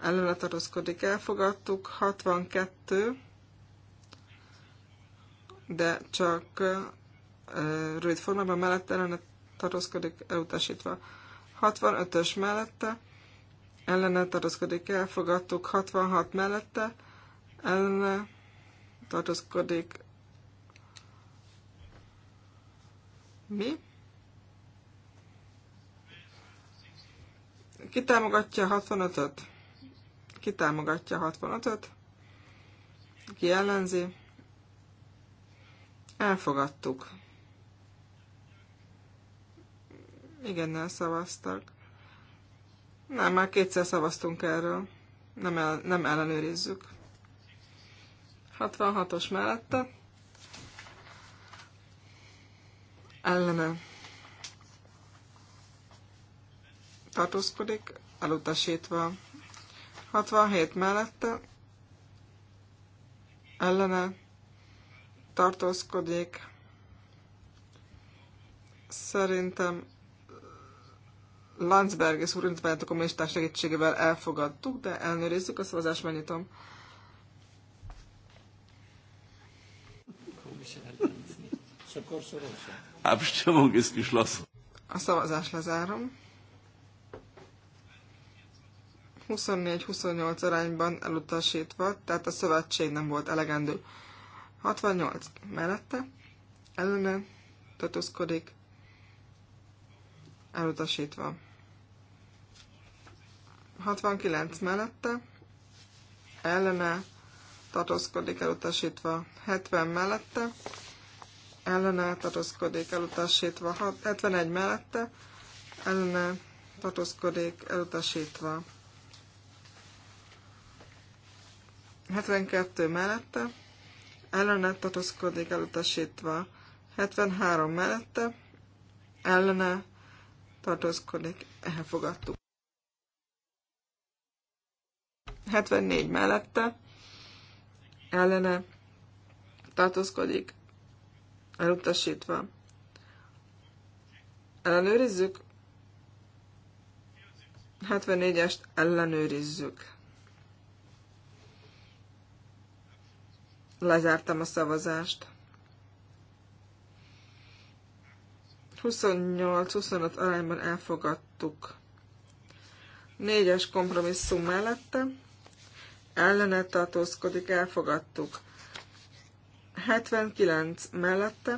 Ellene tartozkodik, elfogadtuk. 62. De csak rövid formában mellette ellene tartozkodik, elutasítva. 65-ös mellette ellene tartozkodik, elfogadtuk 66 mellette, ellene tartozkodik. mi? Ki támogatja 65-öt? Ki támogatja 65-öt? Ki ellenzi? Elfogadtuk. Igennel szavaztak. Nem, már kétszer szavaztunk erről. Nem, el, nem ellenőrizzük. 66-os mellette. Ellene. Tartózkodik, elutasítva. 67 mellette. Ellene. Tartózkodik. Szerintem Landsbergis úr indítványát a kommunisták segítségével elfogadtuk, de elnőrizzük a szavazás, megnyitom. Abstimmung ist geschlossen. A szavazás lezárom. 24-28 arányban elutasítva, tehát a szövetség nem volt elegendő. 68 mellette, ellene tartózkodik, elutasítva. 69 mellette, ellene tartózkodik elutasítva 70 mellette, ellene tartózkodik elutasítva 71 mellette, ellene tartózkodik elutasítva 72 mellette, ellene tartózkodik elutasítva 73 mellette, ellene tartózkodik, elfogadtuk. 74 mellette ellene tartózkodik, elutasítva. Ellenőrizzük. 74-est ellenőrizzük. Lezártam a szavazást. 28-25 arányban elfogadtuk. 4-es kompromisszum mellette ellene tartózkodik, elfogadtuk. 79 mellette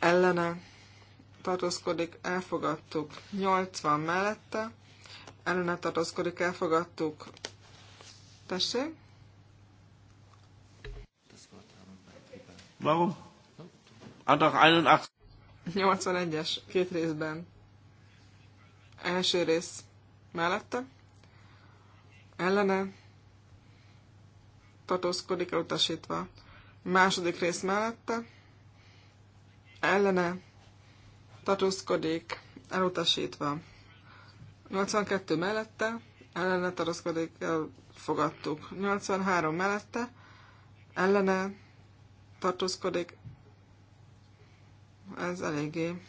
ellene tartózkodik, elfogadtuk. 80 mellette ellene tartózkodik, elfogadtuk. Tessék? Warum? Antrag 81. 81-es, két részben. Első rész mellette ellene tartózkodik elutasítva. Második rész mellette ellene tartózkodik elutasítva. 82 mellette ellene tartózkodik elfogadtuk. 83 mellette ellene tartózkodik ez eléggé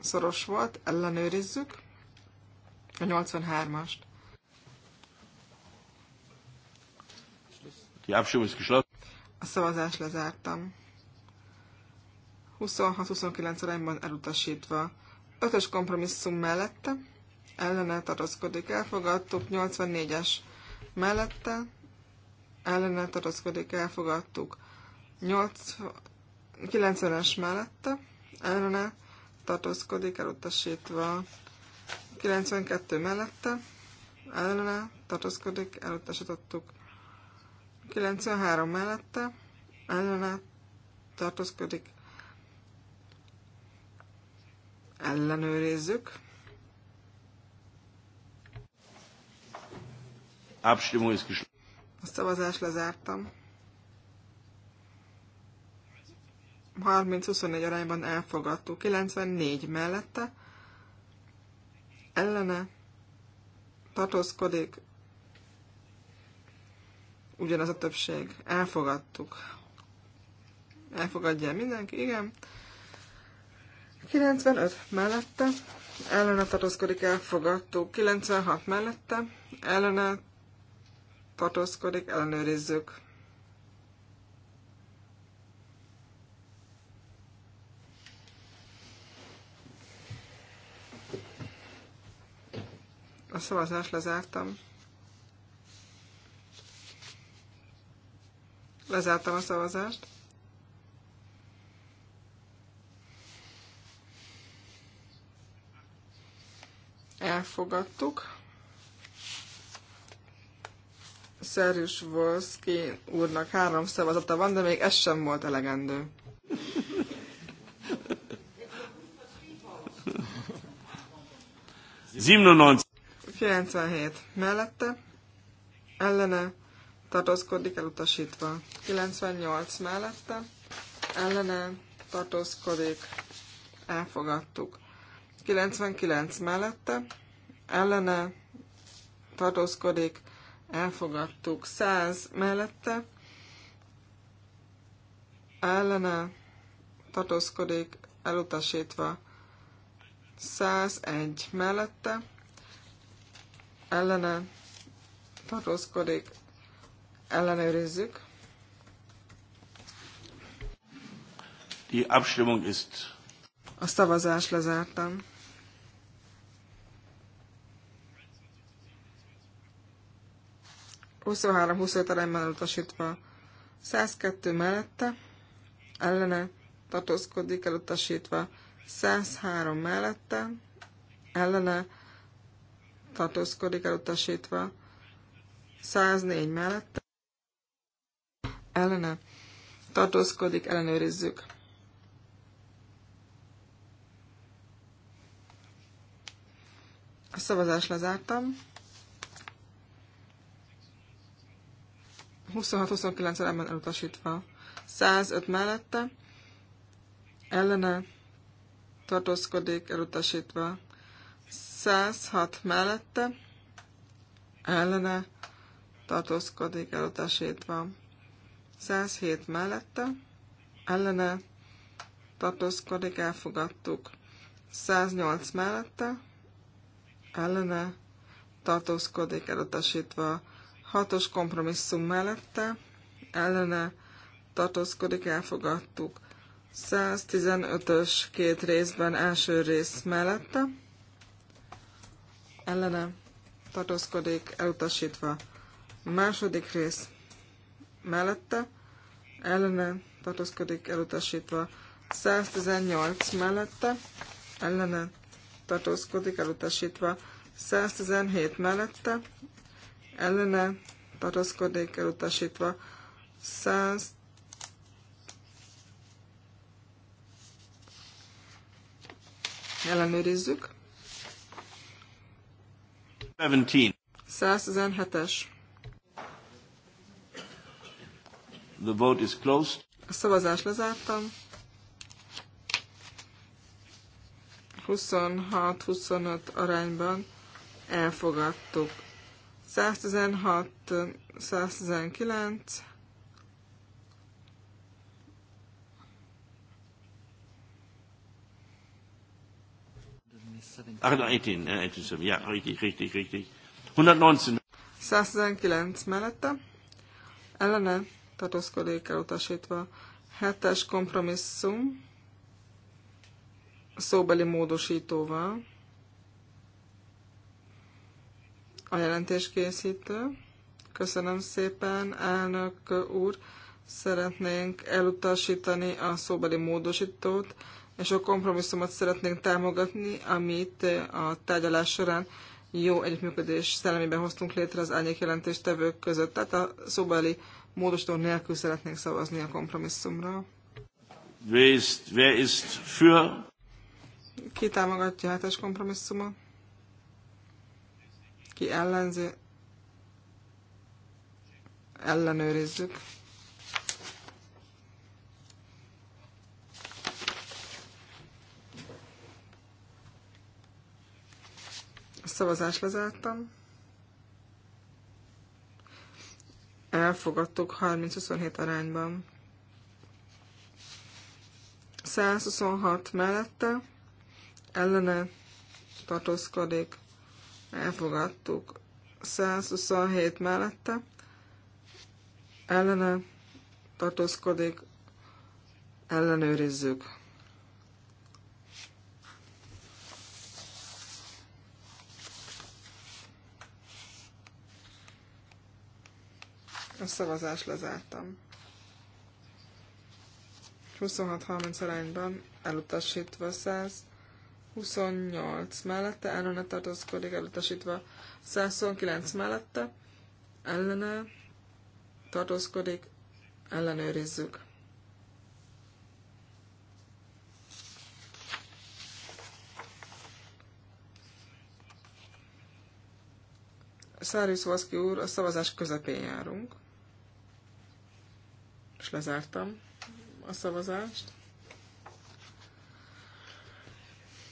szoros volt, ellenőrizzük a 83-ast. Die A szavazást lezártam. 26-29 arányban elutasítva. Ötös kompromisszum mellette, ellene tartozkodik, elfogadtuk. 84-es mellette, ellene tartozkodik, elfogadtuk. 90-es mellette, ellene tartozkodik, elutasítva. 92 mellette, ellene tartozkodik, elutasítottuk. 93 mellette ellene tartózkodik. Ellenőrizzük. A szavazás lezártam. 30-24 arányban elfogadtuk. 94 mellette ellene tartózkodik, ugyanaz a többség. Elfogadtuk. Elfogadja mindenki, igen. 95 mellette, ellene tartózkodik, elfogadtuk. 96 mellette, ellene tartózkodik, ellenőrizzük. A szavazást lezártam. Lezártam a szavazást. Elfogadtuk. Szerűs Volszki úrnak három szavazata van, de még ez sem volt elegendő. Zimnonon. 97 mellette, ellene tartózkodik elutasítva. 98 mellette ellene tartózkodik, elfogadtuk. 99 mellette ellene tartózkodik, elfogadtuk. 100 mellette ellene tartózkodik, elutasítva. 101 mellette ellene tartózkodik, ellenőrizzük. Die Abstimmung ist. A szavazás lezártam. Huszonhárom 25 arányban elutasítva. 102 mellette, ellene tartózkodik elutasítva. 103 mellette, ellene tartózkodik elutasítva. 104 mellette, ellene tartózkodik, ellenőrizzük. A szavazást lezártam. 26-29 elemben elutasítva. 105 mellette, ellene tartózkodik, elutasítva. 106 mellette, ellene tartózkodik, elutasítva. 107 mellette, ellene tartózkodik, elfogadtuk. 108 mellette, ellene tartózkodik, elutasítva. 6-os kompromisszum mellette, ellene tartózkodik, elfogadtuk. 115-ös két részben első rész mellette, ellene tartózkodik, elutasítva. Második rész mellette, ellene tartózkodik elutasítva 118 mellette, ellene tartózkodik elutasítva 117 mellette, ellene tartózkodik elutasítva 100 ellenőrizzük. 17. 117-es. The vote is closed. A szavazást lezártam. 26-25 arányban elfogadtuk. 116-119 Ach, 18, 18, eh, ja, richtig, richtig, richtig. 119. 119 mellette. Ellene tartózkodik elutasítva. Hetes kompromisszum szóbeli módosítóval a jelentéskészítő. Köszönöm szépen, elnök úr! Szeretnénk elutasítani a szóbeli módosítót, és a kompromisszumot szeretnénk támogatni, amit a tárgyalás során jó együttműködés szellemében hoztunk létre az árnyék jelentéstevők között. Tehát a szóbeli módosító nélkül szeretnék szavazni a kompromisszumra. ist für? Ki támogatja a hetes kompromisszumot? Ki ellenzi? Ellenőrizzük. A szavazás lezártam. elfogadtuk 30-27 arányban. 126 mellette ellene tartózkodik, elfogadtuk. 127 mellette ellene tartózkodik, ellenőrizzük. A szavazást lezártam. 26-30 arányban elutasítva 100, 28 mellette, ellene tartózkodik, elutasítva 129 mellette, ellene tartózkodik, ellenőrizzük. Szárius Vaszki úr, a szavazás közepén járunk és lezártam a szavazást.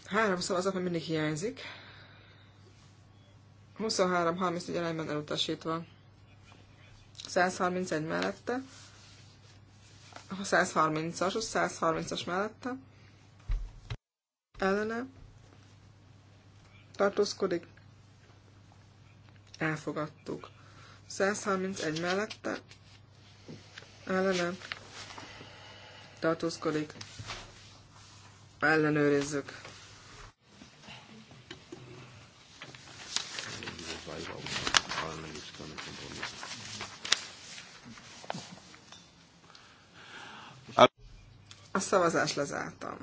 Három szavazat, mert mindig hiányzik. 23-31 elejben elutasítva. 131 mellette. A 130-as, a 130-as mellette. Ellene. Tartózkodik. Elfogadtuk. 131 mellette ellene tartózkodik. Ellenőrizzük. A szavazást lezártam.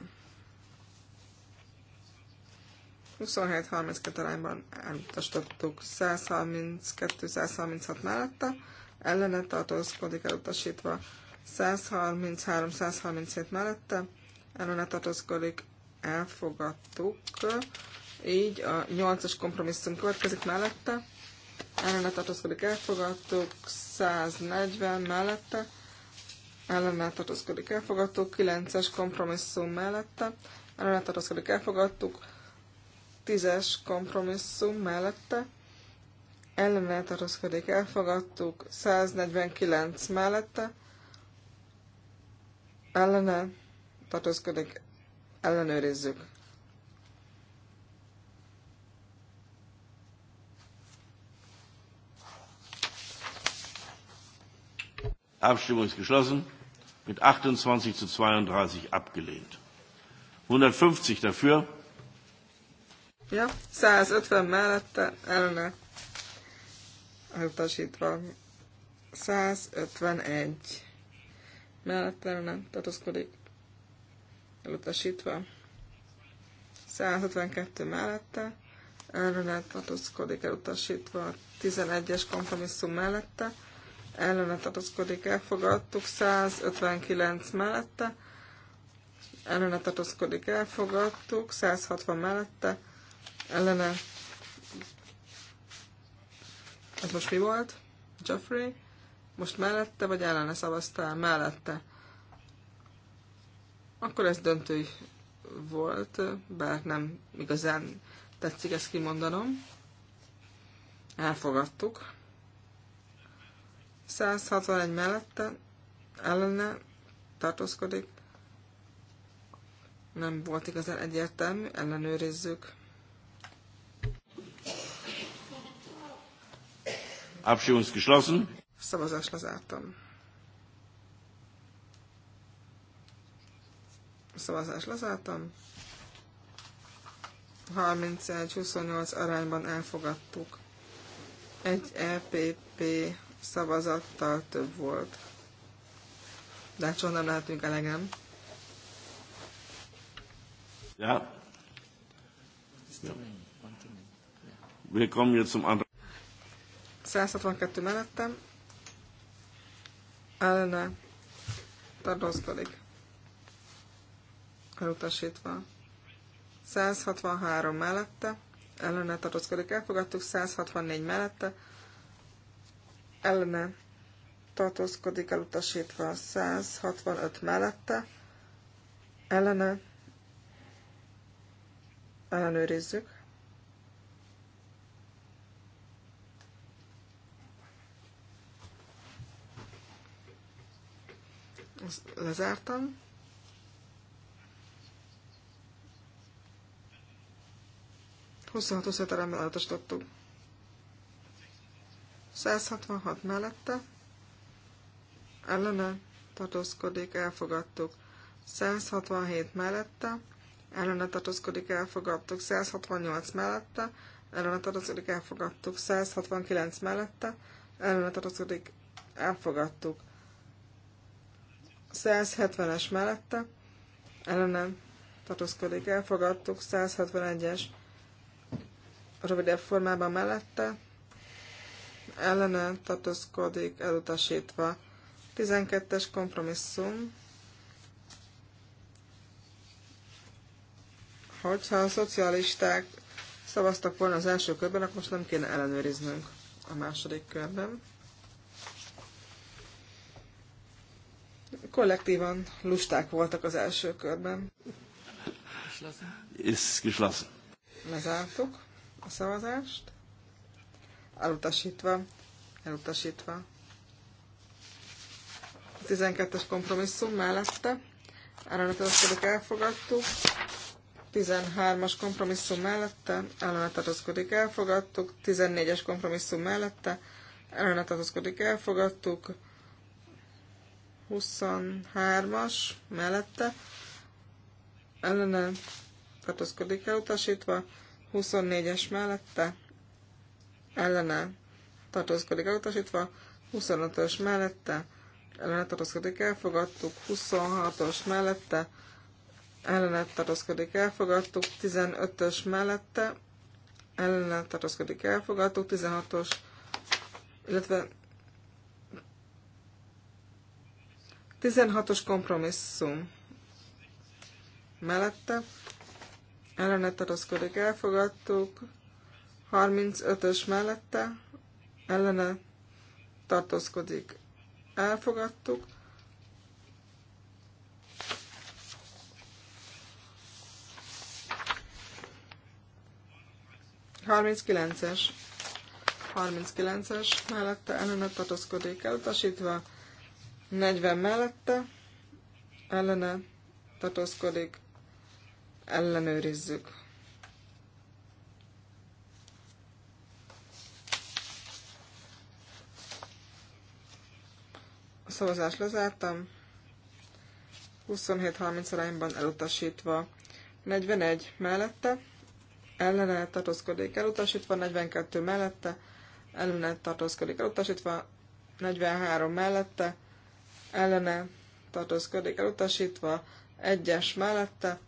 27-32 arányban elutasítottuk 132-136 mellette ellene tartózkodik elutasítva 133-137 mellette, ellene tartózkodik elfogadtuk, így a 8-as kompromisszum következik mellette, ellene tartózkodik elfogadtuk, 140 mellette, ellene tartózkodik elfogadtuk, 9-es kompromisszum mellette, ellene tartózkodik elfogadtuk, 10-es kompromisszum mellette, ellene tartózkodik, elfogadtuk, 149 mellette, ellene tartózkodik, ellenőrizzük. Abstimmung ist geschlossen. Mit 28 zu 32 abgelehnt. 150 dafür. Ja, 150 mellette ellene elutasítva. 151 mellette nem tartózkodik, elutasítva. 152 mellette, ellene tartózkodik elutasítva, 11-es kompromisszum mellette, ellene tartózkodik elfogadtuk, 159 mellette, ellene tartózkodik elfogadtuk, 160 mellette, ellene Hát most mi volt? Jeffrey? Most mellette vagy ellene szavaztál? Mellette. Akkor ez döntő volt, bár nem igazán tetszik ezt kimondanom. Elfogadtuk. 161 mellette ellene tartózkodik. Nem volt igazán egyértelmű, ellenőrizzük. Abstimmung ist geschlossen. lezártam. 31-28 arányban elfogadtuk. Egy EPP szavazattal több volt. De hát soha nem lehetünk elegem. Ja. ja. Wir kommen jetzt zum Antrag. 162 mellettem ellene tartózkodik. Elutasítva. 163 mellette ellene tartózkodik. Elfogadtuk 164 mellette ellene tartózkodik. Elutasítva 165 mellette ellene ellenőrizzük. lezártam. Huszonhat 26 teremmel 166 mellette. Ellene tartózkodik, elfogadtuk. 167 mellette. Ellene tartózkodik, elfogadtuk. 168 mellette. Ellene tartózkodik, elfogadtuk. 169 mellette. Ellene tartózkodik, elfogadtuk. 170-es mellette ellenem tartózkodik, elfogadtuk, 171-es rövidebb formában mellette ellene tartózkodik, elutasítva. 12-es kompromisszum. Hogyha a szocialisták szavaztak volna az első körben, akkor most nem kéne ellenőriznünk a második körben. Kollektívan lusták voltak az első körben. geschlossen. Lezártuk a szavazást. Elutasítva. Elutasítva. A 12-es kompromisszum mellette. Ellenetartózkodik elfogadtuk. 13-as kompromisszum mellette. Ellenetartózkodik elfogadtuk. 14-es kompromisszum mellette. Ellenetartózkodik elfogadtuk. 23-as mellette ellene tartózkodik elutasítva, 24-es mellette ellene tartózkodik elutasítva, 25-ös mellette ellene tartózkodik elfogadtuk, 26-os mellette ellene tartózkodik elfogadtuk, 15-ös mellette ellene tartózkodik elfogadtuk, 16-os, illetve 16-os kompromisszum mellette ellene tartózkodik, elfogadtuk. 35-ös mellette ellene tartózkodik, elfogadtuk. Harminckilences. 39-es mellette ellene tartózkodik elutasítva, 40 mellette ellene tartózkodik, ellenőrizzük. A szavazást lezártam. 27-30 arányban elutasítva. 41 mellette ellene tartózkodik elutasítva, 42 mellette ellene tartózkodik elutasítva, 43 mellette ellene tartózkodik elutasítva, egyes mellette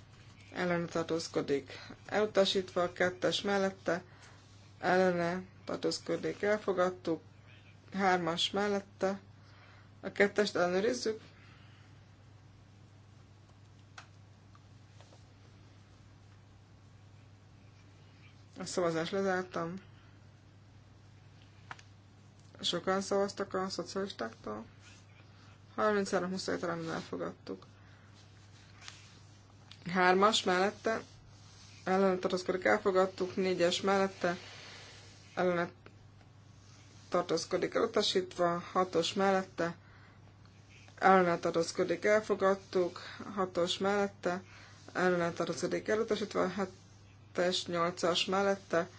ellene tartózkodik elutasítva, kettes mellette ellene tartózkodik elfogadtuk, hármas mellette a kettest ellenőrizzük, A szavazást lezártam. Sokan szavaztak a szocialistáktól. 33-27 nem elfogadtuk. Hármas mellette ellenet tartózkodik, elfogadtuk. Négyes mellette ellenet tartózkodik, elutasítva. Hatos mellette ellenet tartózkodik, elfogadtuk. Hatos mellette ellenet tartózkodik, elutasítva. Hetes, nyolcas mellette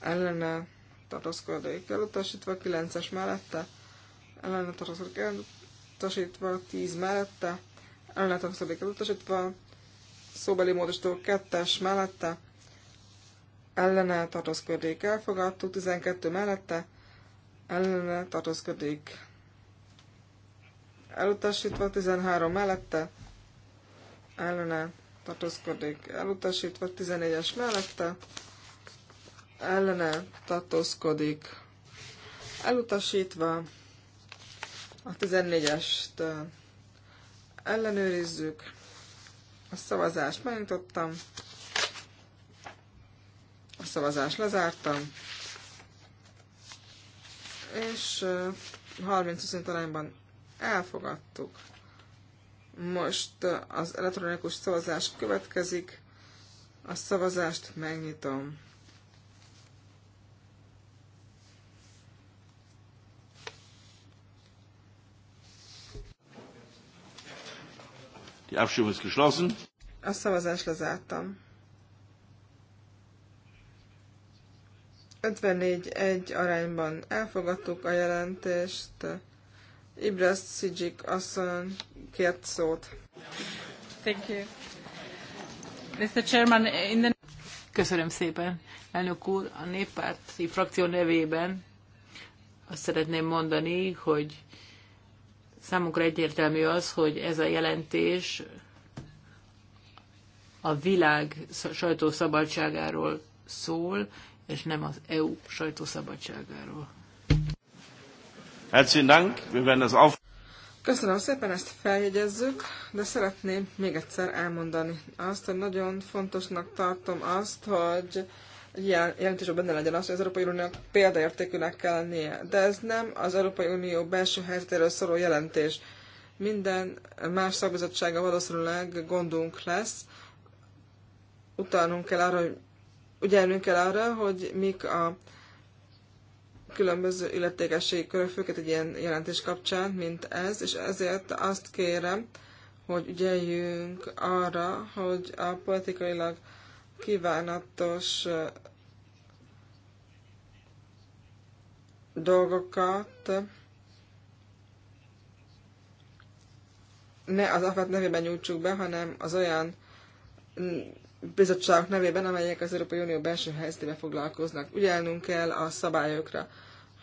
ellenet tartózkodik, elutasítva. Kilences mellette ellenet tartózkodik, elutasítva utasítva, 10 mellette, ellenállt a 20 elutasítva, szóbeli módosító 2-es mellette, ellene tartózkodék elfogadtó, 12 mellette, ellene tartózkodék elutasítva, 13 mellette, ellene tartózkodik, elutasítva, 14-es mellette, ellene tartózkodik, elutasítva, a 14-est ellenőrizzük. A szavazást megnyitottam. A szavazást lezártam. És 30 szint arányban elfogadtuk. Most az elektronikus szavazás következik. A szavazást megnyitom. Die Abstimmung ist geschlossen. A szavazás lezártam. 54-1 arányban elfogadtuk a jelentést. Ibres Szidzsik asszony kért szót. Thank you. Mr. Chairman, in the... Köszönöm szépen, elnök úr. A néppárti frakció nevében azt szeretném mondani, hogy Számunkra egyértelmű az, hogy ez a jelentés a világ sajtószabadságáról szól, és nem az EU sajtószabadságáról. Dank, wir werden das auf Köszönöm szépen, ezt feljegyezzük, de szeretném még egyszer elmondani azt, hogy nagyon fontosnak tartom azt, hogy egy ilyen jelentésben benne legyen az, hogy az Európai Uniónak példaértékűnek kell lennie. De ez nem az Európai Unió belső helyzetéről szóló jelentés. Minden más szakbizottsága valószínűleg gondunk lesz. Utalnunk kell arra, hogy ügyelnünk kell arra, hogy mik a különböző illetékességi körülfőket egy ilyen jelentés kapcsán, mint ez, és ezért azt kérem, hogy ügyeljünk arra, hogy a politikailag kívánatos dolgokat ne az AFAT nevében nyújtsuk be, hanem az olyan bizottságok nevében, amelyek az Európai Unió belső helyzetében foglalkoznak. Ugyelnünk kell a szabályokra.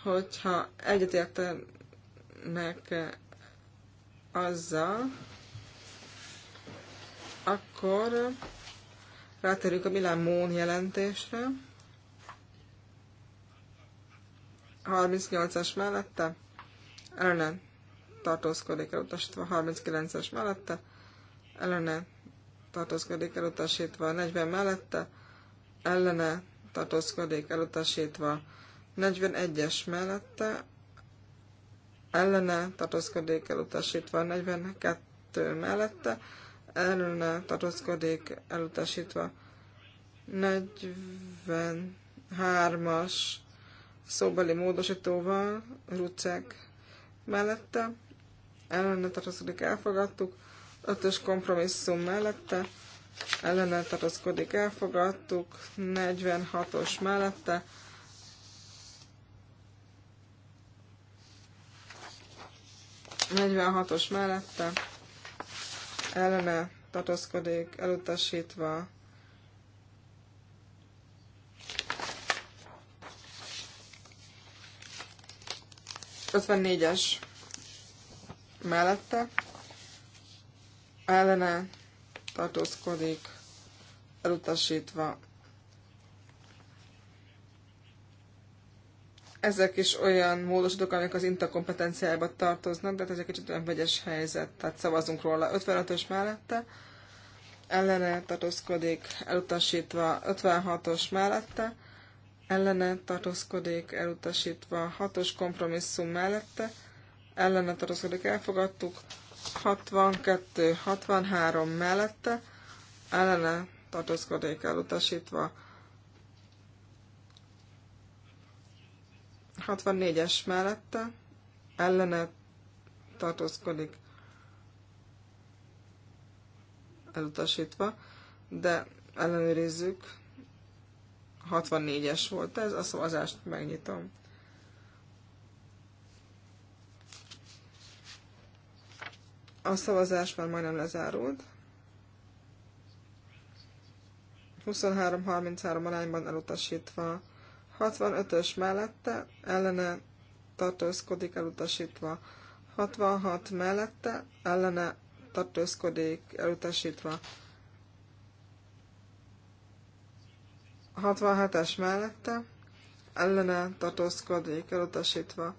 Hogyha egyetértenek azzal, akkor Rátérünk a Milán Món jelentésre. 38-as mellette, ellene tartózkodik elutasítva, 39-es mellette, ellene tartózkodik elutasítva, 40 mellette, ellene tartózkodik elutasítva, 41-es mellette, ellene tartózkodik elutasítva, 42 mellette, ellene tartózkodik elutasítva. 43-as szóbeli módosítóval, rucek mellette, ellene tartózkodik elfogadtuk, 5-ös kompromisszum mellette, ellene tartózkodik elfogadtuk, 46-os mellette, Negyvenhatos mellette ellene tartózkodik, elutasítva. van négyes mellette ellene tartózkodik, elutasítva. ezek is olyan módosítók, amik az INTA kompetenciájába tartoznak, de hát ez egy kicsit olyan vegyes helyzet, tehát szavazunk róla. 56-os mellette ellene tartózkodik, elutasítva 56-os mellette, ellene tartózkodik, elutasítva 6-os kompromisszum mellette, ellene tartózkodik, elfogadtuk, 62-63 mellette, ellene tartózkodik, elutasítva 64-es mellette ellene tartózkodik elutasítva, de ellenőrizzük. 64-es volt ez, a szavazást megnyitom. A szavazás már majdnem lezárult. 23-33 arányban elutasítva 65-ös mellette ellene tartózkodik elutasítva. 66 mellette ellene tartózkodik elutasítva. 67-es mellette ellene tartózkodik elutasítva.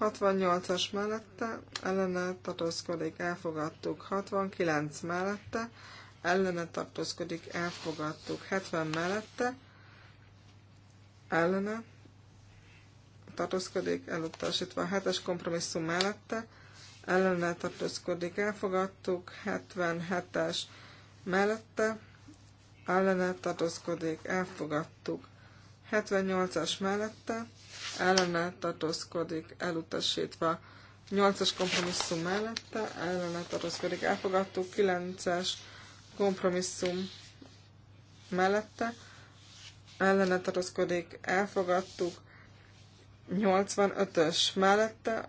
68-as mellette ellene tartózkodik elfogadtuk. 69 mellette ellene tartózkodik elfogadtuk. 70 mellette ellene tartózkodik, elutasítva a hetes kompromisszum mellette, ellene tartózkodik, elfogadtuk, 77-es mellette, ellene tartózkodik, elfogadtuk, 78-as mellette, ellene tartózkodik, elutasítva, 8-as kompromisszum mellette, ellene tartózkodik, elfogadtuk, 9-es kompromisszum mellette, ellene tartózkodik, elfogadtuk. 85-ös mellette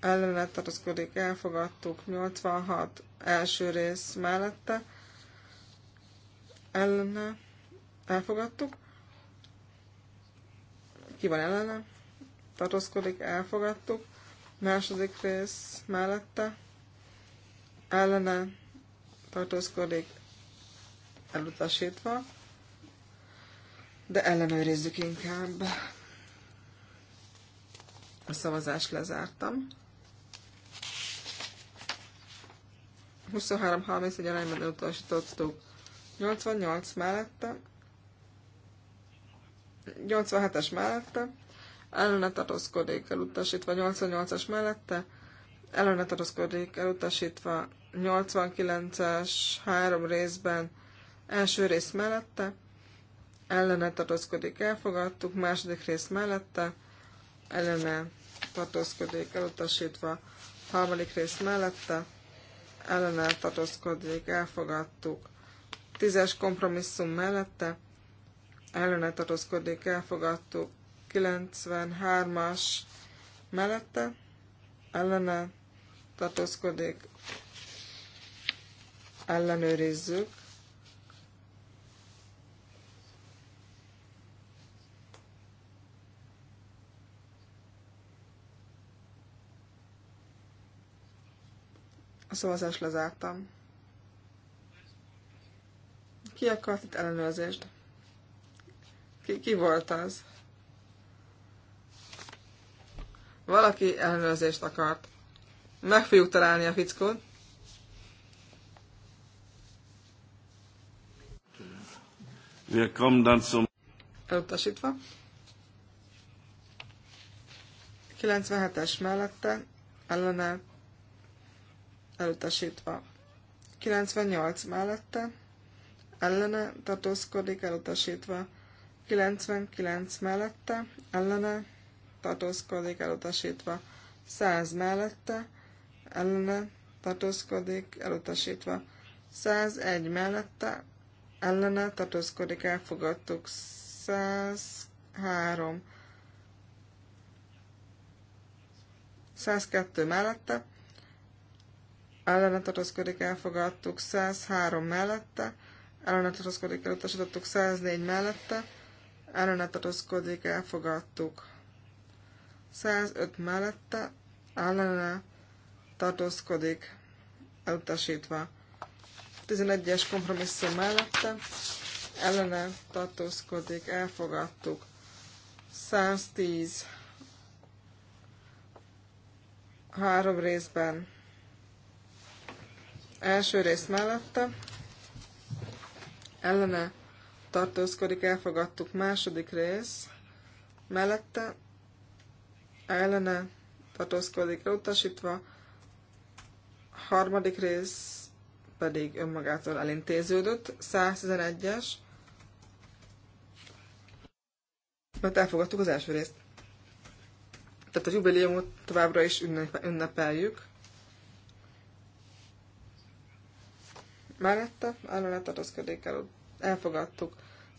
ellene tartózkodik, elfogadtuk. 86 első rész mellette ellene elfogadtuk. Ki van ellene? Tartózkodik, elfogadtuk. Második rész mellette ellene tartózkodik, elutasítva de ellenőrizzük inkább. A szavazást lezártam. 23-31 arányban elutasítottuk. 88 mellette. 87-es mellette. Ellene tartózkodik elutasítva 88-as mellette. Ellene tartózkodik elutasítva 89-es három részben első rész mellette ellene tartózkodik, elfogadtuk, második rész mellette, ellene tartózkodik, elutasítva, harmadik rész mellette, ellene tartózkodik, elfogadtuk, tízes kompromisszum mellette, ellene tartózkodik, elfogadtuk, 93-as mellette, ellene tartózkodik, ellenőrizzük, A szavazást lezártam. Ki akart itt ellenőrzést? Ki, ki volt az? Valaki ellenőrzést akart. Meg fogjuk találni a fickót. Elutasítva. 97-es mellette ellene elutasítva. 98 mellette, ellene tartózkodik, elutasítva. 99 mellette, ellene tartózkodik, elutasítva. 100 mellette, ellene tartózkodik, elutasítva. 101 mellette, ellene tartózkodik, elfogadtuk. 103 102 mellette, ellene tartózkodik, elfogadtuk 103 mellette, ellene tartózkodik, elutasítottuk 104 mellette, ellene tartózkodik, elfogadtuk 105 mellette, ellene tartózkodik, elutasítva 11-es kompromisszum mellette, ellene tartózkodik, elfogadtuk 110 három részben Első rész mellette ellene tartózkodik, elfogadtuk. Második rész mellette ellene tartózkodik, utasítva. Harmadik rész pedig önmagától elintéződött. 111-es. Mert elfogadtuk az első részt. Tehát a jubileumot továbbra is ünnepeljük. mellette, ellene tartózkodik, el, elfogadtuk.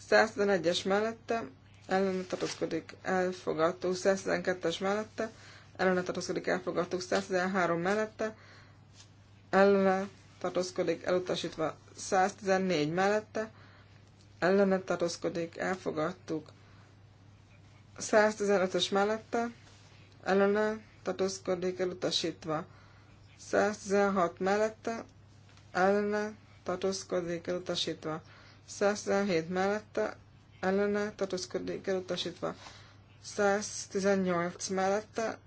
111-es mellette, ellene tartózkodik, elfogadtuk. 112-es mellette, ellene tartózkodik, elfogadtuk. 113 mellette, ellene tartózkodik, elutasítva. 114 mellette, ellene tartózkodik, elfogadtuk. 115-ös mellette, ellene tartózkodik, elutasítva. 116 mellette, ellene tartózkodik elutasítva. 117 mellette ellene tartózkodik elutasítva. 118 mellette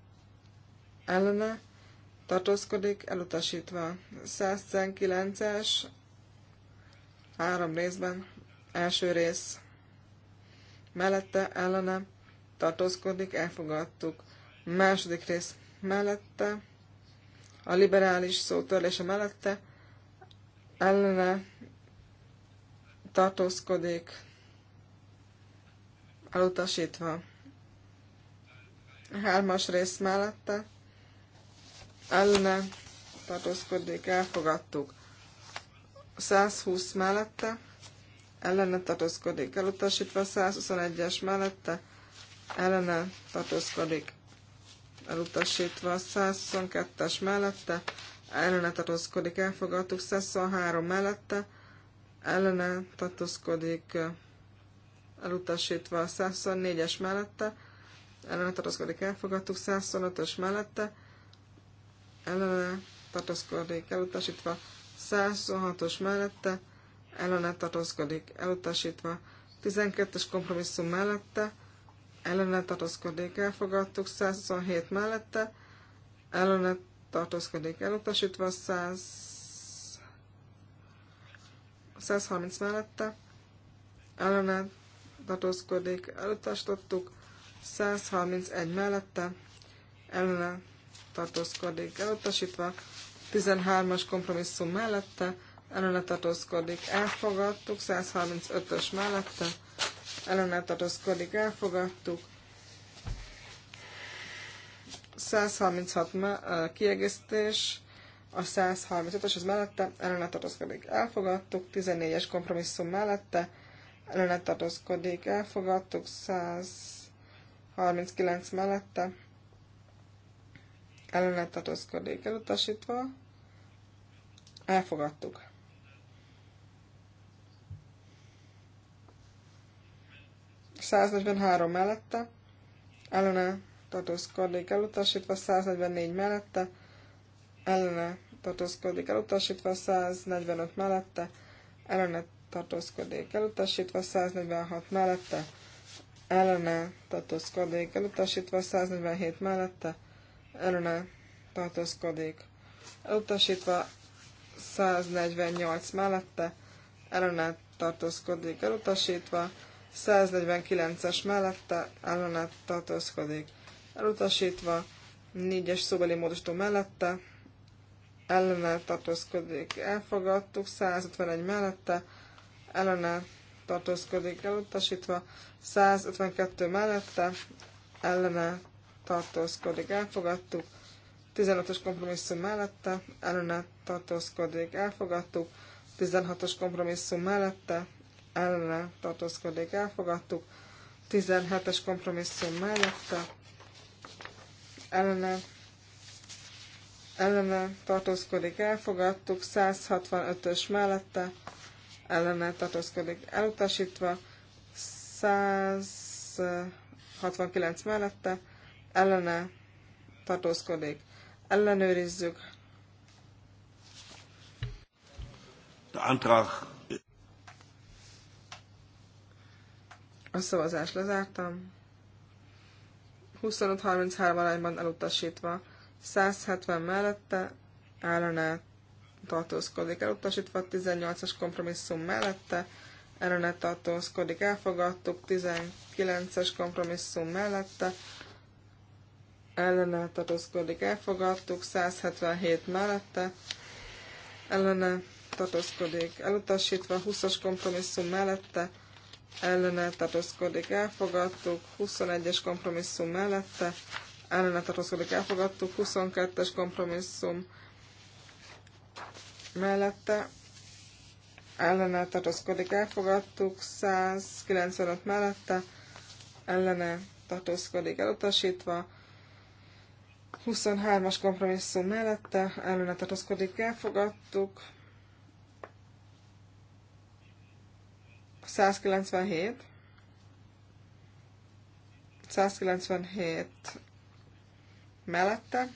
ellene tartózkodik elutasítva. 119-es három részben első rész mellette ellene tartózkodik elfogadtuk. Második rész mellette a liberális szótörlése mellette ellene tartózkodik, elutasítva. Hármas rész mellette ellene tartózkodik, elfogadtuk. 120 mellette ellene tartózkodik, elutasítva. 121-es mellette ellene tartózkodik, elutasítva. 122-es mellette ellene tartózkodik, elfogadtuk három mellette, ellene tartózkodik, elutasítva 104 es mellette, ellene tartózkodik, elfogadtuk 105 ös mellette, ellene tartózkodik, elutasítva 106 os mellette, ellene tartózkodik, elutasítva 12-es kompromisszum mellette, ellene tartózkodik, elfogadtuk 127 mellette, ellene tartózkodik elutasítva, 100, 130 mellette, ellene tartózkodik elutasítottuk, 131 mellette, ellene tartózkodik elutasítva, 13-as kompromisszum mellette, ellene tartózkodik elfogadtuk, 135-ös mellette, ellene tartózkodik elfogadtuk, 136 kiegészítés, a 135-ös az mellette, ellene tartózkodik, elfogadtuk, 14-es kompromisszum mellette, ellene tartózkodik, elfogadtuk, 139 mellette, ellene tartózkodik, elutasítva, elfogadtuk. három mellette, ellene tartózkodik elutasítva, 144 mellette, ellene tartózkodik elutasítva, 145 mellette, ellene tartózkodik elutasítva, 146 mellette, ellene tartózkodik elutasítva, 147 mellette, ellene tartózkodik elutasítva, 148 mellette, ellene tartózkodik elutasítva, 149-es mellette ellene tartózkodik elutasítva, négyes szóbeli módosító mellette, ellene tartózkodik, elfogadtuk, 151 mellette, ellene tartózkodik, elutasítva, 152 mellette, ellene tartózkodik, elfogadtuk, 15-ös kompromisszum mellette, ellene tartózkodik, elfogadtuk, 16-os kompromisszum mellette, ellene tartózkodik, elfogadtuk, 17-es kompromisszum mellette, ellene ellene tartózkodik, elfogadtuk, 165-ös mellette ellene tartózkodik, elutasítva, 169 mellette ellene tartózkodik, ellenőrizzük. De Antrag. A szavazást lezártam. 25-33 arányban elutasítva. 170 mellette ellene tartózkodik elutasítva, 18-as kompromisszum mellette ellene tartózkodik elfogadtuk, 19-es kompromisszum mellette ellene tartózkodik elfogadtuk, 177 mellette ellene tartózkodik elutasítva, 20-as kompromisszum mellette ellene tartózkodik, elfogadtuk, 21-es kompromisszum mellette, ellene tartózkodik, elfogadtuk, 22-es kompromisszum mellette, ellene tartózkodik, elfogadtuk, 195 mellette, ellene tartózkodik, elutasítva, 23-as kompromisszum mellette, ellene tartózkodik, elfogadtuk, 197. 197 mellette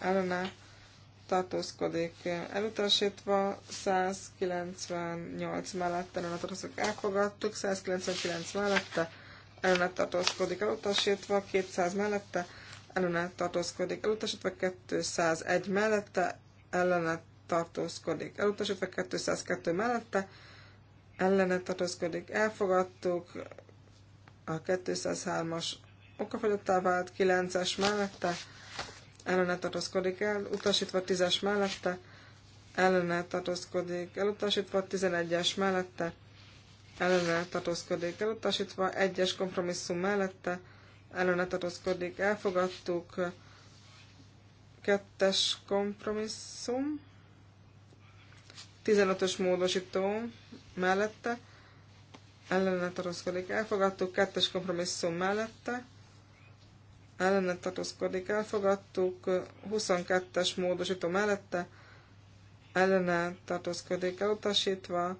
ellene tartózkodik elutasítva, 198 mellette ellene tartózkodik elfogadtuk, 199 mellette ellene tartózkodik elutasítva, 200 mellette ellene tartózkodik elutasítva, 201 mellette ellene tartózkodik elutasítva, 202 mellette ellene tartozkodik. elfogadtuk, a 203-as okafogyottá vált, 9-es mellette ellene tartozkodik el, utasítva 10-es mellette ellene tartozkodik elutasítva 11-es mellette ellene tartozkodik elutasítva 1-es kompromisszum mellette ellene tartozkodik, elfogadtuk, 2-es kompromisszum, 15-ös módosító mellette, ellene tartózkodik, elfogadtuk, kettes kompromisszum mellette, ellene tartózkodik, elfogadtuk, 22-es módosító mellette, ellene tartózkodik, elutasítva,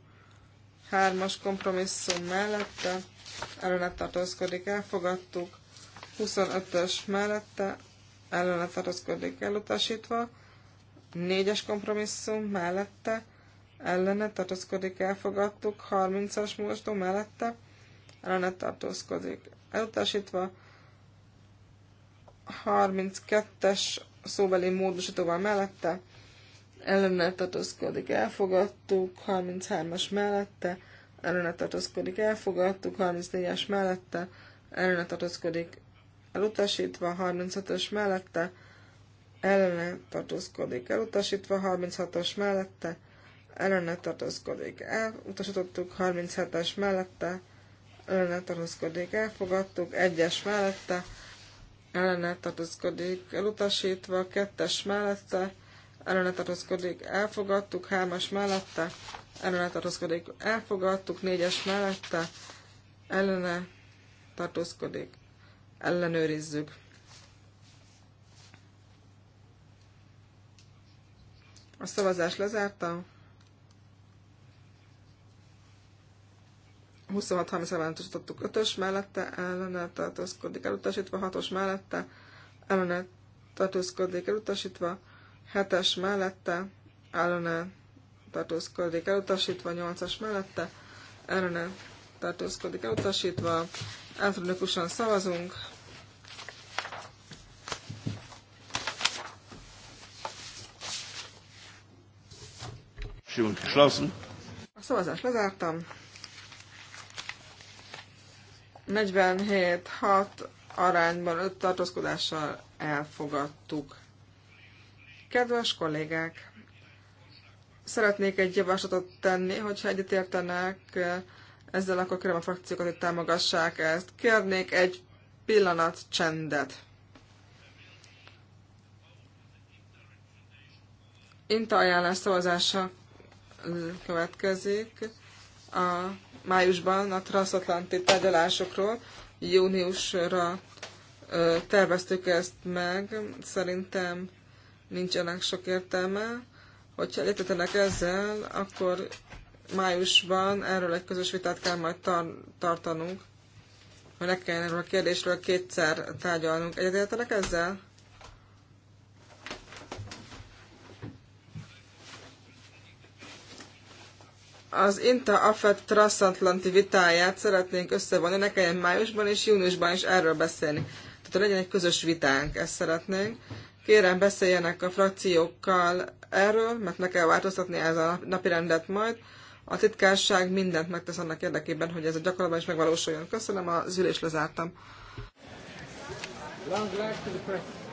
3-as kompromisszum mellette, ellene tartózkodik, elfogadtuk, 25-ös mellette, ellene tartózkodik, elutasítva, négyes kompromisszum mellette, ellene tartózkodik, elfogadtuk, 30-as módosító mellette ellene tartózkodik, elutasítva, 32-es szóbeli módosítóval mellette ellene tartózkodik, elfogadtuk, 33-as mellette ellene tartózkodik, elfogadtuk, 34-es mellette ellene tartózkodik, elutasítva, 35-ös mellette ellene tartózkodik, elutasítva, 36-os mellette ellenet tartózkodik el, utasítottuk 37-es mellette, ellenet tartózkodik elfogadtuk, 1-es mellette, ellenet tartózkodik elutasítva, 2-es mellette, ellenet tartózkodik elfogadtuk, 3-as mellette, ellenet tartózkodik elfogadtuk, 4-es mellette, ellenet tartózkodik, ellenőrizzük. A szavazást lezártam. 26-30-ban tudtuk 5-ös mellette, ellene tartózkodik elutasítva, 6-os mellette, ellene tartózkodik elutasítva, 7-es mellette, ellene tartózkodik elutasítva, 8-as mellette, ellene tartózkodik elutasítva, elektronikusan szavazunk, A szavazást lezártam. 47-6 arányban 5 tartózkodással elfogadtuk. Kedves kollégák! Szeretnék egy javaslatot tenni, hogyha egyetértenek eh, ezzel, akkor kérem a frakciókat, hogy támogassák ezt. Kérnék egy pillanat csendet. Inta ajánlás szavazása eh, következik. A májusban a transatlanti tárgyalásokról. Júniusra terveztük ezt meg. Szerintem nincsenek sok értelme. Hogyha egyetetenek ezzel, akkor májusban erről egy közös vitát kell majd tar- tartanunk. Hogy ne kelljen erről a kérdésről kétszer tárgyalnunk. Egyetetenek ezzel? az INTA AFET transatlanti vitáját szeretnénk összevonni, ne kelljen májusban és júniusban is erről beszélni. Tehát hogy legyen egy közös vitánk, ezt szeretnénk. Kérem, beszéljenek a frakciókkal erről, mert ne kell változtatni ez a napi rendet majd. A titkárság mindent megtesz annak érdekében, hogy ez a gyakorlatban is megvalósuljon. Köszönöm, az ülés lezártam. Long life to the press.